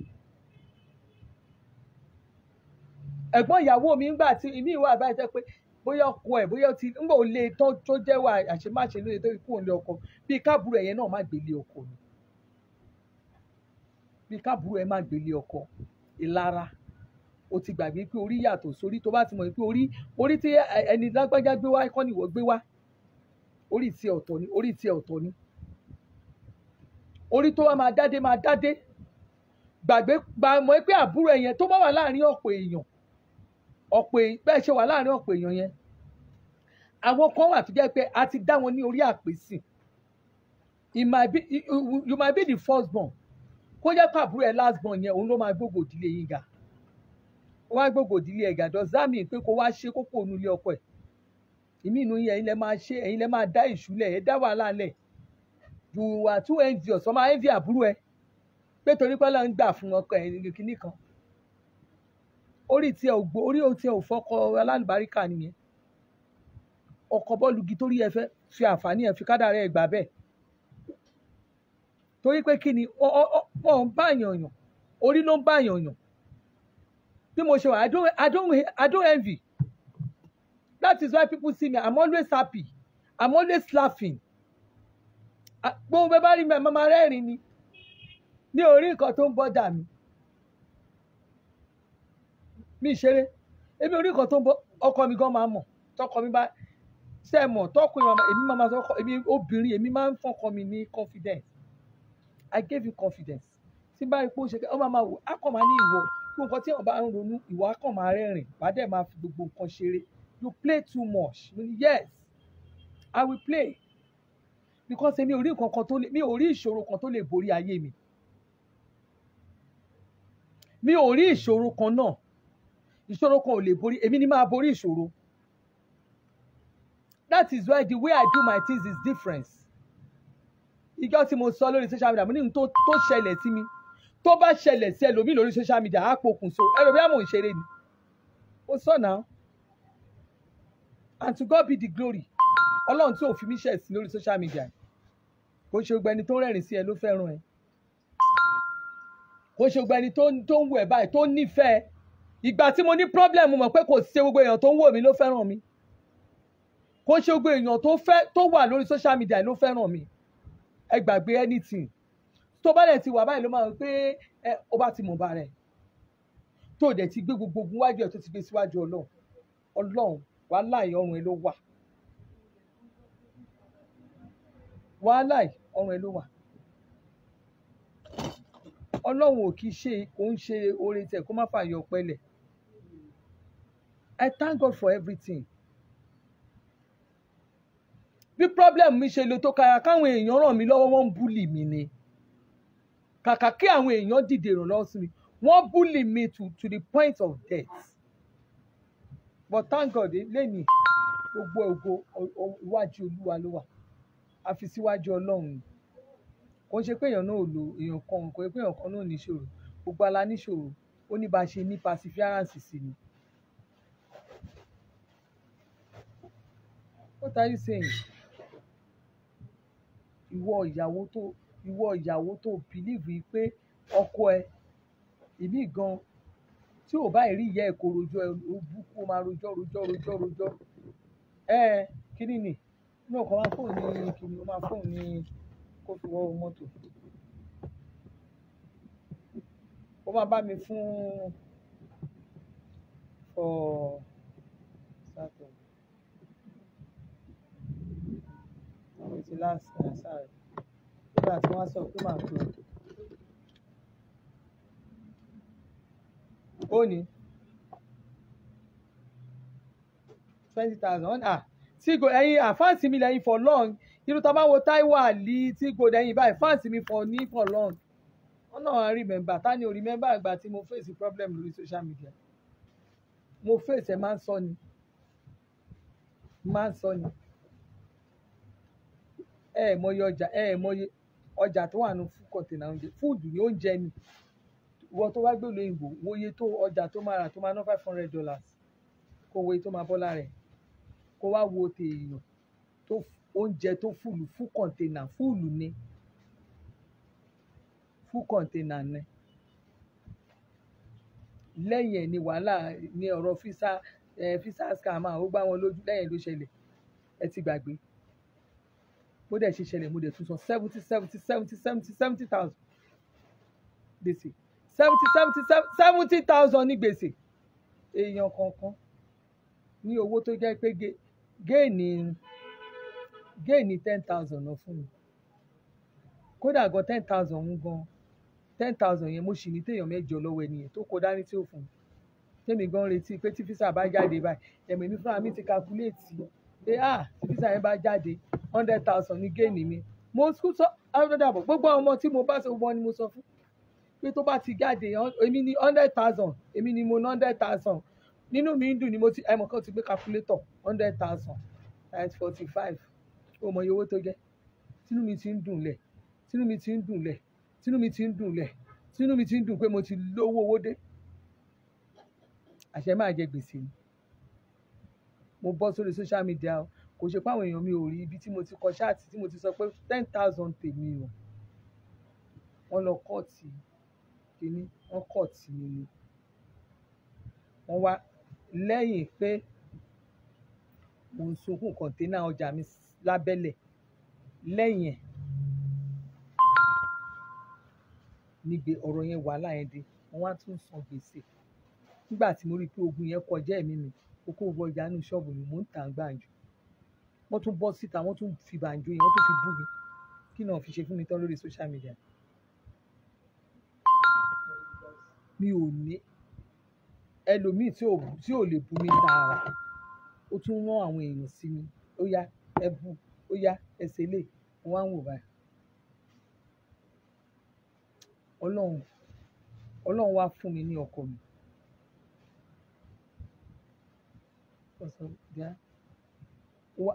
[SPEAKER 1] ẹ̀gbọ́n ìyàwó mi ń gbà tí ìmí ìwà àbáyé jẹ́ pé bóyá ọkọ ẹ̀ bóyá ti ń bò lè tó jẹ́ wà àṣemáṣe lóye tó kú òun lé ọkọ bíi ọkọ ni bíi ẹ̀ má ọkọ ìlara o ti gbàgbé pé orí yàtọ̀ sórí tó bá ti mọ̀ pé orí orí tí ẹni lágbájá orí tiẹ̀ ọ̀tọ̀ ni orí tiẹ̀ ọ̀tọ̀ ni orí tó wá máa dádé máa dádé gbàgbé gbàmọ́ pé àbúrò ẹ̀yẹn tó bá wà láàrin ọ̀pọ̀ èèyàn ọ̀pọ̀ bẹ́ẹ̀ ṣe wà láàrin ọ̀pọ̀ èèyàn yẹn àwọn kan wà tó jẹ́ pé a ti dá wọn ní orí àpèsè you might be the first born kó jẹ́ pé àbúrò ẹ̀ last born yẹn òun ló máa gbógo ìdílé yín ga ó wá gbógo ìdílé ẹ̀ ga does that mean pé kó wá ṣe kókó onú ilé ọkọ ẹ̀ ìmí inú yín ẹ̀yin lẹ máa ṣe ẹ̀yin lẹ máa dá ìṣúlẹ̀ ẹ dá wàhálà lẹ̀ you are too envious ọmọ envy àbúrò ẹ pé torí pé Ọlọ́run gbà fún ọkọ ẹ̀yìn kìíní kan orí tí ẹ ò gbó orí tí ẹ ò fọkọ alálùbáríkà nìyẹn ọkọ bọ́ọ̀lù gi torí ẹ fẹ́ fi àǹfààní ẹ fi kádàrá ẹ gbà bẹ́ẹ̀ torí pé kí ni ọ̀ ń bá yàn yàn orí ló ń bá yàn yàn bí mo ṣe wà I don't I don't I don't envy that is why people see me i'm always happy i'm always laughing ah, gbogbo bẹ́ẹ̀ bá rí mi rẹ́rìn ni ní orí nǹkan tó ń bọ́dà mi mi ṣeré èmi orí nǹkan tó ń bọ́ ọkọ mi gan máa mọ̀ tọkọ mi bá ṣe mọ̀ tọkọ èmi máa sọ èmi obìnrin èmi máa ń fọkọ mi ní confidence i gave you confidence tí bá rí ṣe ọ máa máa wò á kàn máa ní ìwọ gbogbo nǹkan tí wọn bá ń ronú ìwọ á kàn máa rẹ́rìn wàá dẹ̀ máa fi gbogbo nǹkan ṣeré you play too much yes i will play because mi ò rí nǹkan kan tó lè mi ò rí ìṣòro kan tó lè borí ayé mi mi ò rí ìṣòro kan náà ìṣòro kan ò lè borí èmi ni máa borí ìṣòro that is why the way i do my things is different ìjọ tí mo sọ lórí social media mo ní n tó tó ṣẹlẹ̀ sí mi tó bá ṣẹlẹ̀ sí ẹlòmíì lórí social media á pokùn so ẹlòmíì àmọ̀ ìṣeré ni ó sọ̀nà. So and to God be the glory ọlọ́run tí ò fi mí ṣẹ̀ sí lórí social media kò ṣe gbogbo ẹni tó ń rẹ́rìn sí ẹ ló fẹ́ràn ẹ kò ṣe gbogbo ẹni tó ń wù ẹ báyìí tó nífẹ̀ẹ́ ìgbà tí mo ní problem mọ̀ pé kò ṣe gbogbo èèyàn tó ń wò mí ló fẹ́ràn mi kò ṣe gbogbo èèyàn tó fẹ́ tó wà lórí social media ló fẹ́ràn mi ẹ gbàgbé anything tó bá dẹ̀ ti wà báyìí ló máa ń pé ẹ ó bá ti mọ̀ bá rẹ̀ tó dẹ̀ ti gbé gbogbo ogun wájú ẹ̀ tó ti gbé síwájú ọlọ́run ọlọ́run wàláì ọrùn ẹ wà wàláì ọrùn ẹ wà ọlọ́run ò kì í ṣe kò ń ṣe oore tẹ̀ kó má fààyè ọ̀pẹ̀lẹ̀ I thank God for everything bí problem mi ṣe le tó kàyà káwọn èèyàn ràn mí lọ́wọ́ wọ́n ń búlì mi ni kàkà kí àwọn èèyàn dìde ìrànlọ́wọ́ sí mi wọ́n búlì mi to to the point of death but thank God lẹ́nìí gbogbo ògo iwájú olúwa ló wà àfi síwájú ọlọ́run kò ṣe pé èèyàn náà ò lo èèyàn kan kò ṣe pé èèyàn kan náà níṣòro gbogbo ala níṣòro ó ní bá a ṣe ní perseverance sí ni. what are you saying? ìwọ ìyàwó tó ìwọ ìyàwó tó bìlíìfù yìí pé ọkọ ẹ ìmí gan-an tí ò báyìí rí ìyá ẹ̀kọ́ rojọ́ ojú kó máa rojọ́ rojọ́ rojọ́ rojọ́ ẹ kíní ni inú ọkọ̀ máa fóun ní kíní ó máa fóun ní kó fi wọ́ mọ́tò ó máa bá mi fún ọ sátọ àwọn ti láǹsì eh, sáré nígbà tí wọ́n sọ pé màá tó o. òní twenty thousand ah tí go ẹyin àfáàsì ah, mi lẹ́yìn for long irú tá a bá wo Táíwò Àlì tí go lẹ́yìn báyìí fáàsì mi for ní for long wọn náà remember ta ni o remember àgbà tí mo face problem lórí social media mo face ẹ máa ń sọ ni máa ń sọ ni ẹ ẹ mọye ọjà ẹ ẹ mọye ọjà tó wà ní food container oúnjẹ fúdù ni oúnjẹ ni ìwọ tó wá gbèlú ìbò wòye tó ọjà tó máa rà tó máa ná five hundred dollars kó wòye tó máa bọ́lá rẹ̀ kó wá wo tèèyàn tó oúnjẹ tó fùlù fún kọ̀ǹtẹ̀nà fùlù ni fún kọ̀ǹtẹ̀nà ni lẹ́yìn ẹ̀ ni wàhálà ni ọ̀rọ̀ fisa ẹ̀ fisa scam ó gbá wọn lójú lẹ́yìn ló ṣẹlẹ̀ ẹ ti gbàgbé bó dẹ̀ ṣe ṣẹlẹ̀ mo dẹ̀ tún san seventy seventy seventy seventy seventy thousand gbèsè seventy seventy seventy thousand ní gbèsè èèyàn kọ̀ọ̀kan ní owó tó jẹ́ pé géènì géènì ten thousand lọ fún mi kódà gan ten thousand ń gan ten thousand yẹn mo sì ní téèyàn mẹ́jọ lọ́wọ́ ẹnìyẹn tó kó dání tí ò fún mi tèmi gan retí pé tí físà bá jáde báyìí ẹ̀mí mi fúnra mi ti calculate pé ah tí físà yẹn bá jáde hundred thousand ní géènì mi mo sọ ọ́ dàbọ̀ gbogbo àwọn ọmọ tí mo bá sọ wọn ni mo sọ fún pé tó bá ti jáde èmi ni hundred thousand èmi ni mo ná hundred thousand nínú mi ń dùn ni mo ti ẹmọ kan ti gbé calculator hundred thousand times forty five ó mọ iye owó tó jẹ́ tínú mi ti ń dùn lẹ̀ tínú mi ti ń dùn lẹ̀ tínú mi ti ń dùn lẹ̀ tínú mi ti ń dùn pé mo ti lówó owó dé àṣẹ máa jẹ gbèsè ni mo bọ́ sórí social media o kò ṣe páwọn èèyàn mi ò rí ibi tí mo ti kọ ṣáàtì tí mo ti sọ pé ten thousand tèmi o wọ́n lọ kọ́ọ̀tì kínní wọ́n kọ̀ tì mí ni wọ́n wá lẹ́yìn pé mo ń sunkún kọ̀ǹténà ọjà mi lábẹ́lẹ̀ lẹ́yìn ẹ̀ níbi ọ̀rọ̀ yẹn wàhálà yẹn dé wọ́n wá tún san gbèsè nígbà tí mo rí i pé ogun yẹn kọjá ẹ̀mí mi kókó gbogbo ọjà inú ṣọ́ọ̀bù mi mò ń tà ń gbàǹjo wọ́n tún bọ́ síta wọ́n tún fi bàǹjo yẹn wọ́n tún fi bú mi kí náà fi ṣe fún mi tán lórí social media mi ò ní ẹlòmíì tí ò, tí ò lè bu mi tààrà, ó tún rán àwọn èèyàn sí mi. Ó yá, ẹ ó yá, ẹ ṣe eléyìí, mo wò báyìí. Ọlọ́run, Ọlọ́run wá fún mi ní ọkọ mi.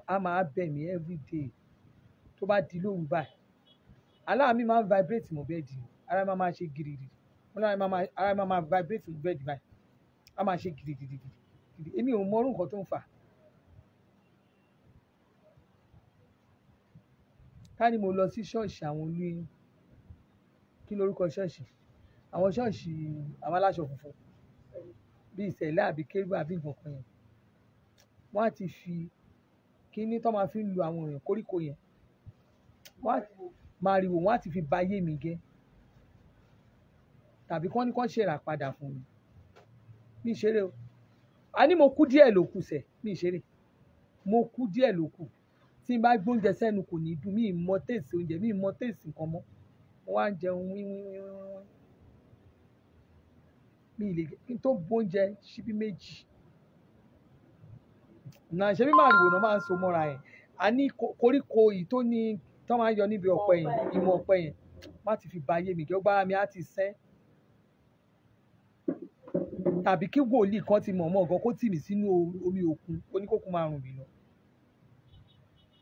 [SPEAKER 1] a máa bẹ̀ mí everyday." Tó bá di lóru báyìí, alára máa ń vibrate mọ́ bẹ́ẹ̀dì, ara máa ma ṣe giriri wọn náà ara máa máa vibrate with bed by a máa ṣe gidigidigidi èmi ò mọrú nǹkan tó ń fà ká ní mo lọ sí ṣọ́ọ̀ṣì àwọn olóyún kí lorúkọ ṣọ́ọ̀ṣì àwọn ṣọ́ọ̀ṣì àwọn aláṣọ funfun bíi ìṣẹ̀lẹ̀ àbí kérúbù àbí nǹkan yẹn wọ́n á ti fi kíní tó máa fi ń lu àwọn èèyàn koríko yẹn wọ́n á máa riwo wọ́n á ti fi ba ayé mi gẹ́ tàbí kán ní kán ṣe rà padà fún mi mi ṣeré o a ní mo kú díẹ̀ ló kù sẹ̀ mi ṣeré mo kú díẹ̀ ló kù tí n bá gbóúnjẹ sẹ́nu kò ní dùn mí mọ tèsì oúnjẹ mí mọ tèsì nǹkan mọ́ mo wá ń jẹun wíwíwíwíwí mi ì lè kí n tó gbóúnjẹ síbí méjì náà ṣe bí màá wò náà máa ń so mọ́ra yẹn a ní koríko yìí tó ní tó máa ń yọ níbi ọ̀pẹ yẹn ìmọ̀ ọ̀pẹ yẹn má ti fi ba ayé mi kí ó gbára mi á ti sẹ́n tàbí kí wòlíì kan ti mọ̀ọ́mọ̀ gan kó tì mí sínú omi òkun oníkókun máa rùn mí lọ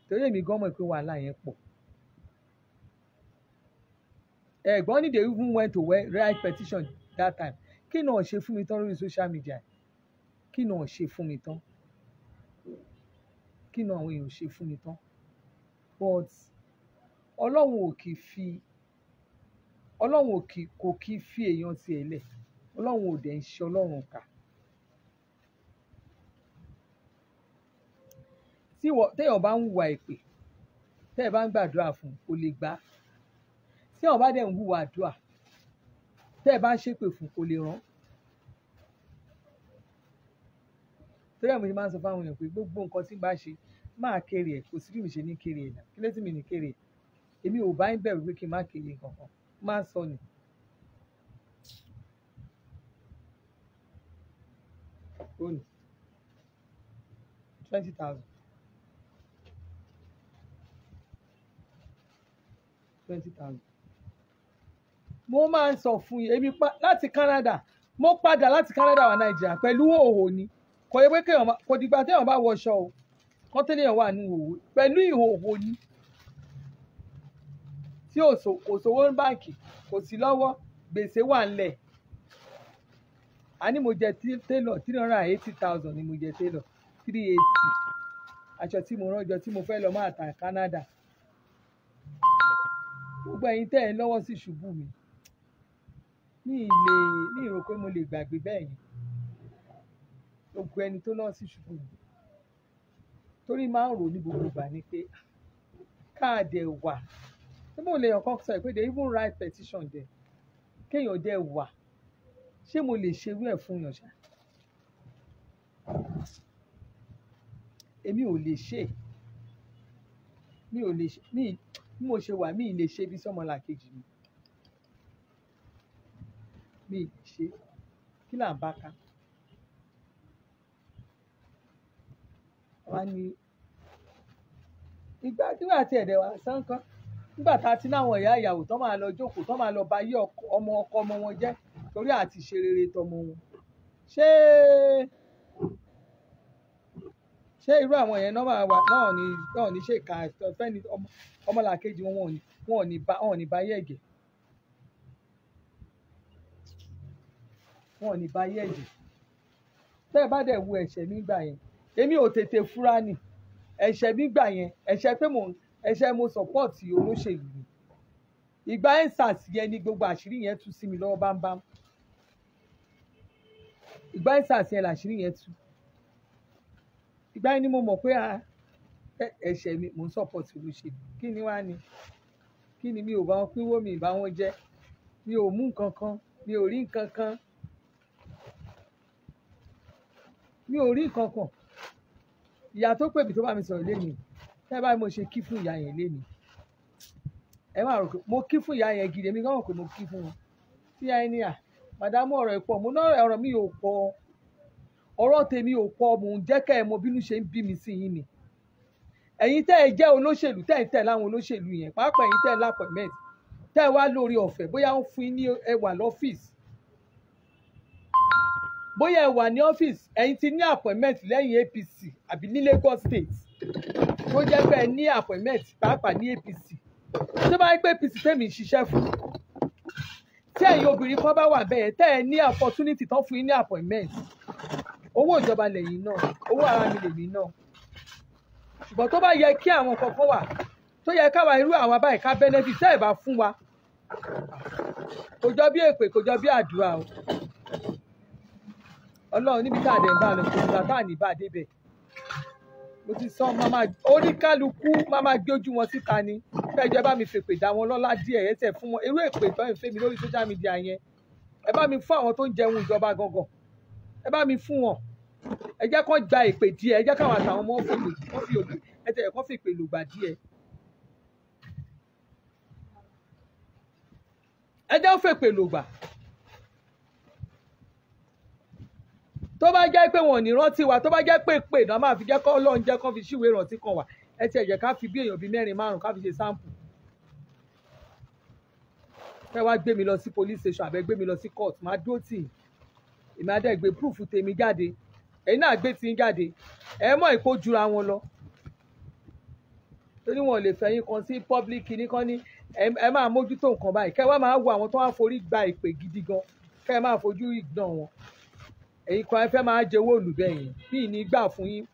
[SPEAKER 1] torí èmi gan mọ̀ pé wàhálà yẹn pọ̀ ẹ̀gbọ́n nídìí even went to write petition that time kí náà ṣe fún mi tán lórí social media kí náà ṣe fún mi tán kí náà àwọn èèyàn ṣe fún mi tán but ọlọ́run ò kì í fi ọlọ́run ò kì kò kì í fi èèyàn tiẹ̀ lẹ̀ ọlọ́run ò dẹ̀ ń ṣe ọlọ́run kà. tí téèyàn bá ń hùwà èpè téèyàn bá ń gbàdúrà fún kò lè gbà á téèyàn bá dẹ̀ ń hùwà àdúrà téèyàn bá ń ṣépè fún kò lè rán. torí àwọn èèyàn máa ń sọ fáwọn èèyàn pé gbogbo nǹkan tí n bá ṣe máa kéré ẹ̀ kò sí bí mi ṣe ní kéré ẹ̀ náà kí ló mi ní kéré ẹ̀ èmi ò bá ń bẹ̀rù pé kí n má kéré kankan máa ń sọ nìyí fóònù twenty thousand twenty thousand mo máa ń sọ fún yín èmi láti Canada mo padà láti Canada wá Nàìjíríà pẹ̀lú òhò ni kò yẹ pé kéèyàn kò dìgbà téèyàn bá wọṣọ o kọ́ téèyàn wà ní òhò pẹ̀lú ìhòhò ni tí òṣòwò báǹkì kò sí lọ́wọ́ gbèsè wà ńlẹ̀ a ní mo jẹ tailor three hundred and eighty thousand ni mo jẹ tailor three eighty aṣọ tí mo ránjọ tí mo fẹ́ lọ máa ta Canada gbogbo ẹ̀yin tẹ́ ẹ̀ ń lọ́wọ́ sí ṣubú mi ní ilé ní ìrò pé mo lè gbàgbé bẹ́ẹ̀ yẹn gbogbo ẹni tó lọ́wọ́ sí ṣubú mi torí máa ń rò ní gbogbo ìgbà ni pé káàdì ẹ̀ wà tí mo lè yàn kan sọ ìpèdè even write petition dẹ̀ kéèyàn dẹ̀ wà ṣé mo lè ṣerú ẹ̀ fún yàn ṣá èmi ò lè ṣe mi ò lè ṣe mi bí mo ṣe wà mi ì lè ṣe bí sọmọlá kejì mi mi ì lè ṣe kí là ń bá ká wá ní ìgbà tí wàá ti ẹ̀dẹ̀ wá sáńkán nígbà tá a ti láwọn ìyá ìyàwó tó máa lọ jókòó tó máa lọ bá yí ọmọ ọkọ ọmọ wọn jẹ́ torí àti ṣe rere tọmọ wọn ṣé ṣé irú àwọn yẹn náà wà náà ní náà ní ṣèkà fẹ́ni ọmọlàkejì wọn wọn ò ní bá wọn ò ní bá yẹ̀gẹ̀ wọn ò ní bá yẹ̀gẹ̀ tẹ́ ẹ bá dẹ̀ wo ẹ̀ṣẹ̀ nígbà yẹn èmi ò tètè fura ni ẹ̀ṣẹ̀ nígbà yẹn ẹ̀ṣẹ̀ pé mo ẹ̀ṣẹ̀ mo sọ̀pọ̀tì olóṣèlú ìgbà ẹ̀ ń sàtìyẹ ni gbogbo àṣírí yẹn tú sí mi lọ́wọ́ bámbám ìgbà ìsàsì ẹ̀ làṣírí yẹn tú ìgbà yẹn ni mo mọ̀ pé ah, ẹ̀ṣẹ̀ mi mò ń support olóṣèlú kí ni wá ni kí ni mi ò bá wọn pínwó mi ìbá wọn jẹ mi ò mú nǹkan kan mi ò rí nǹkan kan mi ò rí nǹkan kan ìyá tó pè mí tó bá mi sọ̀rọ̀ lẹ́nu tẹ́ báyìí mo ṣe kí fún ìyá yẹn lẹ́nu ẹ máa rò pé mo kí fún ìyá yẹn gidi èmi kàn pé mo kí fún wọn tí ìyá yẹn ní à ah, màdàmú ọ̀rọ̀ ẹ̀ pọ̀ mo náà ọ̀rọ̀ mi ò pọ̀ ọ̀rọ̀ tèmi ò pọ̀ mò ń jẹ́ kẹ́ ẹ mọ bínú ṣe ń bí mi sí yín ni ẹ̀yin tẹ́ ẹ jẹ́ olóṣèlú tẹ́ ẹ tẹ̀ láwọn olóṣèlú yẹn pàápàá ẹ̀yin tẹ́ ẹ lápẹ̀mẹ́t tẹ́ ẹ wá lórí ọ̀fẹ́ bóyá ó fún yín ní ẹwà lọ́fíìsì bóyá ẹ ní ọ́fíìsì ẹ̀yin ti ní appointment lẹ́yìn APC àbí ní Lagos State tó jẹ́ pé ẹ ní appointment pàápàá ní APC tó bá yẹ pé APC tẹ̀mí ṣiṣẹ́ fún tí ẹ̀yin obìnrin kan bá wà bẹ́ẹ̀ tẹ́ ẹ ní opportunity tán fún yín ní appointment owó ìjọba lẹ́yìn náà owó ara mi lèmi náà ṣùgbọ́n tó bá yẹ kí àwọn kankan wà tó yẹ káwa irú àwa báyìí ká benefit tẹ́ ẹ̀ bá fún wa kò jọ bí èpè kò jọ bí àdúrà o ọlọ́run níbi tá a dẹ̀ ń bá lọ kò nígbà tá a ní bá a débẹ̀ mo ti sọ oníkálukú máa máa gbójú wọn síta ni ẹjẹ bá mi fèpè dá wọn lọ́lá díẹ̀ ẹ tẹ̀ fún wọn irú èpè tó ń fẹ́ mi lórí social media yẹn ẹ bá mi fún àwọn tó ń jẹun ìjọba gangan ẹ bá mi fún wọn ẹ jẹ́ kó gba èpè díẹ̀ ẹ jẹ́ káwọn àtàwọn ọmọ fèpè kó fi òbí ẹ tẹ̀ kó fèpè lògbà díẹ̀. ẹ jẹ́ ó fèpè lògbà tó bá jẹ́ pé wọn ò ní rántí wa tó bá jẹ́ pé pè náà máa fi jẹ́ kó lọ́n jẹ́ kó fi ṣíwèé rántí kan wà ẹ ti ẹ̀jẹ̀ ká fi bí èèyàn bíi mẹ́rin márùn ká fi ṣe sample fẹ́ wá gbé mi lọ sí police station àbẹ́ gbé mi lọ sí court máa dúró tì èmi adé gbé proof tèmi jáde ẹ̀yin náà gbé tiyín jáde ẹ mọ̀ ìkó jura wọn lọ torí wọn ò lè fẹ̀yìn kan sí public kìíní kan ní ẹ máa mójútó nǹkan báyìí kẹ́ ẹ wá máa wo àwọn tó wá forí gba ìpè gidi gan kẹ́ ẹ máa fojú ìgbọ̀n wọn ẹ̀yin kan ẹ fẹ́ máa jẹ owó olùbẹ̀yìn bí ìní gbà fún yín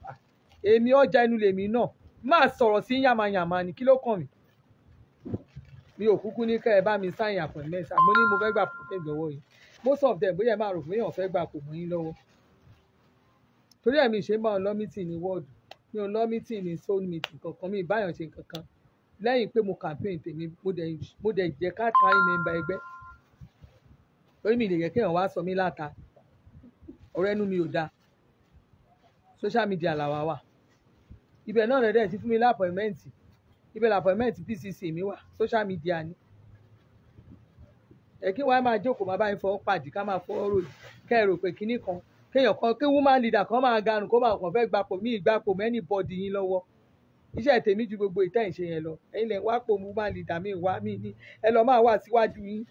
[SPEAKER 1] èmi ọjà inú lèmi náà máa sọ̀rọ̀ sí yàmàyàmà ni kí ló kàn mí mi ò kúkú ní kẹ́ ẹ bá mi sign appointment mo ní mo fẹ́ gba appointment lọ́wọ́ yìí most of them bóyá ẹ máa rò pé èèyàn fẹ́ gba kò mọ́ yín lọ́wọ́ torí ẹ̀mí ṣe máa lọ meeting ní wọ́ọ̀dù mi ò lọ meeting ní soul meeting kankan mi ìbáyàn ṣe kankan lẹ́yìn pé mo campaign tèmi mo dẹ̀ jẹ́ ká time member ẹgbẹ́ torí mi lè yẹ kéèyàn wá sọ mí láta ọ̀rọ̀ mi ò dáa social media làwa wà ibẹ̀ náà lẹ́dẹ̀ ti fún mi lápọ̀ìmẹ́ǹtì ibẹ̀ lápọ̀ìmẹ́ǹtì pcc mi wà social media ni ẹ kí wàá máa jókòó máa bá yín fọwọ́ pàdé ká máa fọwọ́ ròyìn kẹ́ ẹ rò pé kinní kan kéèyàn kan kí woman leader kan máa garùn kó máa kàn fẹ́ gbapò mí ìgbapò mẹ́ni bọ́dì yín lọ́wọ́ iṣẹ́ tèmi ju gbogbo ìtẹ́ ìṣe yẹn lọ ẹ̀yin lẹ̀ wá pò woman leader mi wá mi ní ẹ lọ máa wà síwájú yín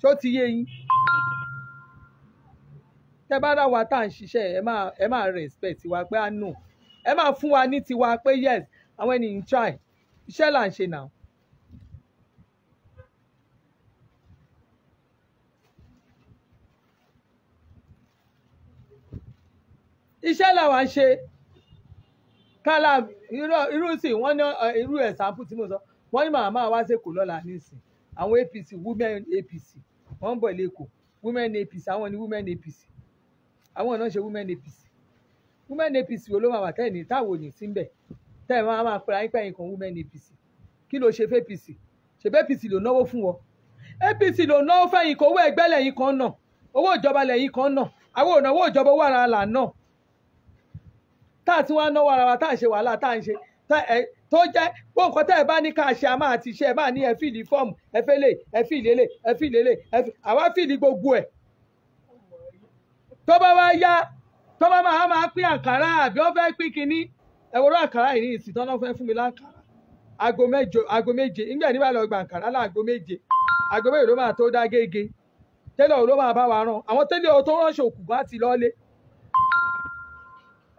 [SPEAKER 1] ṣó ti yé yín tẹ bá dá wa tá à ń ṣiṣẹ́ ẹ máa respect wa pé àánú. Ah, ẹ máa fún wa ní tiwa pé yes àwọn ènìyàn try iṣẹ́ là ń ṣe now. iṣẹ́ làwọn ṣe kálá irú sì wọ́n ní irú ẹ̀sánpù tí mo sọ wọ́n ní màmá wa ṣe kò lọ́la nísìn àwọn APC women APC wọ́n ń bọ̀ lẹ́kọ̀ọ́ women APC àwọn ni women APC àwọn náà ṣe women APC women APC wo ló máa wà tẹ́yìn ní táwọn ò ní sí mbẹ̀ tẹ́yìn máa máa pera yín pẹ́yìn kan women APC kí ló ṣe fẹ́ APC ṣe fẹ́ APC ló náwó fún wọn APC ló náwó fẹ́yìn kan owó ẹgbẹ́ lẹ́yìn kan náà owó ìjọba lẹ́yìn kan náà àwọn ò náwó ìjọba owó ara là náà tá a ti wá náwó ara wa tá a ṣe wàhálà tá a ń ṣe tó jẹ́ pé nǹkan tẹ́ ẹ bá ní ká ṣe a máa ti ṣe ẹ máa ní ẹ fìlì fọ́ọ̀mù ẹ fẹ́ lè ẹ fìlì lè ẹ fìlì lè àwa fìlì gbogbo ẹ̀ tó bá wá yá tó bá máa máa pín àkàrà àbí ó fẹ́ pín kínní ẹ̀wọ̀rọ̀ àkàrà yìí ní ìsìn tán náà fẹ́ fún mi lákàrà aago mẹ́jọ aago méje nígbà níbà lọ gba àkàrà láago méje aago méje ló máa tó dá gége tẹ́lẹ̀ ló máa bá wa rán àwọn tẹ́lẹ̀ tó ránṣẹ́ òkú bá ti lọ́lé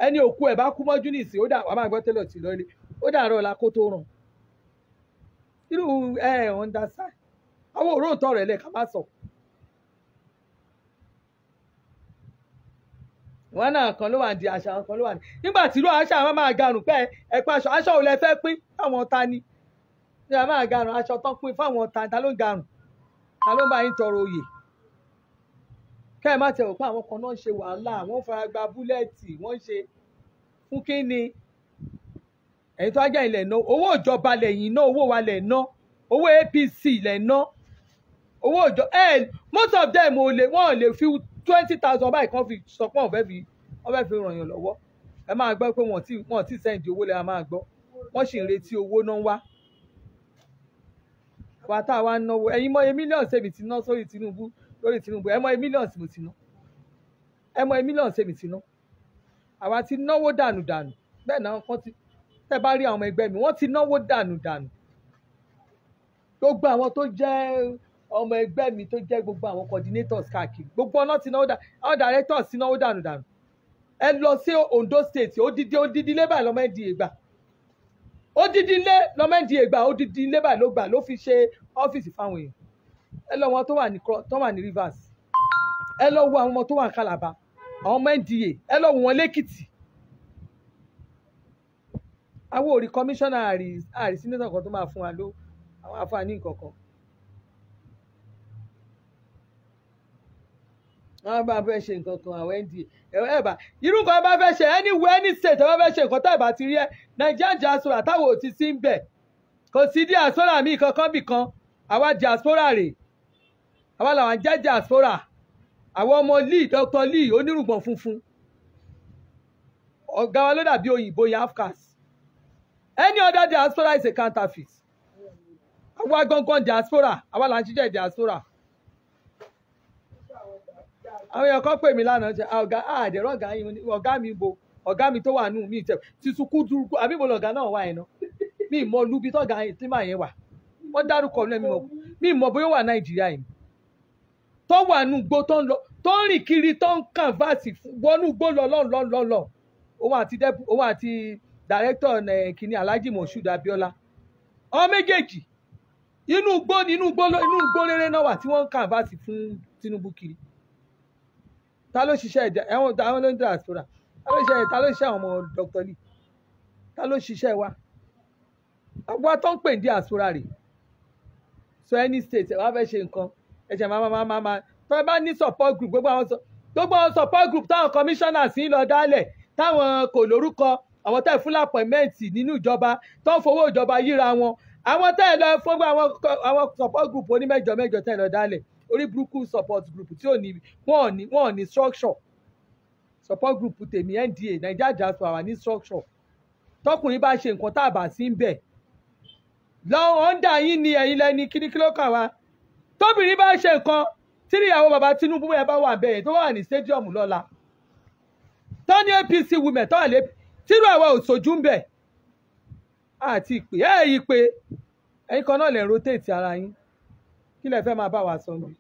[SPEAKER 1] ẹni òkú ẹ̀ bá kú mọ́jú ní ìsìn ó dà wà máa gbọ́ tẹ́lẹ̀ ti lọ́lé ó dàárọ̀ la kó tó ràn irú ẹ̀ understand àwọn òróǹtọ̀ rẹ̀ lẹ̀ ká má sọ̀kù wọn náà kan ló wà ní àṣà kan ló wà ní nígbà tí irú àṣà wọn máa garùn pé ẹ̀pẹ́ aṣọ aṣọ ò lẹ fẹ́ pín fáwọn ọ̀tá ni ní àwọn máa garùn aṣọ tán pín fáwọn ọ̀tá ta ló ń garùn ta ló ń bá yín tọrọ oyè kẹ́ ẹ̀ má tẹ̀ wò pé àwọn kan náà ń ṣe wàhálà wọ́n fara gba búlẹ́ẹ̀tì wọ́n ṣe fún kí ni ẹ̀yin tó ajá ilẹ̀ ná owó ìjọba lẹ́yìn ná owó wa lẹ̀ ná owó APC lẹ̀ ná owó ìjọ ẹ̀ most of them ò lè wọ́n ò lè fi twenty thousand báyìí kan fi sọ pé wọ́n fẹ́ fi wọ́n fẹ́ fi ràn yàn lọ́wọ́ ẹ máa gbọ́ pé wọ́n ti wọ́n ti sẹ́ǹdì owó lẹ́yìn a máa gbọ́ wọ́n sì ń retí owó náà wá wa tá a wá ń náwó ẹ̀yin mọ̀ iye mílíọ̀nù sèmi ti ná sórí Tinubu lórí Tinubu ẹ mọ̀ iye mílíọ̀nù sèmi ti ná ẹ mọ̀ iye mílíọ̀nù sèmi ti ná àwa ti náwó dànù dànù bẹ́ẹ̀ náà wọ́n ti tẹ́ bá rí àwọn ẹgbẹ́ mi wọ́n ti náwó dànù dànù gbogbo àwọn tó jẹ́ ọmọ ẹgbẹ́ mi tó jẹ́ gbogbo àwọn coordinators káàkiri gbogbo ọ̀nà tí náwó dànù àwọn directors tí náwó dànù dànù ẹ lọ sí Ondo state odidi odidi ilé báyìí lọ́mọ ẹ̀dì ìgbà odidi ilé lọ́mọ ẹ̀dì ìgbà odidi ilé báyìí ló gbà ló fi ṣe ọ́fíìsì fáwọn èèyàn ẹ lọ wọn tó wà ní tó wà ní rivers ẹ lọ wo àwọn ọmọ tó wà ní Calabar àwọn ọmọ NDA ẹ lọ wo wọn lẹ́kìtì àwọn òrì kọmíṣánná àrí àrí sínítọ̀ kan tó máa fún wa ló àwọn àfààní wọn bá fẹ́ ṣe nǹkan kan àwọn ndi ẹ bá irú nǹkan bá fẹ́ ṣe anywhere any state wọn fẹ́ ṣe nǹkan tá ìbá ti rí ẹ Nigerian diaspora táwọn ò sí ń bẹ kò sí diaspora mi kankan bì kan àwa diaspora rè àwa làwọn jẹ diaspora àwọn ọmọ lee Dr. lee onírùngbọ̀n funfun ọ̀gá wa ló dàbí òyìnbó yẹn afcas any other diaspora is a counterfeit àwa gangan diaspora àwa là ń diaspora àwọn èèyàn kan pè mí lánàá ṣe ah, ọ̀gá àdẹ̀rọ̀ ah, ọ̀gá yín ọ̀gá mi bo ọ̀gá mi tó wà nù mí tẹ̀ títún kú dúró àbí mo lọ̀gá náà wà yẹn náà mi mọ lubi tọ́gà tíma yẹn wà wọ́n dárúkọ lẹ́mi mọ̀ mi mọ̀ bóyá wà Nàìjíríà yìí tó wà nù gbó tó ń lọ tó ń rìn kiri tó ń kàn fásì wọnú gbó lọ lọ́lọ́lọ́lọ́ òun àti òun àti dàrẹ́tọ̀ kìnìún Alhaji Moshood Abiola ọ méjèèjì inú gbó inú gbó rere náà wà tí wọ́n ń kàn fásì fún Tinubu kiri ta ló ṣiṣẹ́ ẹ̀dá ẹ̀wọ̀n ta ló ń dà àsúrà ta ló ṣiṣẹ́ ta ló ṣiṣẹ́ àwọn ọmọ Dr. Lee ta ló ṣiṣẹ́ wa àwa tó ń pè ní àsúrà rè so any state ẹ wá fẹ́ ṣe nǹkan ẹ ṣe máa máa máa máa tó bá ní support group gbogbo àwọn gbogbo àwọn support group táwọn commissioners ń lọ dálẹ̀ táwọn kò lórúkọ àwọn tẹ́ fún lápọ̀mẹ́ǹtì nínú ìjọba tó ń fowó ìjọba yíra wọn àwọn tẹ́ lọ fún àwọn support group onímẹ́jọ mẹ́jọ tẹ́ lọ dálẹ̀ orí burúkú support group tí ò ní wọn ò ní wọn ò ní structure support group tèmi NDA Nigeria diaspora wà ní structure tọkùnrin bá ṣe nǹkan tá a bá sí ń bẹ̀ lọ́wọ́ ọ̀ǹda yín ni ẹ̀yin lẹ́ni kíní kí ló kà wá tóbìnrin bá ṣe nǹkan tí ìyàwó bàbá Tinubu ẹ bá wà bẹ́ẹ̀ tó wà ní stadium lọ́la tọ́ni APC women tọ́wà lé tírú àwa ò sojú ń bẹ̀ àti ìpè ẹ̀ ìpè ẹ̀yin kan náà lè rotate ara yín kí lẹ fẹ́ máa bá wa sọ níbi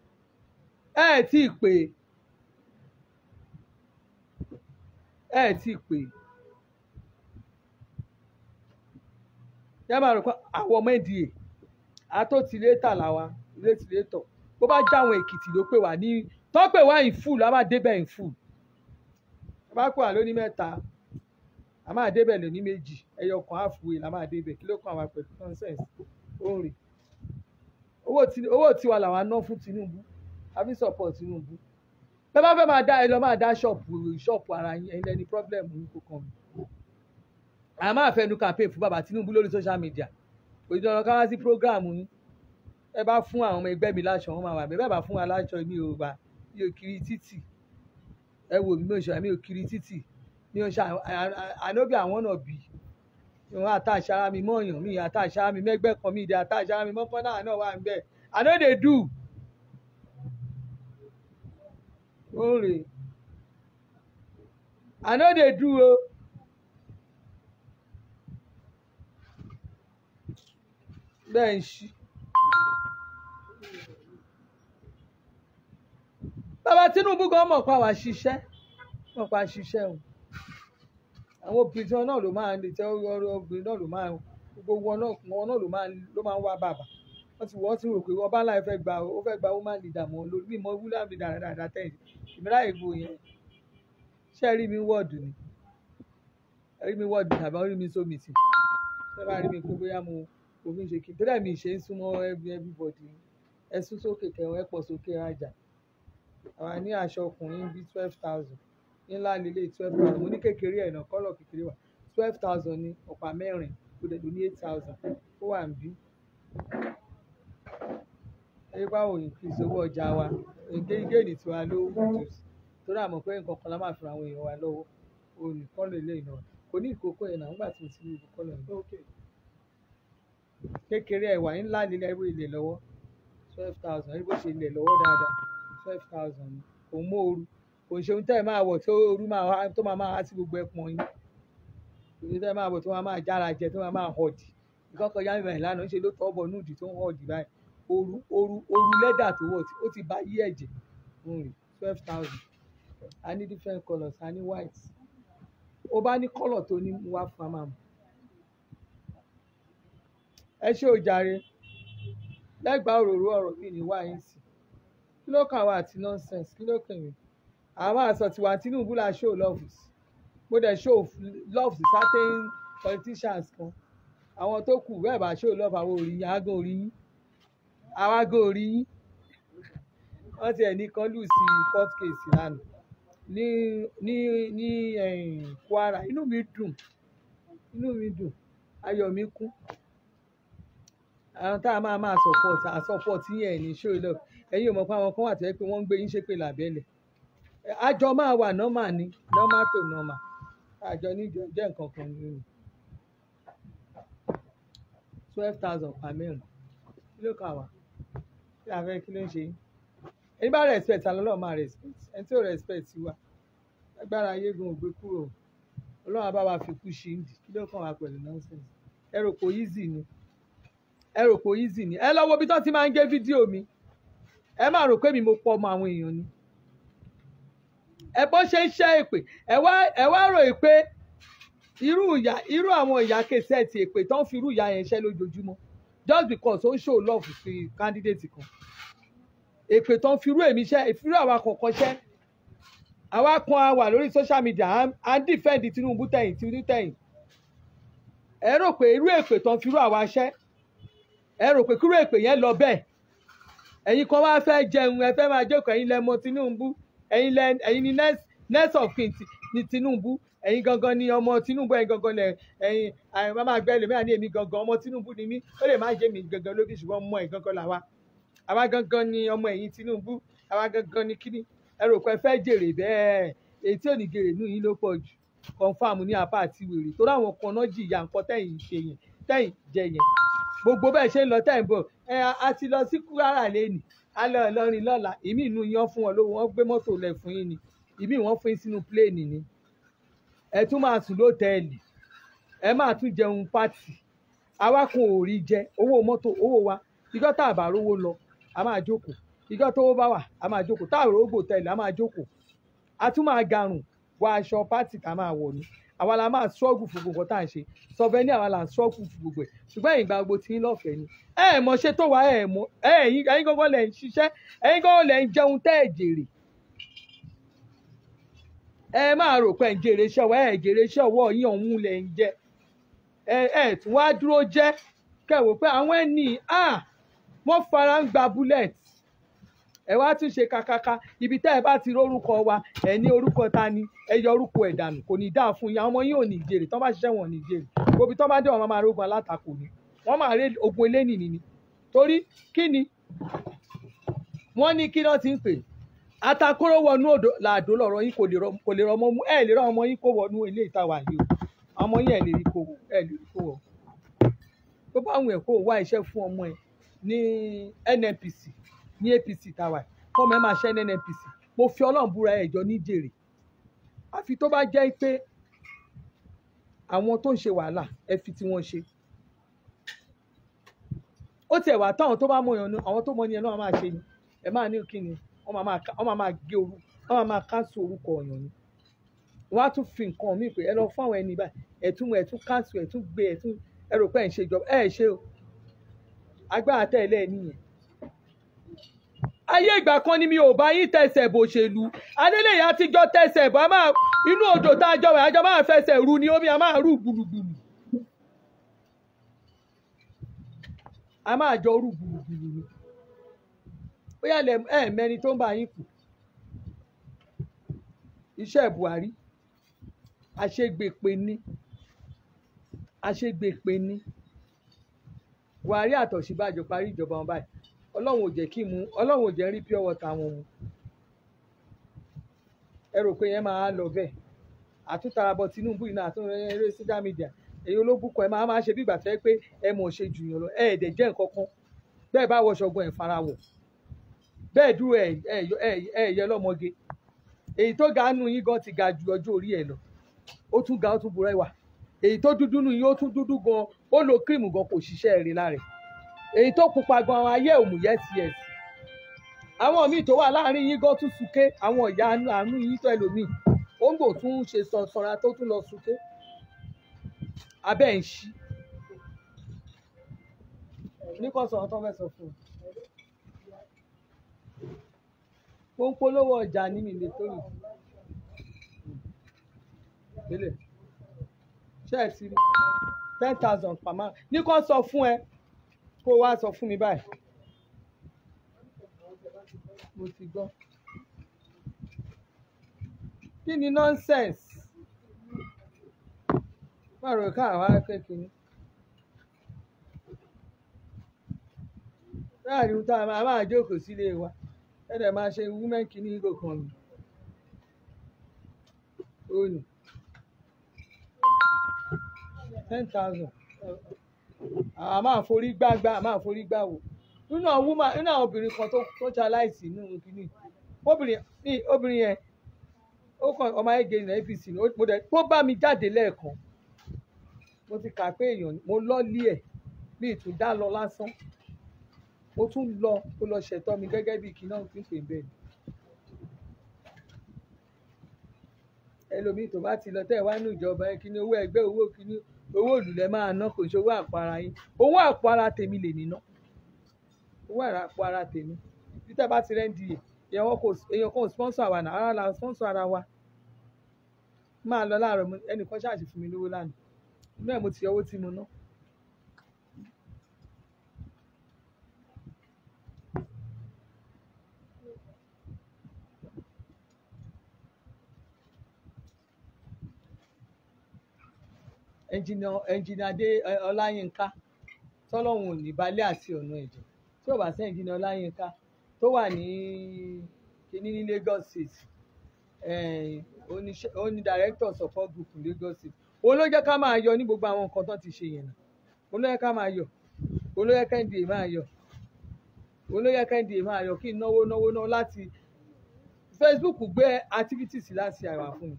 [SPEAKER 1] ẹ ẹ tí ì pè ẹ ẹ tí ì pè yàrá rẹ kọ àwọn ọmọ ẹdìyẹ àtòtìlétà e. làwa létìlétọ bó bá jáwọn èkìtì ló pè wá ní tọ́pẹ̀ wá in full a máa débẹ̀ in full a bá kó àlóní mẹ́ta a máa débẹ̀ lóní méjì ẹyọ kan halfway la máa débẹ̀ kí ló kàn wá pẹ̀lú nonsense ó rìn owó tiwa làwọn aná fún Tinubu àfi support Tinubu bẹ́ẹ̀ bá fẹ́ máa dá ẹ lọ máa dá ṣọ́ọ̀bù ṣọ́ọ̀bù ara yín ẹ̀yin lẹ́ni problem yín kò kàn mí. àmọ́ máa fẹ́ nu campaign fún bàbá Tinubu lórí social media òjò ọ̀rọ̀ ká wá sí program yín ẹ bá fún àwọn ọmọ ẹgbẹ́ mi láṣọ wọn máa wà bẹ́ẹ̀ bá fún wa láṣọ mi ò gbà mi ò kiri títì ẹ wò mí mi ò ṣọ mi ò kiri títì mi ò ṣe ànóbì àwọn náà bì í ìwọ̀n àtàṣára mi mọ̀ọ̀yàn mi àtàṣára mi mẹ́gbẹ́ kan mi ìdí àtàṣára mi mọ́kàn náà náà wà ń bẹ̀ I no dey do. Oore I no dey do o. Bẹ́ẹ̀ ń ṣí. Bàbá Tinubu gan mọ̀ pa wá ṣiṣẹ́ mọ̀ pa ṣiṣẹ́ o àwọn obìnrin náà ló máa lè tẹ ọ̀rọ̀ obìnrin náà ló máa gbogbo wọn náà ló máa ló máa ń wá bàbà wọ́n ti wọ́n ti rò pé ọba láì fẹ́ gba ó fẹ́ gba woman leader mọ́ lórí mi mọ́ woman leader dáadáa tẹ̀yìn ìmíràn ìbò yẹn ṣé ẹ rí mi wọ́ọ̀dù ni ẹ rí mi wọ́ọ̀dù tàbí ẹ rí mi sómìtì ṣé bá rí mi pé bóyá mo òfin ṣe kí tẹ́lẹ̀ mi ṣe ń súnmọ́ everybody ẹ sún sókè kẹwọn ẹ pọ̀ sókè ajá àwa ní aṣọ ọkùnrin bíi twelve thousand ńlá nílé twelve thousand mo ní kékeré ẹ̀ náà kọ́lọ̀ kékeré wà twelve thousand ní ọ̀pá mẹ́rin kò dẹ̀ lò ní eight thousand ó wà ń bí. ẹgbẹ́ àwọn increase owó ọjà wa èké géènì tí wàá ló reduce torí àmọ̀ pé nǹkan kan la máa fi àwọn èèyàn wa lọ́wọ́ olùkọ́lù ilé ìnáwó kò ní ìkókó ẹ̀ náà ńgbà tí mo ti ní ìkókọ́lù ẹ̀ kékeré ẹ̀ wà ńlá nílé ẹ̀wọ̀ ilé lọ́wọ́ twelve thousand ẹ̀wọ̀ ṣe ilé lọ́wọ́ dáadáa twelve thousand kò mú ooru kò ń ṣeun tẹ́ ẹ máa wọ̀ tó orú tó máa máa há sí gbogbo ẹpọ̀n yín kò ń ṣe tẹ́ ẹ máa wọ̀ tó máa máa jára jẹ tó máa máa họ̀dì ìkọ́kọ̀ yá mìíràn ìlànà ń ṣe ló tọ́ ọ̀bọ̀ núùdì tó ń họ̀dì báyìí ooru ooru ooru lẹ́dà tó wọ̀ ó ti ba yí ẹ̀jẹ̀ twelve thousand a ní different colours a ní white ó bá ní kọ́lọ̀ tó ní wá fún amá mu ẹ ṣe òjàre lẹ́gbàá òróró ọ̀rọ̀ mi ní wáyé sí kí ló kàn àti nonsense kí ló kàn àwọn àsọtiwa Tinubu la show love mo dẹ̀ show love sí certain politicians kan àwọn tó kù bẹ́ẹ̀ bá show love àwọn òrìyìn àgọ́ òrìyìn àwọn àgọ́ òrìyìn wọ́n tiẹ̀ ní kan lù sí court case lánàá ní ní ní eh, Kwara inú mi dùn inú mi dùn ayọ̀ mi kún àwọn tá a máa máa support àsọpọ̀ tí yẹn ní show love ẹ̀yin ò mọ̀ pé àwọn kan wà tó yẹ pé wọ́n ń gbé yín ṣépè lábẹ́lẹ̀ àjọ máa wà nọ́mà ni nọ́mà tó nọ́mà àjọ níjọ jẹ́ nǹkan kan ní ìlú twelve thousand per mẹ́rin kí ló kà wá kí la fẹ́ kí ló ń ṣe ẹni bá respect alọ́lọ́ máa respect ẹni tí ò respect wa agbára yégun ògbé kúrò ọlọ́run abáwa fi kú ṣe ń dì kí ló kàn wá pẹ̀lú nonsense ẹ rò kò easy ni ẹ rò kò easy ni ẹ lọ wo ibi tó ti máa ń gé fídíò mi ẹ má rò pé mi mo pọ̀ ọmọ àwọn èèyàn ni ẹ bó ṣe ń ṣẹ́ èpè ẹ wá rò yìí pé irú ìyá irú àwọn ìyá kèsì ẹ̀ ti èpè tó ń fi irú ìyá yẹn ṣẹ́ lójoojúmọ́ just because ó ń show love sí candidate kan èpè tó ń fi irú èmi ṣẹ́ ìfirú àwa kọ̀ọ̀kan ṣẹ́ àwa kan wà lórí social media à ń defend Tinubu tẹ̀yìn Tinubu tẹ̀yìn ẹ rò pé irú èpè tó ń fi irú àwa ṣẹ́ ẹ rò pé kúrò èpè yẹn lọ bẹ́ẹ̀ ẹ̀yin kan wá fẹ́ jẹun ẹ fẹ́ máa jókòó ẹ̀yin lẹ́mọ Tinubu ẹ̀yin lẹ ẹ̀yin ni next of kin ni Tinubu ẹ̀yin gangan ni ọmọ Tinubu ẹ̀yin gangan lẹ ẹ̀yin àyìn máa máa gbẹ ẹlòmíràn ní èmi gangan ọmọ Tinubu ni mí ó lè má jẹ́ mi gangan lóbi ṣùgbọ́n ọmọ ẹ̀yin gangan làwa àwa gangan ni ọmọ ẹ̀yin Tinubu àwa gangan ni kíni ẹrù pé fẹ́ jèrè bẹ́ẹ̀ èyí tí ò ní gèrè nù yín ló pọ̀ jù confam ní apá àti wèrè torí àwọn kan náà jìyà nǹkan tẹ̀yìn ṣe yẹn tẹ̀yìn jẹ yẹn gbogbo bẹ́ẹ̀ ṣe ń lọ tẹ̀yìn bọ̀ ẹ a ti lọ sí kúrárà lẹ́nìí alẹ́ ọlọ́rin lọ́la ìmí inú yan fún wọn lówó wọn gbé mọ́tò lẹ̀ fún yín ni ìmí wọn fún yín sínú pléènì ni ẹ tún máa sùn lóòtẹ́ẹ̀lì ẹ máa tún jẹun pátì àwa kò rí jẹ owó mọ́tò owó wa ìjọ tá a bá rówó lọ a máa jókòó ìjọ tówó bá wà a máa jókòó tá a rógbò tẹ́lẹ̀ a máa jókòó a tún máa garùn wọ aṣọ pátì tá máa wọ̀ ni àwa la máa struggle fún gbogbo tá à ń ṣe sọfẹ ní àwa la struggle fún gbogbo ẹ ṣùgbọ́n ẹ̀yin gbàgbọ́ tí ń lọ́fẹ̀ẹ́ ni ẹ ẹ̀ mọ ṣe tó wà ẹ ẹ̀ mọ ẹ̀yin ẹ̀yin gbọ́ngàn lẹ̀ ń ṣiṣẹ́ ẹ̀yin gbọ́ngàn lẹ̀ ń jẹun tẹ́ ẹ̀ jèrè ẹ máa rò pé ẹ̀ ń jèrè iṣẹ́ ọwọ́ ẹ̀ jèrè iṣẹ́ ọwọ́ yín ọ̀hún lẹ̀ ń jẹ ẹ ẹ tún wá dúró jẹ́ kẹwò pé àwọn ẹni à wọ́n fara ń gba bullet ẹ wá tún ṣe kakaka ibi tẹ́ ẹ bá ti rórúkọ wa ẹ ní orúkọ ta ni ẹ yọ orúkọ ẹ̀ dànù kò ní dáa fún yín àwọn ọmọ yín ò ní jèrè tán bá ṣiṣẹ́ wọn ò ní jèrè gbòbí tán bá dé wọn máa rógun alátakò ni wọ́n máa rí ogun eléni nìní torí kí ni wọ́n ní kí náà ti ń pè atakóró wọnú odò làdó lọ́rọ̀ yín kò lè rọmọ mú ẹ lè rán ọmọ yín kó wọnú ilé ìtawà yìí o ọmọ yín ẹ lè rí kó wọ gbogbo àwọn ẹ̀kọ́ wá iṣẹ́ fún ọmọ ẹ ní NNPC ní APC tàwa kọ́mọ ẹ máa ṣẹ́ ní NNPC mo fi ọlọ́run búra ẹ̀jọ́ ní jèrè àfi tó bá jẹ́ pé àwọn tó ń ṣe wàhálà ẹ fi tí wọ́n ṣe ó tiẹ̀ wà táwọn tó bá mọ èèyàn náà àwọn tó mọ ènìyàn náà máa ṣe ni ẹ máa ní kí ni wọ́n máa máa gé orú wọ́n máa máa káńsù orúkọ èèyàn ni wọ́n á tún fi nǹkan míì pé ẹ lọ fún àwọn ẹni báyìí ẹ tún ẹ tún káńsù ẹ tún gbé ẹ tún ẹ rò pé ẹ ń ṣe ìjọba ẹ ṣe o agbára tẹ́ lẹ́ẹ̀ nìyẹn ayé ìgbà kan ni mi ò bá yín tẹsẹ̀ bò ṣèlú adélèyà àtijọ́ tẹsẹ̀ bò inú òjò tá a jọ wà àjọ máa fẹsẹ̀ ru ni omi a máa rú gbùlùgbùlù a máa jọ rú gbùlùgbùlù ni bóyá ẹ mẹni tó ń bá yín kù iṣẹ́ Buhari àṣegbèpè ni àṣegbèpè ni Buhari àtọ̀síbàjò parí ìjọba wọn báyìí ọlọ́run ò jẹ́ kí mu ọlọ́run ò jẹ́ rí pure water wọn mu ẹ rò pé yẹn máa lọ bẹ́ẹ̀ àtúntarabọ̀ Tinubu iná àtúnrẹ́ eré social media èyí olóbùkọ ẹ máa máa ṣe bí ìgbà pé ẹ mọ̀ ṣe jù yàn lọ ẹ ẹ̀dẹ̀ jẹ́ nǹkan kan bẹ́ẹ̀ bá wọṣọ gan ẹ̀ fara wọ̀ bẹ́ẹ̀ dúró ẹ̀ ẹ̀ yẹ lọ́mọge èyí tó ga nù yín gan ti ga ju ọjọ́ orí ẹ̀ lọ ó tún ga ó tún burẹ́wà èyí tó dúdú nù yín ó tún dúdú gan ó lo kírìmù gan kò ṣiṣẹ́ rẹ̀ lára ẹ̀ èyí tó pupa gan ayé òmùyẹ ti ẹ̀ sí àwọn míì tó wà láàrin yín gan tún súnké àwọn ìyá àánú yín tó ẹlòmíì òǹgbò tún ṣe sọ̀nsọ̀ra tó tún lọ súnké abẹ́ ń ṣí níkan sọ̀rọ̀ tó fẹ́ sọ fún un pọ́npọ́lówó ọjà ní mi lè tóyìn délé ṣe é ti ten thousand per month níkan sọ fún ẹ kó wá sọ fún mi báyìí mo ti gbọ́ kí ni nonsense má rò ká àwa kékeré láàrin tá a máa jókòó sílé wa ẹ dẹ̀ máa ṣe women kìíní ìgò kan mi ten thousand a máa forí gbágbá a máa forí gbáwò nínú àwọn woman nínú àwọn obìnrin kan tó ṣaláìsí nínú kínní obìnrin ní obìnrin yẹn ó kàn ọmọ ayé gẹ̀yìn apc ni mo dẹ̀ tó bá mi jáde lẹ́ẹ̀kan mo ti kà pé èèyàn mo lọ́ọ́lì ẹ̀ mi ìtún dá lọ lásán mo tún lọ ó lọ ṣẹ̀tọ́ mi gẹ́gẹ́ bí kiná tí ń pè bẹ́ẹ̀ ni. ẹlòmíì tó bá ti lọ tẹ́ ẹ wá nù ìjọba ẹ kí ni owó ẹgbẹ́ owó kí ni owó ìlú lẹ máa ná kò ṣe owó àpò ara yín owó àpò ara tèmi lè níná owó àpò ara tèmi títà bá ti rẹ́ǹdì yẹ èèyàn kò sponsor àwa náà ara la sponsor ara wa máa lọ láàárọ̀ ẹnìkan ṣáàṣì fún mi lówó lánàá inú mo ti yọ owó tí mo ná. ẹnjìnà adé eh, ọláyínká tọ́lọ́hún ní balẹ̀ àti ọ̀nà ẹ̀jọ̀ tí ó bá sí ẹnjìnà ọláyínká tó wà ní kíní ní Lagos State eh, ó ní director support group ní Lagos State òun ló jẹ́ ká máa yọ ní gbogbo àwọn nǹkan tó ti ṣe yẹn nà òun ló yẹ ká máa yọ òun ló yẹ kẹ́hìndé máa yọ òun ló yẹ kẹ́hìndé máa yọ kí n náwó náwó náwó láti Facebook gbé activities láti àrà fún mi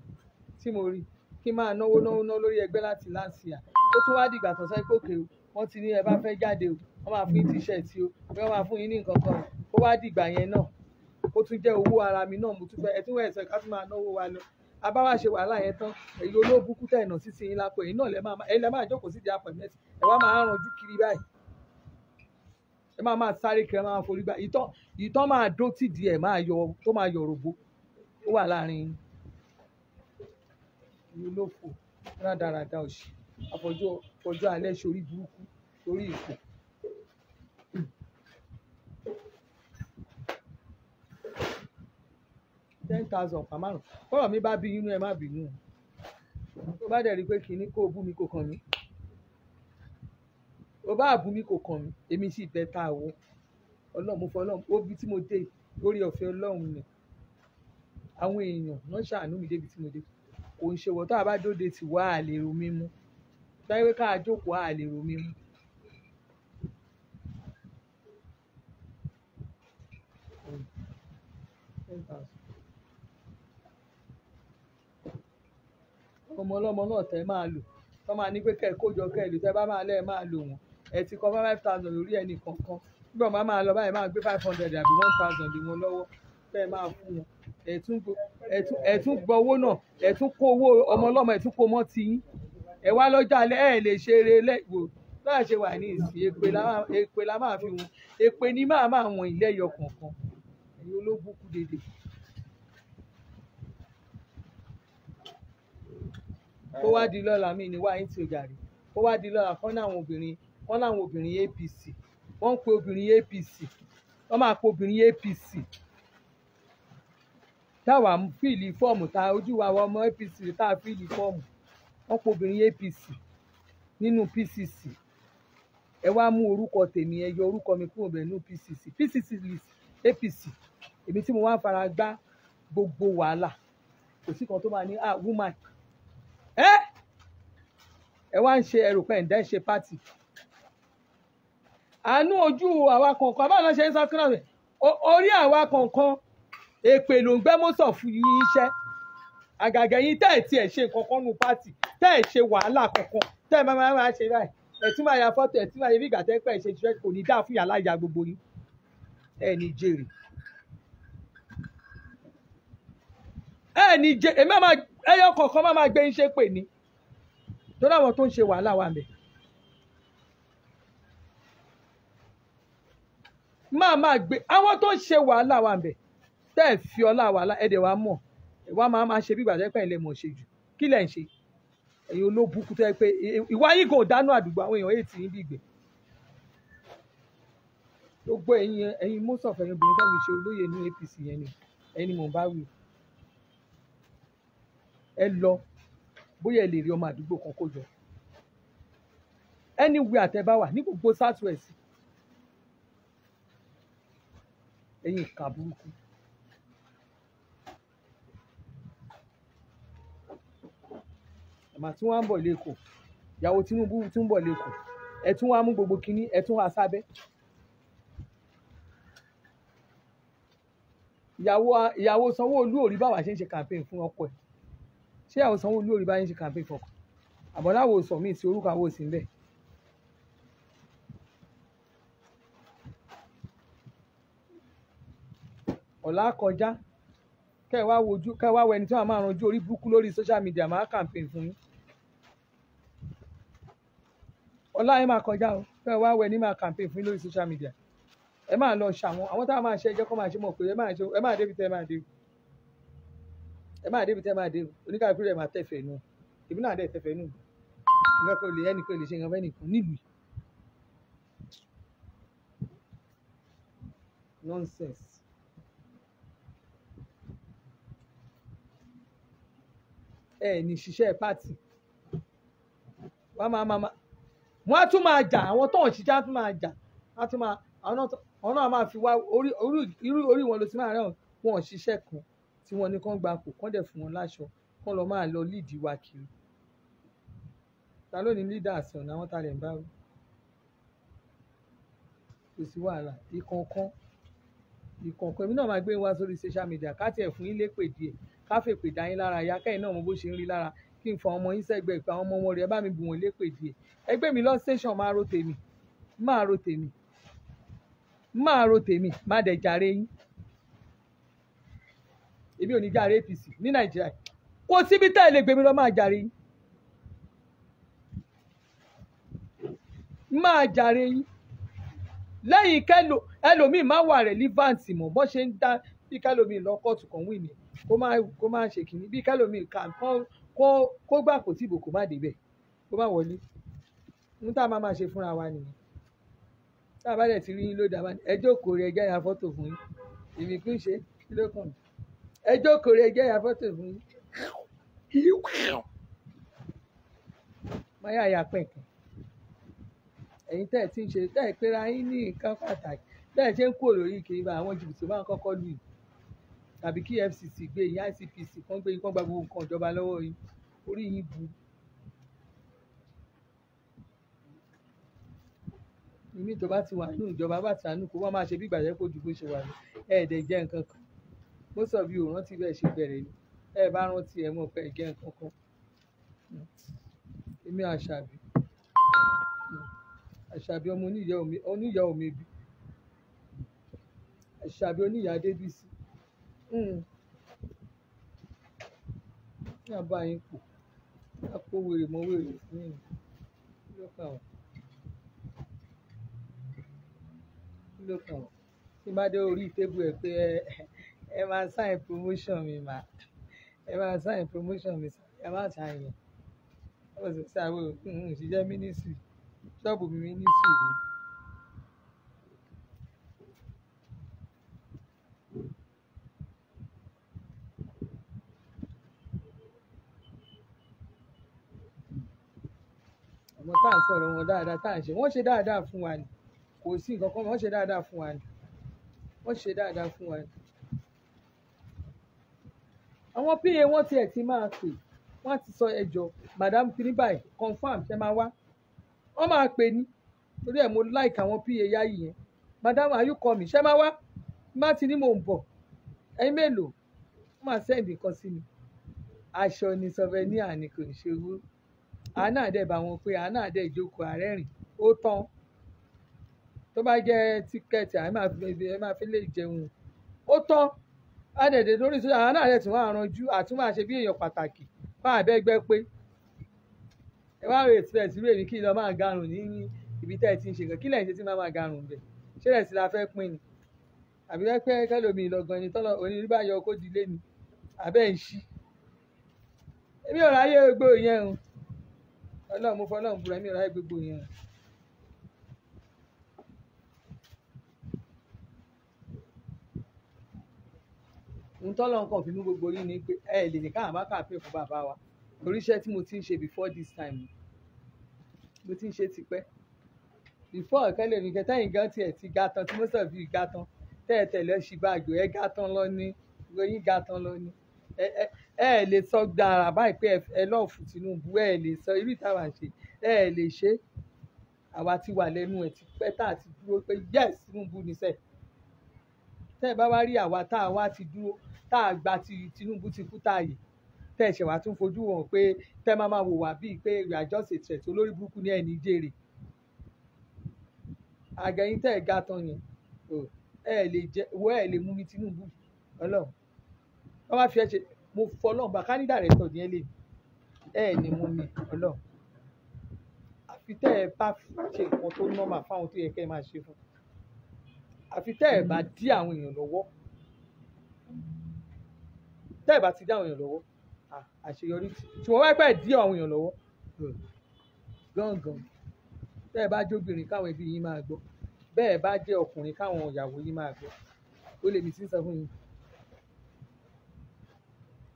[SPEAKER 1] tí mo rí i kí n máa náwó náwó náwó lórí ẹgbẹ́ láti láti à ó tún wá dìgbà tó sẹ́kọ̀ òkè o wọ́n ti ní ẹ bá fẹ́ jáde o wọ́n máa fún yín tíṣẹ̀tì o bí wọ́n máa fún yín ní nǹkan kan ó wá dìgbà yẹn náà ó tún jẹ́ owó ara mi náà mo tún fẹ́ ẹ tún wẹ̀ ẹ̀sẹ̀ ká tún máa náwó wa lọ abáwá ṣe wàhálà yẹn tán èyí olóòbùkún tẹ̀ ẹ̀nà sísìn yín lápò èyí náà ẹ máa jókòó sídìí apẹ̀ mẹ́tì ẹ wá máa rànjú kiri báyìí ẹ máa máa sáré kiri máa forí gbà ìtọ́ ìtọ́ máa dó tìdí ẹ máa yọ tó máa yọ òrògbó ó wà láàrin yín ọkùnrin olófò rádaràda òṣì àfọjọ àfọjọ alẹ́ sórí burúkú sórí ìkó. ten thousand pa márùn kọ́rọ̀ mi bá bí ẹ má bínú tó bá dẹ̀ rí i pé kinní kó bú mi kò kàn mí ó bá bú mi kò kàn mí èmi sì bẹ́ tá a wọ ọlọ́run mo fọ ọlọ́run ó tí mo dé lórí ọ̀fẹ́ ọlọ́run ni àwọn èèyàn wọ́n ṣàánú mi débi tí mo dé kò ń ṣe wọ tá a bá dóde tì wá àlèrò mímu táyé pé ká a jókòó àlèrò mímu. ọmọ ọlọ́mọ náà tẹ́ máa lò tọ́ máa ní pé kẹ́ ẹ̀ kójọ tẹ́ bá máa lẹ́ ẹ̀ máa lò wọ́n ẹ̀ ti kọ́ five thousand lórí ẹnì kọ̀ọ̀kan nígbà máa máa lọ báyìí máa gbé five hundred àbí one thousand lé wọn lọ́wọ́ bẹ́ẹ̀ máa fún wọn ẹ tún gbọ́ owó náà ẹ tún kó owó ọmọ ọlọ́mọ ẹ tún kó mọ́ tiyín ẹ wá lọ́jọ́ alẹ́ ẹ lè ṣe eré lẹ́gbọ̀ọ́ bá a ṣe wà ní ìsìn èpè la máa fi wọn èpè ni máa máa wọn ilé ẹyọ kọ̀ọ̀kan ẹ̀yin ológun kú dédé. kó wá di lọ́la mi ní wáyé tí o jàre kó wá di lọ́la kán láwọn obìnrin kán láwọn obìnrin APC wọ́n ń pe obìnrin APC wọ́n máa pe obìnrin APC táwa ń fìlì fọ́ọ̀mù ta ojú wa ọmọ APC tá a fìlì fọ́ọ̀mù wọn kó obìnrin APC nínú PCC ẹ wá mú orúkọ tèmi ẹ yọ orúkọ mi kúrò bẹ̀ nínú PCC PCC list APC èmi tí mo wá fara gbá gbogbo wàhálà kò sí kan tó máa ní ah woman ẹ ẹ wá ń ṣe ẹrù pẹ̀ ǹdẹ́ ṣe pátì àánú ojú àwa kọ̀ọ̀kan báwo ló ṣe ń sọ kí orí àwa kọ̀ọ̀kan èpè ló ń gbẹ́ mọ́sọ̀ fún yín iṣẹ́ àgàgà yín tẹ́ ẹ̀ tiẹ̀ ṣe kankan nu pátì tẹ́ ẹ̀ ṣe wàhálà kankan tẹ́ ẹ̀ máa máa ṣe báyìí ẹ̀tún máa ya fọ́tò ẹ̀tún máa ya fígà tẹ́ pẹ́ ṣe ṣe kò ní dáa fún yàrá ìyá gbogbo yín ẹ̀ ní jèrè ẹ̀ ní jèrè èmi máa ẹyọ kọ̀ọ̀kan máa gbé iṣẹ́ pè ní torí àwọn tó ń ṣe wàhálà wà mẹ́. máa máa gbé àwọn tó ń ṣe wàhálà wà mẹ́ tẹ́ ẹ̀ fi ọlá wàhálà ẹ̀dẹ̀ wa mọ̀ wa máa máa ṣe bí ìgbà tẹ́pẹ́ ilẹ̀ mọ̀ ṣe jù kí lẹ̀ ń ṣe ẹ̀yin olóbùkún tẹ́ pé ìwà yìí kò dáná àdúgbò àwọn èèyàn èètì yín bí ìgbẹ́ gbogbo ẹ̀yin ẹ̀yin most of ẹ̀yin obìnrin tẹ́lẹ̀ ṣe olóyè ní APC yẹn ni ẹni mò ń bá wí ẹ lọ bóyá ẹ lè rí ọmọ àdúgbò kan kó jọ anywhere àtẹ́bá wà ní gbogbo south west ẹ̀yin ìka burúkú màá tún wá ń bọ̀ lẹ́kọ̀ọ́ ìyàwó Tinubu tún ń bọ̀ lẹ́kọ̀ọ́ ẹ tún wá mú gbogbo kínní ẹ tún wá sábẹ́. ìyàwó ìyàwó Sanwó-Olú ò rí báwa ṣe ń ṣe campaign fún ọkọ ẹ̀ ṣé ìyàwó Sanwó-Olú ò rí ń ṣe campaign fún ọkọ àbọ̀láwo sọ míì sí orúkọ àwọn òsì ńbẹ̀. ọ̀la kọjá kẹ́ ẹ wá wo ẹni tí wọ́n máa ranjú orí burúkú lórí social media máa campaign fún yín. ọlá ẹ máa kọjá o fẹ́ wá wẹ̀ ní máa campaign fún lórí social media ẹ máa lọ ṣàwọn àwọn tá a máa ṣe ẹjẹ́ kọ́ máa ṣe mọ̀ pé ẹ máa ṣe ẹ máa débi tẹ́ ẹ máa dé o ẹ máa débi ẹ máa dé o máa nù èmi náà dẹ̀ nù nǹkan kò lè ẹnì lè ṣe nílùú wọ́n á tún máa jà àwọn tó ń ṣiṣẹ́ á tún máa jà á tún máa àwọn náà máa fi wá irú orí wọn ló ti máa rẹ̀ wọn ò ṣiṣẹ́ kan tí wọ́n ní kán gba kò kán dẹ̀ fún wọn láṣọ kán lọ máa lọ líìdì wa kiri ta ló ní lídà àsàn náà wọ́n ta lè ń bá wí kò sí wàhálà ìkọ̀ọ̀kan ìkọ̀ọ̀kan èmi náà máa gbé wá sórí social media ká tiẹ̀ fún yín lépè díẹ̀ ká fèpè dá yín lára ya kẹ́yìn náà mo bó ṣe ń rí lára kí n fọ ọmọ yín sẹ́gbẹ̀ẹ́ ìpè àwọn ọmọ wọn rẹ̀ ẹ bá mi bù wọ́n lépè díẹ̀ ẹgbẹ́ mi lọ station máa ro tèmi máa ro tèmi máa ro tèmi má dẹ̀ jàre yín èmi ò ní jàre APC ní Nàìjíríà kò síbi tá ẹ lè gbèmí lọ máa jàre yín máa jàre yín lẹ́yìn kẹ́lò ẹlòmíì má wà relevant mọ̀ bọ́ ṣe ń dá bí kẹ́lòmíì lọ kóòtù kan wí ni kó má ṣe kìíní bí kẹ́lòmíì kàn kán kó kó gbà kó tìbò kó má débẹ̀ kó má wọlé ń tá a máa máa ṣe fúnra wa nìyẹn tá a bá dẹ̀ ti rí yín lóde àbá ẹ jókòó rẹ ẹjẹ́ ya fọ́tò fún yín èmi kì í ṣe kí ló kàn mí ẹ jókòó rẹ ẹjẹ́ ya fọ́tò fún yín máa yà yà pẹ̀kẹ́ ẹ̀yin tẹ́ ti ń ṣe tẹ́ ẹ̀ pera yín ní nǹkan pàtàkì tẹ́ ṣe ń kúrò lórí ìkiri bá àwọn jìbìtì máa kọ́kọ́ lù yìí tàbí kí FCC gbé yín ICPC kan gbé yín kan gba gbogbo nǹkan ìjọba lọ́wọ́ yín orí yín bu. ìmí ìjọba ti wà nínú ìjọba bá ti àánú kó wọ́n máa ṣe bí ìgbàjẹ́ kó ju bó ṣe wà ní ẹ̀ẹ́dẹ̀ jẹ́ nǹkan kan mo sọ bí òòrùn ti bẹ́ẹ̀ ṣe bẹ̀rẹ̀ ni ẹ bá rántí ẹ mọ̀ pé jẹ́ nǹkan kan èmi àṣàbí àṣàbí ọmọ oníyàá omi oníyàá àṣàbí oníyàá débìsí ní hmm. àbá yín kù ká kó wèrè mọ́ wèrè kí ló kàn wọ́n kí ló kàn wọ́n tí bá dé orí tébù ẹ̀ pé ẹ máa sign promotion mi mà ẹ máa sign promotion mi ẹ má ṣàyẹn ó sì ṣàwọ̀ òṣìṣẹ́ mínísírì ṣọ́ọ̀bù mi mínísírì ni. àwọn tá à ń sọ̀rọ̀ wọn dáadáa tá à ń ṣe wọ́n ṣe dáadáa fún wa ni kò sí nǹkan kan wọ́n ṣe dáadáa fún wa ni wọ́n ṣe dáadáa fún wa ni. àwọn pa wọn tiẹ̀ ti máa pè wọ́n á ti sọ ẹjọ́ madam kiribai confam ṣe máa wá wọ́n máa pè ní torí ẹ̀ mo like àwọn pa yáyì yẹn madam ayúkọ mi ṣe máa wá má ti ní mò ń bọ̀ ẹ̀yin mélòó wọ́n máa sẹ́ǹdì kan sí mi aṣọ ni sọfẹ́ ní àníkò ìṣègùn àánà àdẹ bá wọn pé àánà àdẹ ìjókòó àárẹ̀rìn ó tán tó bá jẹ́ tíkẹ́ẹ̀tì àá máa fi lè jẹun ó tán àdẹ̀dẹ̀ lórí sọ́jà àánà àdẹ tí wọ́n àranjú àti máa ṣe bí èèyàn pàtàkì fún àbẹ́gbẹ́ pé ẹ wá rè tí ẹ̀sìn rèmi kí lọ́ọ́ máa garùn ní ibi tẹ́ ẹ ti ń ṣe kan kí lẹ́yìn ṣe tí máa máa garùn bẹ̀ ṣé rẹ̀ sì la fẹ́ pín ni àbí pẹ́ kẹ́lòmí ìlọgàn ẹni tọ́lọ onírí bá yọ kó dilé ni àbẹ́ ń ṣí èmi ò ráyè gbogbo yẹn o ọlọ́run mo fọlọ́run búra mi ráyè gbogbo yẹn. ohun tọ́lọ́ nǹkan fi mú gbogbo yín ni pé ẹ lè ní káwọn káàpẹ́ fún bàbá wa torí tí mo ti ń ṣe before this time mo ti ń ṣe tipẹ́ before ọ̀kẹ́lẹ̀ mi kẹta yìí tiẹ̀ ti ga tán tí mo sọ̀ fi ga tán tẹ́ẹ̀tẹ̀ lọ ṣì bá àgbẹ̀ ẹ ga tán lọ ní ìwé ga tán lọ ní ẹ lè sọ gbàrà báyìí pé ẹ lọ́ọ̀ fún Tinubu ẹ lè sọ irú ìtawà ṣe ẹ lè ṣe àwa ti wà lẹ́nu ẹ̀ ti pẹ́ tá a ti dúró pé yes Tinubu níṣẹ́ tẹ́ ẹ bá wá rí àwa tá a wá ti dúró tá a gba ti Tinubu ti kú táàyè tẹ́ ẹ ṣẹ̀wá tún fojú wọn pé tẹ́ máa máa wò wá bíi pé ìrìnàjọ́sẹ̀ tẹ̀tù olórí burúkú ní ẹni jèrè àgẹ̀yìn tẹ́ ẹ ga tán yẹn ẹ lè jẹ wo ẹ lè mú mi Tinubu Ọlọ́run wọ́n bá fi ẹ ṣe mo fọlọ́n bá kánidà rẹ̀ sọ díẹ̀ lè ẹ ní mo ní ọlọ́run àfi tẹ́ ẹ bá ṣe nǹkan tó nọ́mà fáwọn tó yẹ kẹ́ ẹ máa ṣe fún àfi tẹ́ ẹ bá dí àwọn èèyàn lọ́wọ́ tẹ́ ẹ bá ti dí àwọn èèyàn lọ́wọ́ àṣeyọrí ṣùgbọ́n wáyé pẹ́ dí àwọn èèyàn lọ́wọ́ hm, gángan tẹ́ ẹ bá jóbìnrin káwọn ẹbí yín máa gbọ́ bẹ́ẹ̀ bá jẹ́ ọkùnrin káwọn ìyàwó yín máa gbọ́ ó lè mi ti ń sọ fún yín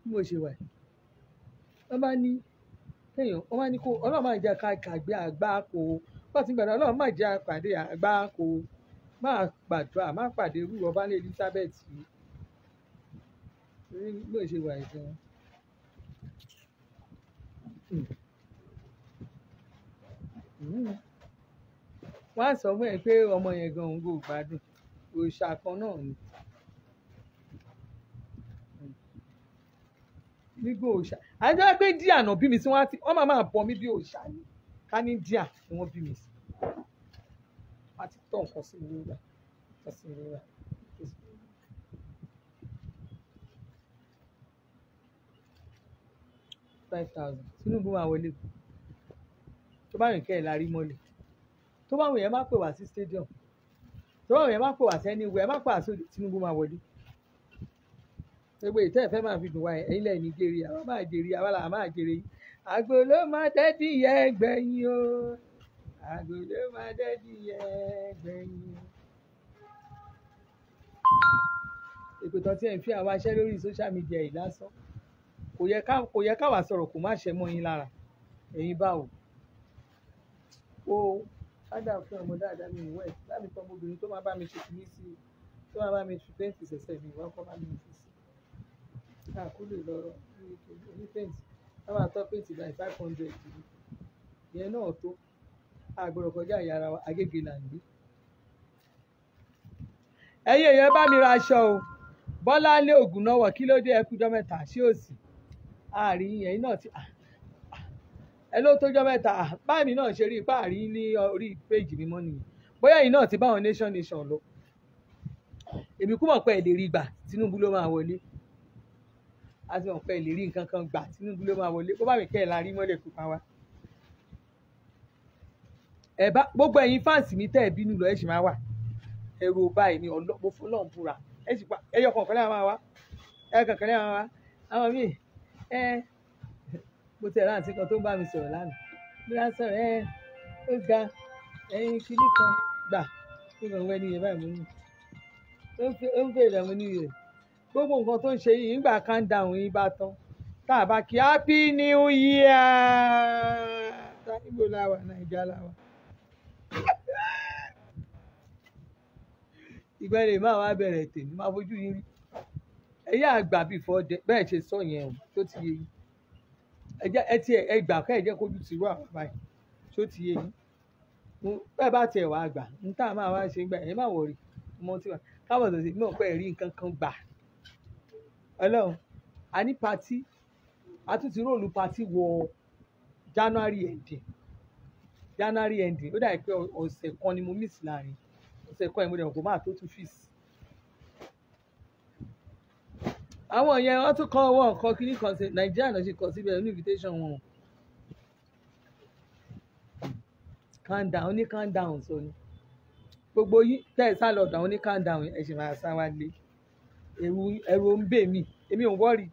[SPEAKER 1] bí mo ṣe wà yìí wọ́n bá ní kéèyàn wọ́n bá ní kó ọlọ́run máa jẹ́ ká kàgbé àgbákò wọ́n ti gbàdúrà ọlọ́run máa jẹ́ àpàdé àgbákò máa gbàdúrà máa pàdé irú ọba ní Elizabeth yìí bí mo ṣe wà yìí gan. wọ́n á sọ fún ẹ pé ọmọ yẹn gan òun kò gbádùn òòṣà kan náà ni. nígbà òòṣà àti jẹ́ pé díà náà bí mi sí wọ́n ti wọ́n máa máa bọ mí bí òòṣà ni ká ní díà ni wọ́n bí mi sí wọ́n ti tọ́ nǹkan sí mi nígbà nǹkan sí mi nígbà. five thousand Tinubu máa wọlé tó bá rìn kẹ́ ẹ̀ la rí mọ́lẹ̀ tó bá wọ̀nyẹn má pè wá sí stadium tó bá wọ̀nyẹn má pè wá sí anywhere má pè wá sí Tinubu máa wọlé gbogbo ìtẹ́ ìfẹ́ máa fi dùn wá ẹ̀yin lẹ́yìn ní jèrè àwa máa jèrè àwa là máa jèrè yín àgbò ló máa tẹ́tí yẹ gbẹ̀yìn o àgbò ló máa tẹ́tí yẹ gbẹ̀yìn o. èpè tán tí ẹ̀ ń fi àwọn aṣẹ́ lórí social media yìí lásán kò yẹ káwa sọ̀rọ̀ kó má ṣe mọ́ yín lára ẹ̀yin báwo. o ádà fún ọmọ dáadáa mi ìwẹ̀ láti tọ́ ọmọbìnrin tó máa bá mi ṣe kìíní sí i tó máa bá mi ṣe tẹ́ǹtì ṣẹ̀ṣẹ̀ mi ìwà ọkọ̀ bá mi ṣe sí i àkúlè lọ́rọ̀ ní pẹ́ǹtì táwọn àtọ́ pẹ́ǹtì láì five hundred ìyẹn náà tó àgbọ̀rọ̀ kọjá ìyára wa Agége là ń gbé. ẹ̀yin èèyàn bá mi ra aṣọ o Bọ́lá ní ògùn náà wọ̀ kí ló dé ẹkú jọ mẹ́ta sí òsì àárín yẹn náà ti ah, ah. ẹ ló tó jọ mẹ́ta ah, báàmì náà ṣe rí ipá àárín ní orí péjì mímọ́ nìyẹn bóyá yìí náà ti báwọn nation nation lọ èmi kú mọ̀ pé ẹ̀ rí gbà Tinubu ló máa wọlé a ti mọ̀ pé lè rí nǹkan kan gbà Tinubu ló máa wọlé bó bá mi kẹ́ ẹ̀ la rí mọ́lẹ̀ kó pa wá. ẹ bá gbogbo ẹ̀yin fáǹsì mi tẹ́ ẹ bínú lọ ẹ sì máa wà ẹrù ọba ẹ̀mí ọlọ́pọ̀ fọlọ́n búra ẹ sì pa ẹyọ kọ̀ọ̀kan náà máa wá ẹyọ kọ̀ọ̀kan náà máa wá àwọn míì ẹ mo tẹ̀ láǹtí kan tó ń bá mi sọ̀rọ̀ lánàá bí wọ́n sọ̀rọ̀ ẹ ó ga ẹyin kìíní kan gbà kí n kàn wẹ́ ní ìyẹn báyìí mo ní ó ń fèrè àwọn oníyẹn gbogbo nǹkan tó ń ṣe yìí ńgbà kan dáhùn yín bá tán tá a bá kí happy new year táyìnbó làwà nàìjà làwà. ìgbẹ́rẹ̀ máa wá bẹ̀rẹ̀ tèmi máa fojú yín rí ẹ̀yà àgbà bíi fọ́ bẹ́ẹ̀ ṣe sọ yẹn o tó ti yé yín ẹ tiẹ̀ ẹ gbà ká ẹ jẹ́ kójú ti rú àwọn báyìí tó ti yé yín bẹ́ẹ̀ bá tiẹ̀ wá gbà ń tà máa wá ṣe gbà ẹ̀ máa wọ̀rí ọmọ tí wà káwọn ọ̀sẹ̀ sí mi ò pẹ́ nǹkan kan gbà Ọlọ́run a ní patí a tún ti róòlù patí wọ January ending January ending ó dàbí pé ọ̀sẹ̀ kan ni mo miss láàrin ọ̀sẹ̀ kan ìmúdẹ̀ ọ̀gbọ́n máa tó tún fees. àwọn yẹn wọ́n tún kọ́ ọwọ́ ọ̀kọ́ kínní kan sí Nàìjíríà náà ṣe kọ́ síbẹ̀ ní invitation wọn. calm down ní calm down sọ ni gbogbo yín tẹ̀ sálọ̀dọ̀ àwọn ní calm down ẹ̀ ṣì máa sá wá lé ẹ̀rù ẹ̀rù ń bè mí èmi ò wọ́ọ̀rì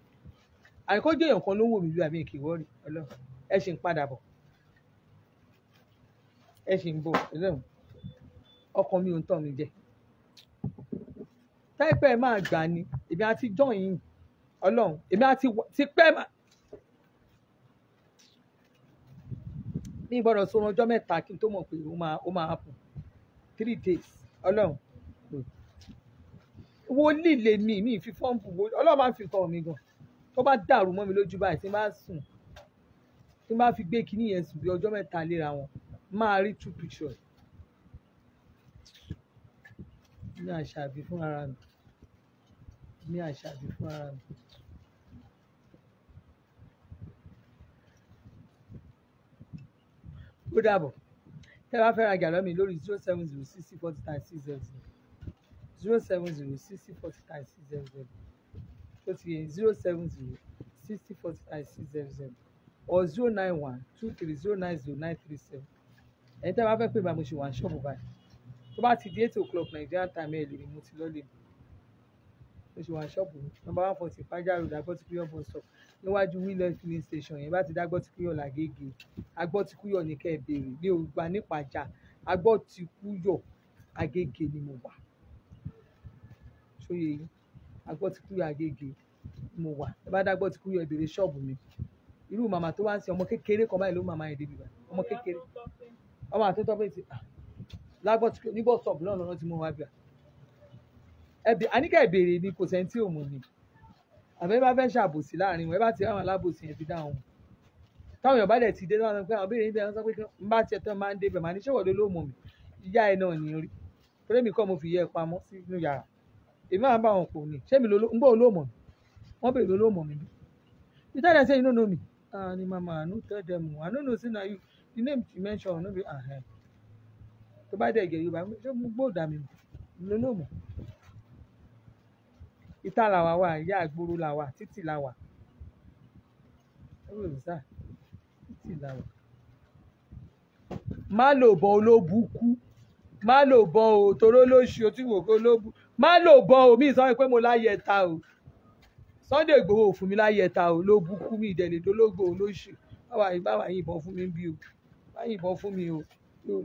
[SPEAKER 1] àìkọ́jọ́ èèyàn kan ló wò mí bí àmì kì í wọ́ọ̀rì ọlọ́run ẹ ṣì ń padà bọ̀ ẹ ṣì ń bọ̀ ọlọ́run ọkàn mi ò ń tàn mí jẹ táìpẹ́ máa gbà ni èmi àti john yìí ọlọ́run èmi àti ti pẹ́ mà. mi gbọ́dọ̀ sọ ọjọ́ mẹ́ta kí n tó mọ̀ pé ó máa ó máa happen three days ọlọ́run wòlíì lè mi mi fi pọ́ǹpù wòlíì ọlọ́run máa ń fi tọ̀ mí gan tó bá dàrú mọ́ mi lójú báyìí tí n bá sùn tí n bá fi gbé kinní yẹn sùn bí ọjọ́ mẹ́ta léra wọn máa rí two pictures ní àṣàbí fún ara mi ní àṣàbí fún ara mi. ó dàbọ̀ tẹ́ bá fẹ́ rajà lórí zero seven zero six six forty nine six zero zero zero seven zero sixty forty five six zero zero tó ti zero seven zero sixty forty five six zero zero or zero nine one two three zero nine zero nine three seven ẹni tí a bá fẹ́ pè bá mo ṣe wà ní ṣọ́ọ̀bù báyìí tó bá ti di eight o'clock Nigerian time ẹ̀ lè ní mo ti lọ lè mo ṣe wà ní ṣọ́ọ̀bù number one forty Ìpájà road agbọ́tikúyọ̀ bus stop níwájú wheeler filling station yẹn bá ti dá agbọ́tikúyọ̀ làgége agbọ́tikúyọ̀ ní kẹ́ ẹ béèrè ní ògbà nípàjà agbọ́tikúyọ̀ àgége ni mo wà tó yẹ yìí agbọ́tikúyọ̀ agége mo wà ẹ bá dá agbọ́tikúyọ̀ ìbèrè ṣọ́ọ̀bù mi irú màmá tó wá ń sin ọmọ kékeré kan báyìí ló màmá yẹn débi báyìí ọmọ kékeré ọmọ àti tọ́pẹ́ ti ah, lágbọ́tikúyọ̀ ní bọ́sọ̀ọ̀bù náà lọ́nà tí mo wá gbà ẹbí àníkà ìbèrè ni kò sẹ́ni tí ò mọ̀ ni àbẹ́ bá fẹ́ ṣàbòsí láàrin wọn ẹ bá ti ráwọn alábòsí yẹn fi dáhùn táwọn èèyàn bá dẹ̀ ti dé náà sọ pé àwọn obìnrin bẹ̀rẹ̀ sọ pé n bá tiẹ̀ tán máa ń débẹ̀ màá ní ṣé wọ́n ló mọ̀ mi ìyá ẹ náà ní orí torí mi kọ́ mo fi yẹ ẹ pamọ́ sínú yàrá èmi àwọn bá wọn kò ní ṣé mi ló ń bọ̀ ló mọ̀ mi wọ́n bèrè ló mi bí you tell them say you no know me ah ni mama i no tell them o i no know say na you the name you mention no be ah ẹ̀ eh. tó bá dẹ̀ gẹ̀ yorùbá ṣé mo gbóòdà mi ló ló mọ̀ ìta làwà wà ìyá àgbòrò làwà títì làwà ẹ̀rọ ìsà títì làwà má lò bọ́ olóbùkú má lò bọ́ òtòrólóṣù tí wò kó lóbùkú má lò bọ omi sọ pé mo láyẹ ta o Sunday Igboho ò fún mi láyẹ ta o ló bukú mi ìdẹ̀lẹ̀ dólógbò olóṣù báwa báwa yìnbọn fún mi bí o báwa yìnbọn fún mi o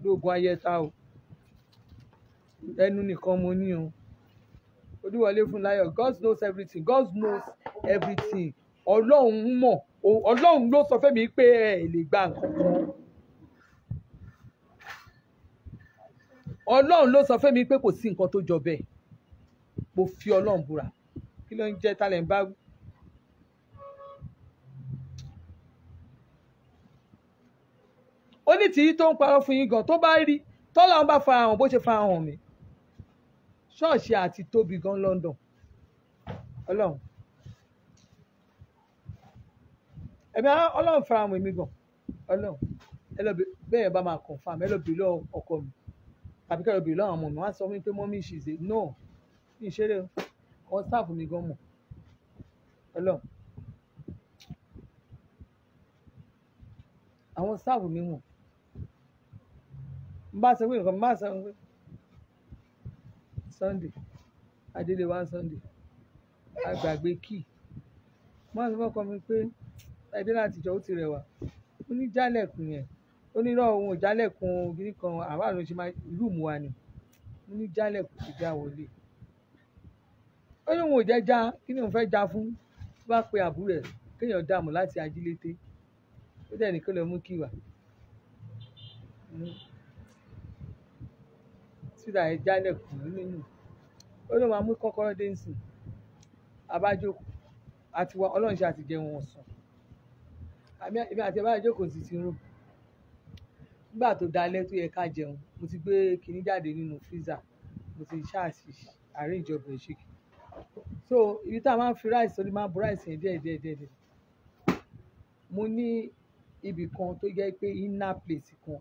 [SPEAKER 1] lóògùn ayẹ ta o ẹnu nìkan mo ní o olúwọlé fún láyọ̀ God knows everything God knows everything ọlọ́run mọ̀ ọlọ́run ló sọ fẹ́mi pé ẹ lè gba nǹkan kan ọlọ́run ló sọ fẹ́mi pé kò sí nǹkan tó jọ bẹ́ẹ̀ mo fi ọlọ́run búra kí ló ń jẹ́ talẹ̀ ń bá wí. ó ní tìyí tó ń parọ́ fún yín gan tó bá rí tọ́lá ń bá fara hàn bó ṣe fara hàn mí ṣọ́ọ̀ṣì àti tóbi gan London ọlọ́run ẹ̀mí ọlọ́run fara hàn mí gan ọlọ́run ẹ lọ bẹ́ẹ̀ bá máa confam ẹ lọ bí lọ ọkọ mi tàbí kẹ́ lọ bí lọ àwọn ọmọ mi wọ́n á sọ wípé mọ́mí ṣìṣe náà ní ìṣeré wọn sáàfù mi gan mọ̀ ọlọ́run àwọn sáàfù mi mọ̀ n bá sọ pé nǹkan má sọ pé Sunday adélé wá Sunday àgbàgbé kì mo sọ fọkàn mi pé ẹdẹ láti jọ ó ti rẹwà ó ní jálẹ̀kùn yẹn ó ní náà òun ò jálẹ̀kùn kìnnìkan àbáàlú ṣe máa rúùmù wa ni ó ní jálẹ̀kùn ti já wọlé ó ní òun ò jẹ́ já kí ni òun fẹ́ já fún bá pe àbúrò ẹ̀ kéèyàn dààmú láti ajílété ó dẹ̀ ní kó lọ mú kíwà sídà ẹ̀ jálẹ̀ kù nínú ó ló máa mú kọ́kọ́rọ́ dé nsìn abájókòó àti wa ọlọ́run ṣe àti jẹun ọ̀sán èmi àti ẹ̀bá ìjókòó sì ti ń nígbà tó dalẹ̀ tó yẹ ká jẹun mo ti gbé kinní jáde nínú fíza mo ti ṣáàṣì àárín ìṣèkì so ibi tá a máa ń fi ráìsì oní máa ń bu ráìsì yẹn díẹ̀ díẹ̀ díẹ̀ díẹ̀ mo ní ibì kan tó jẹ́ pé inner place kan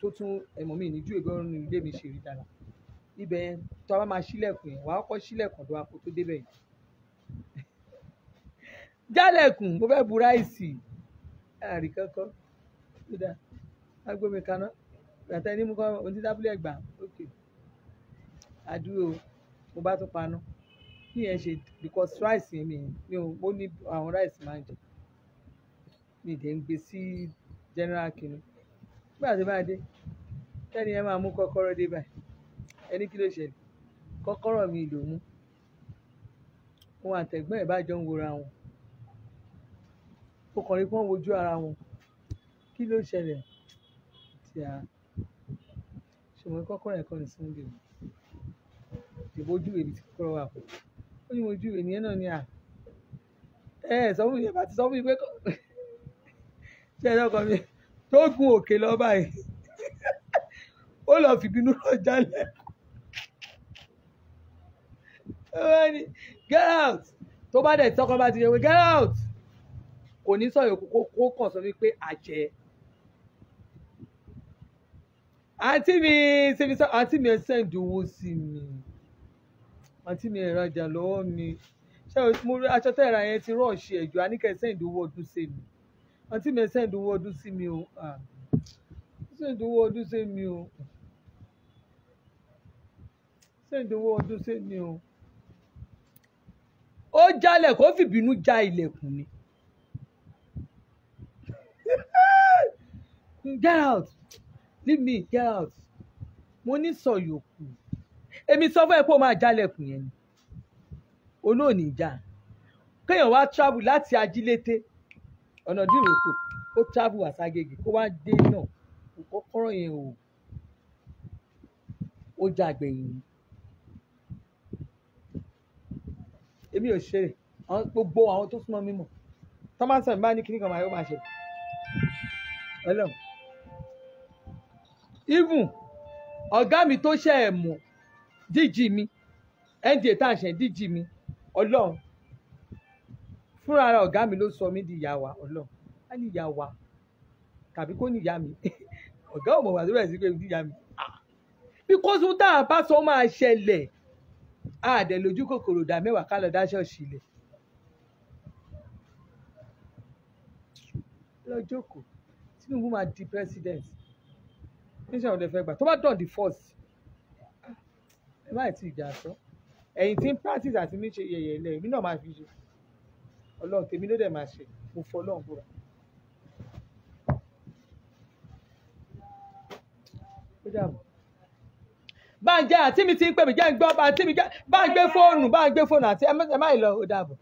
[SPEAKER 1] tó tún ẹ̀mọ́ mi ní ju ìgbọ́rún nínú ilé mi ṣe rí dára ibẹ̀ tó a bá máa ṣílẹ̀kùn yẹn wàá kọ́ ṣílẹ̀kùn tó a kó tó débẹ̀ yìí [laughs] jálẹ̀kùn mo fẹ́ bu ráìsì àrí kankan tó dáa agbomi kaná gbàtà ẹni mú kọ́ onídábúlẹ̀ gbà ókè àdúró mo bá tún paná chicken yẹn ṣe because rice mi mi ò mo ní àwọn rice máa ń jẹ mi dé ń gbé sí general kinu nígbà tó máa dé tẹ́ni ẹ máa mú kọ́kọ́rọ́ dé báyìí ẹni kí ló ṣẹlẹ̀ kọ́kọ́rọ́ mi ló mú òun àtẹ̀gbọ́n ẹ̀ bá jọ ń wora wọn ó kàn rí pọ́n wojú ara wọn kí ló ṣẹlẹ̀ tí a ṣùgbọ́n kọ́kọ́rọ́ ẹ̀ kọ́ ní sunday ìbójú èbìtì kọ́kọ́rọ́ wà pọ̀ ó ní mo ju ènìyàn náà ní à ẹ ẹ sọ fún mi bá ti sọ fún mi pé kò ṣe ẹjọ́ kan mi tó gun òkè lọ báyìí [laughs] ó lọ fìbínú lọ jálẹ̀ ó wá ní get out tó bá dẹ̀ tọkọ bá ti yẹ pé get out kò ní sọ yòókù kó kàn sọ wípé àjẹ́ àǹtí mi ṣe fi sọ àǹtí mi ẹ sẹ́ǹdì owó sí mi àǹtí mi ẹ rajà lọ́wọ́ mi ṣé mo rí aṣọ tẹ́ ra yẹn ti rọ́ọ̀ṣì ẹ̀jọ́ àníkẹ́ sẹ́ǹdì owó ọdún sí mi àǹtí mi sẹ́ǹdì ọdún sí mi o sẹ́ǹdì owó ọdún sí mi o sẹ́ǹdì owó ọdún sí mi o ó jalè kó fìbínú ja ilẹ̀kùn ni [laughs] get out leave me get out mo ní sọ̀yọ̀kù. So èmi sọ fún ẹ pé ó máa jálẹ̀kùn yẹn ni olóòní ìjà kéèyàn wá travel láti ajílété ọ̀nà dìròkò ó travel àságègè kó wá dé náà kọ́kọ́rọ́ yẹn o ó jà gbẹ̀yìn èmi ò ṣe gbogbo àwọn tó súnmọ́ mímọ́ tọ́másán bá ní kíní máa yóò máa ṣe ọlọ́run even ọ̀gá mi tó ṣe ẹ̀ mọ̀ díjì mi nda tá à ń ṣe díjì mi ọlọ́run fúnra ara ọ̀gá mi ló sọ mí di ìyá wa ọlọ́run á ní ìyá wa tàbí kó ní ìyá mi [laughs] ọ̀gá ò mọ̀ wà lórí ẹ̀sìn pé di ìyá mi ah! because ohun tá a bá sọ máa ṣẹlẹ̀ àdẹ̀ lójú kòkòrò dà mẹ́wàá ká lọ dá ṣọ́ọ̀ṣì lẹ̀ lọ jókòó Tinubu máa di president níṣẹ́ àwọn ọ̀dẹ̀ fẹ́ gbà tó bá dàn di first ẹ má ti ìjà sọ ẹ̀yin tí ń practice àti ní ṣe yẹ̀yẹ̀ ilẹ̀ èmi náà máa fi ṣe ọlọ́run tèmi ló dẹ̀ máa ṣe mo fọ ọlọ́run búra. bá ń jẹ́ àtìmí ti ń pè mí jẹ́ ń gbọ́ bá ń gbé fóònù bá ń gbé fóònù àti ẹ má ì lọ ó dàbọ̀.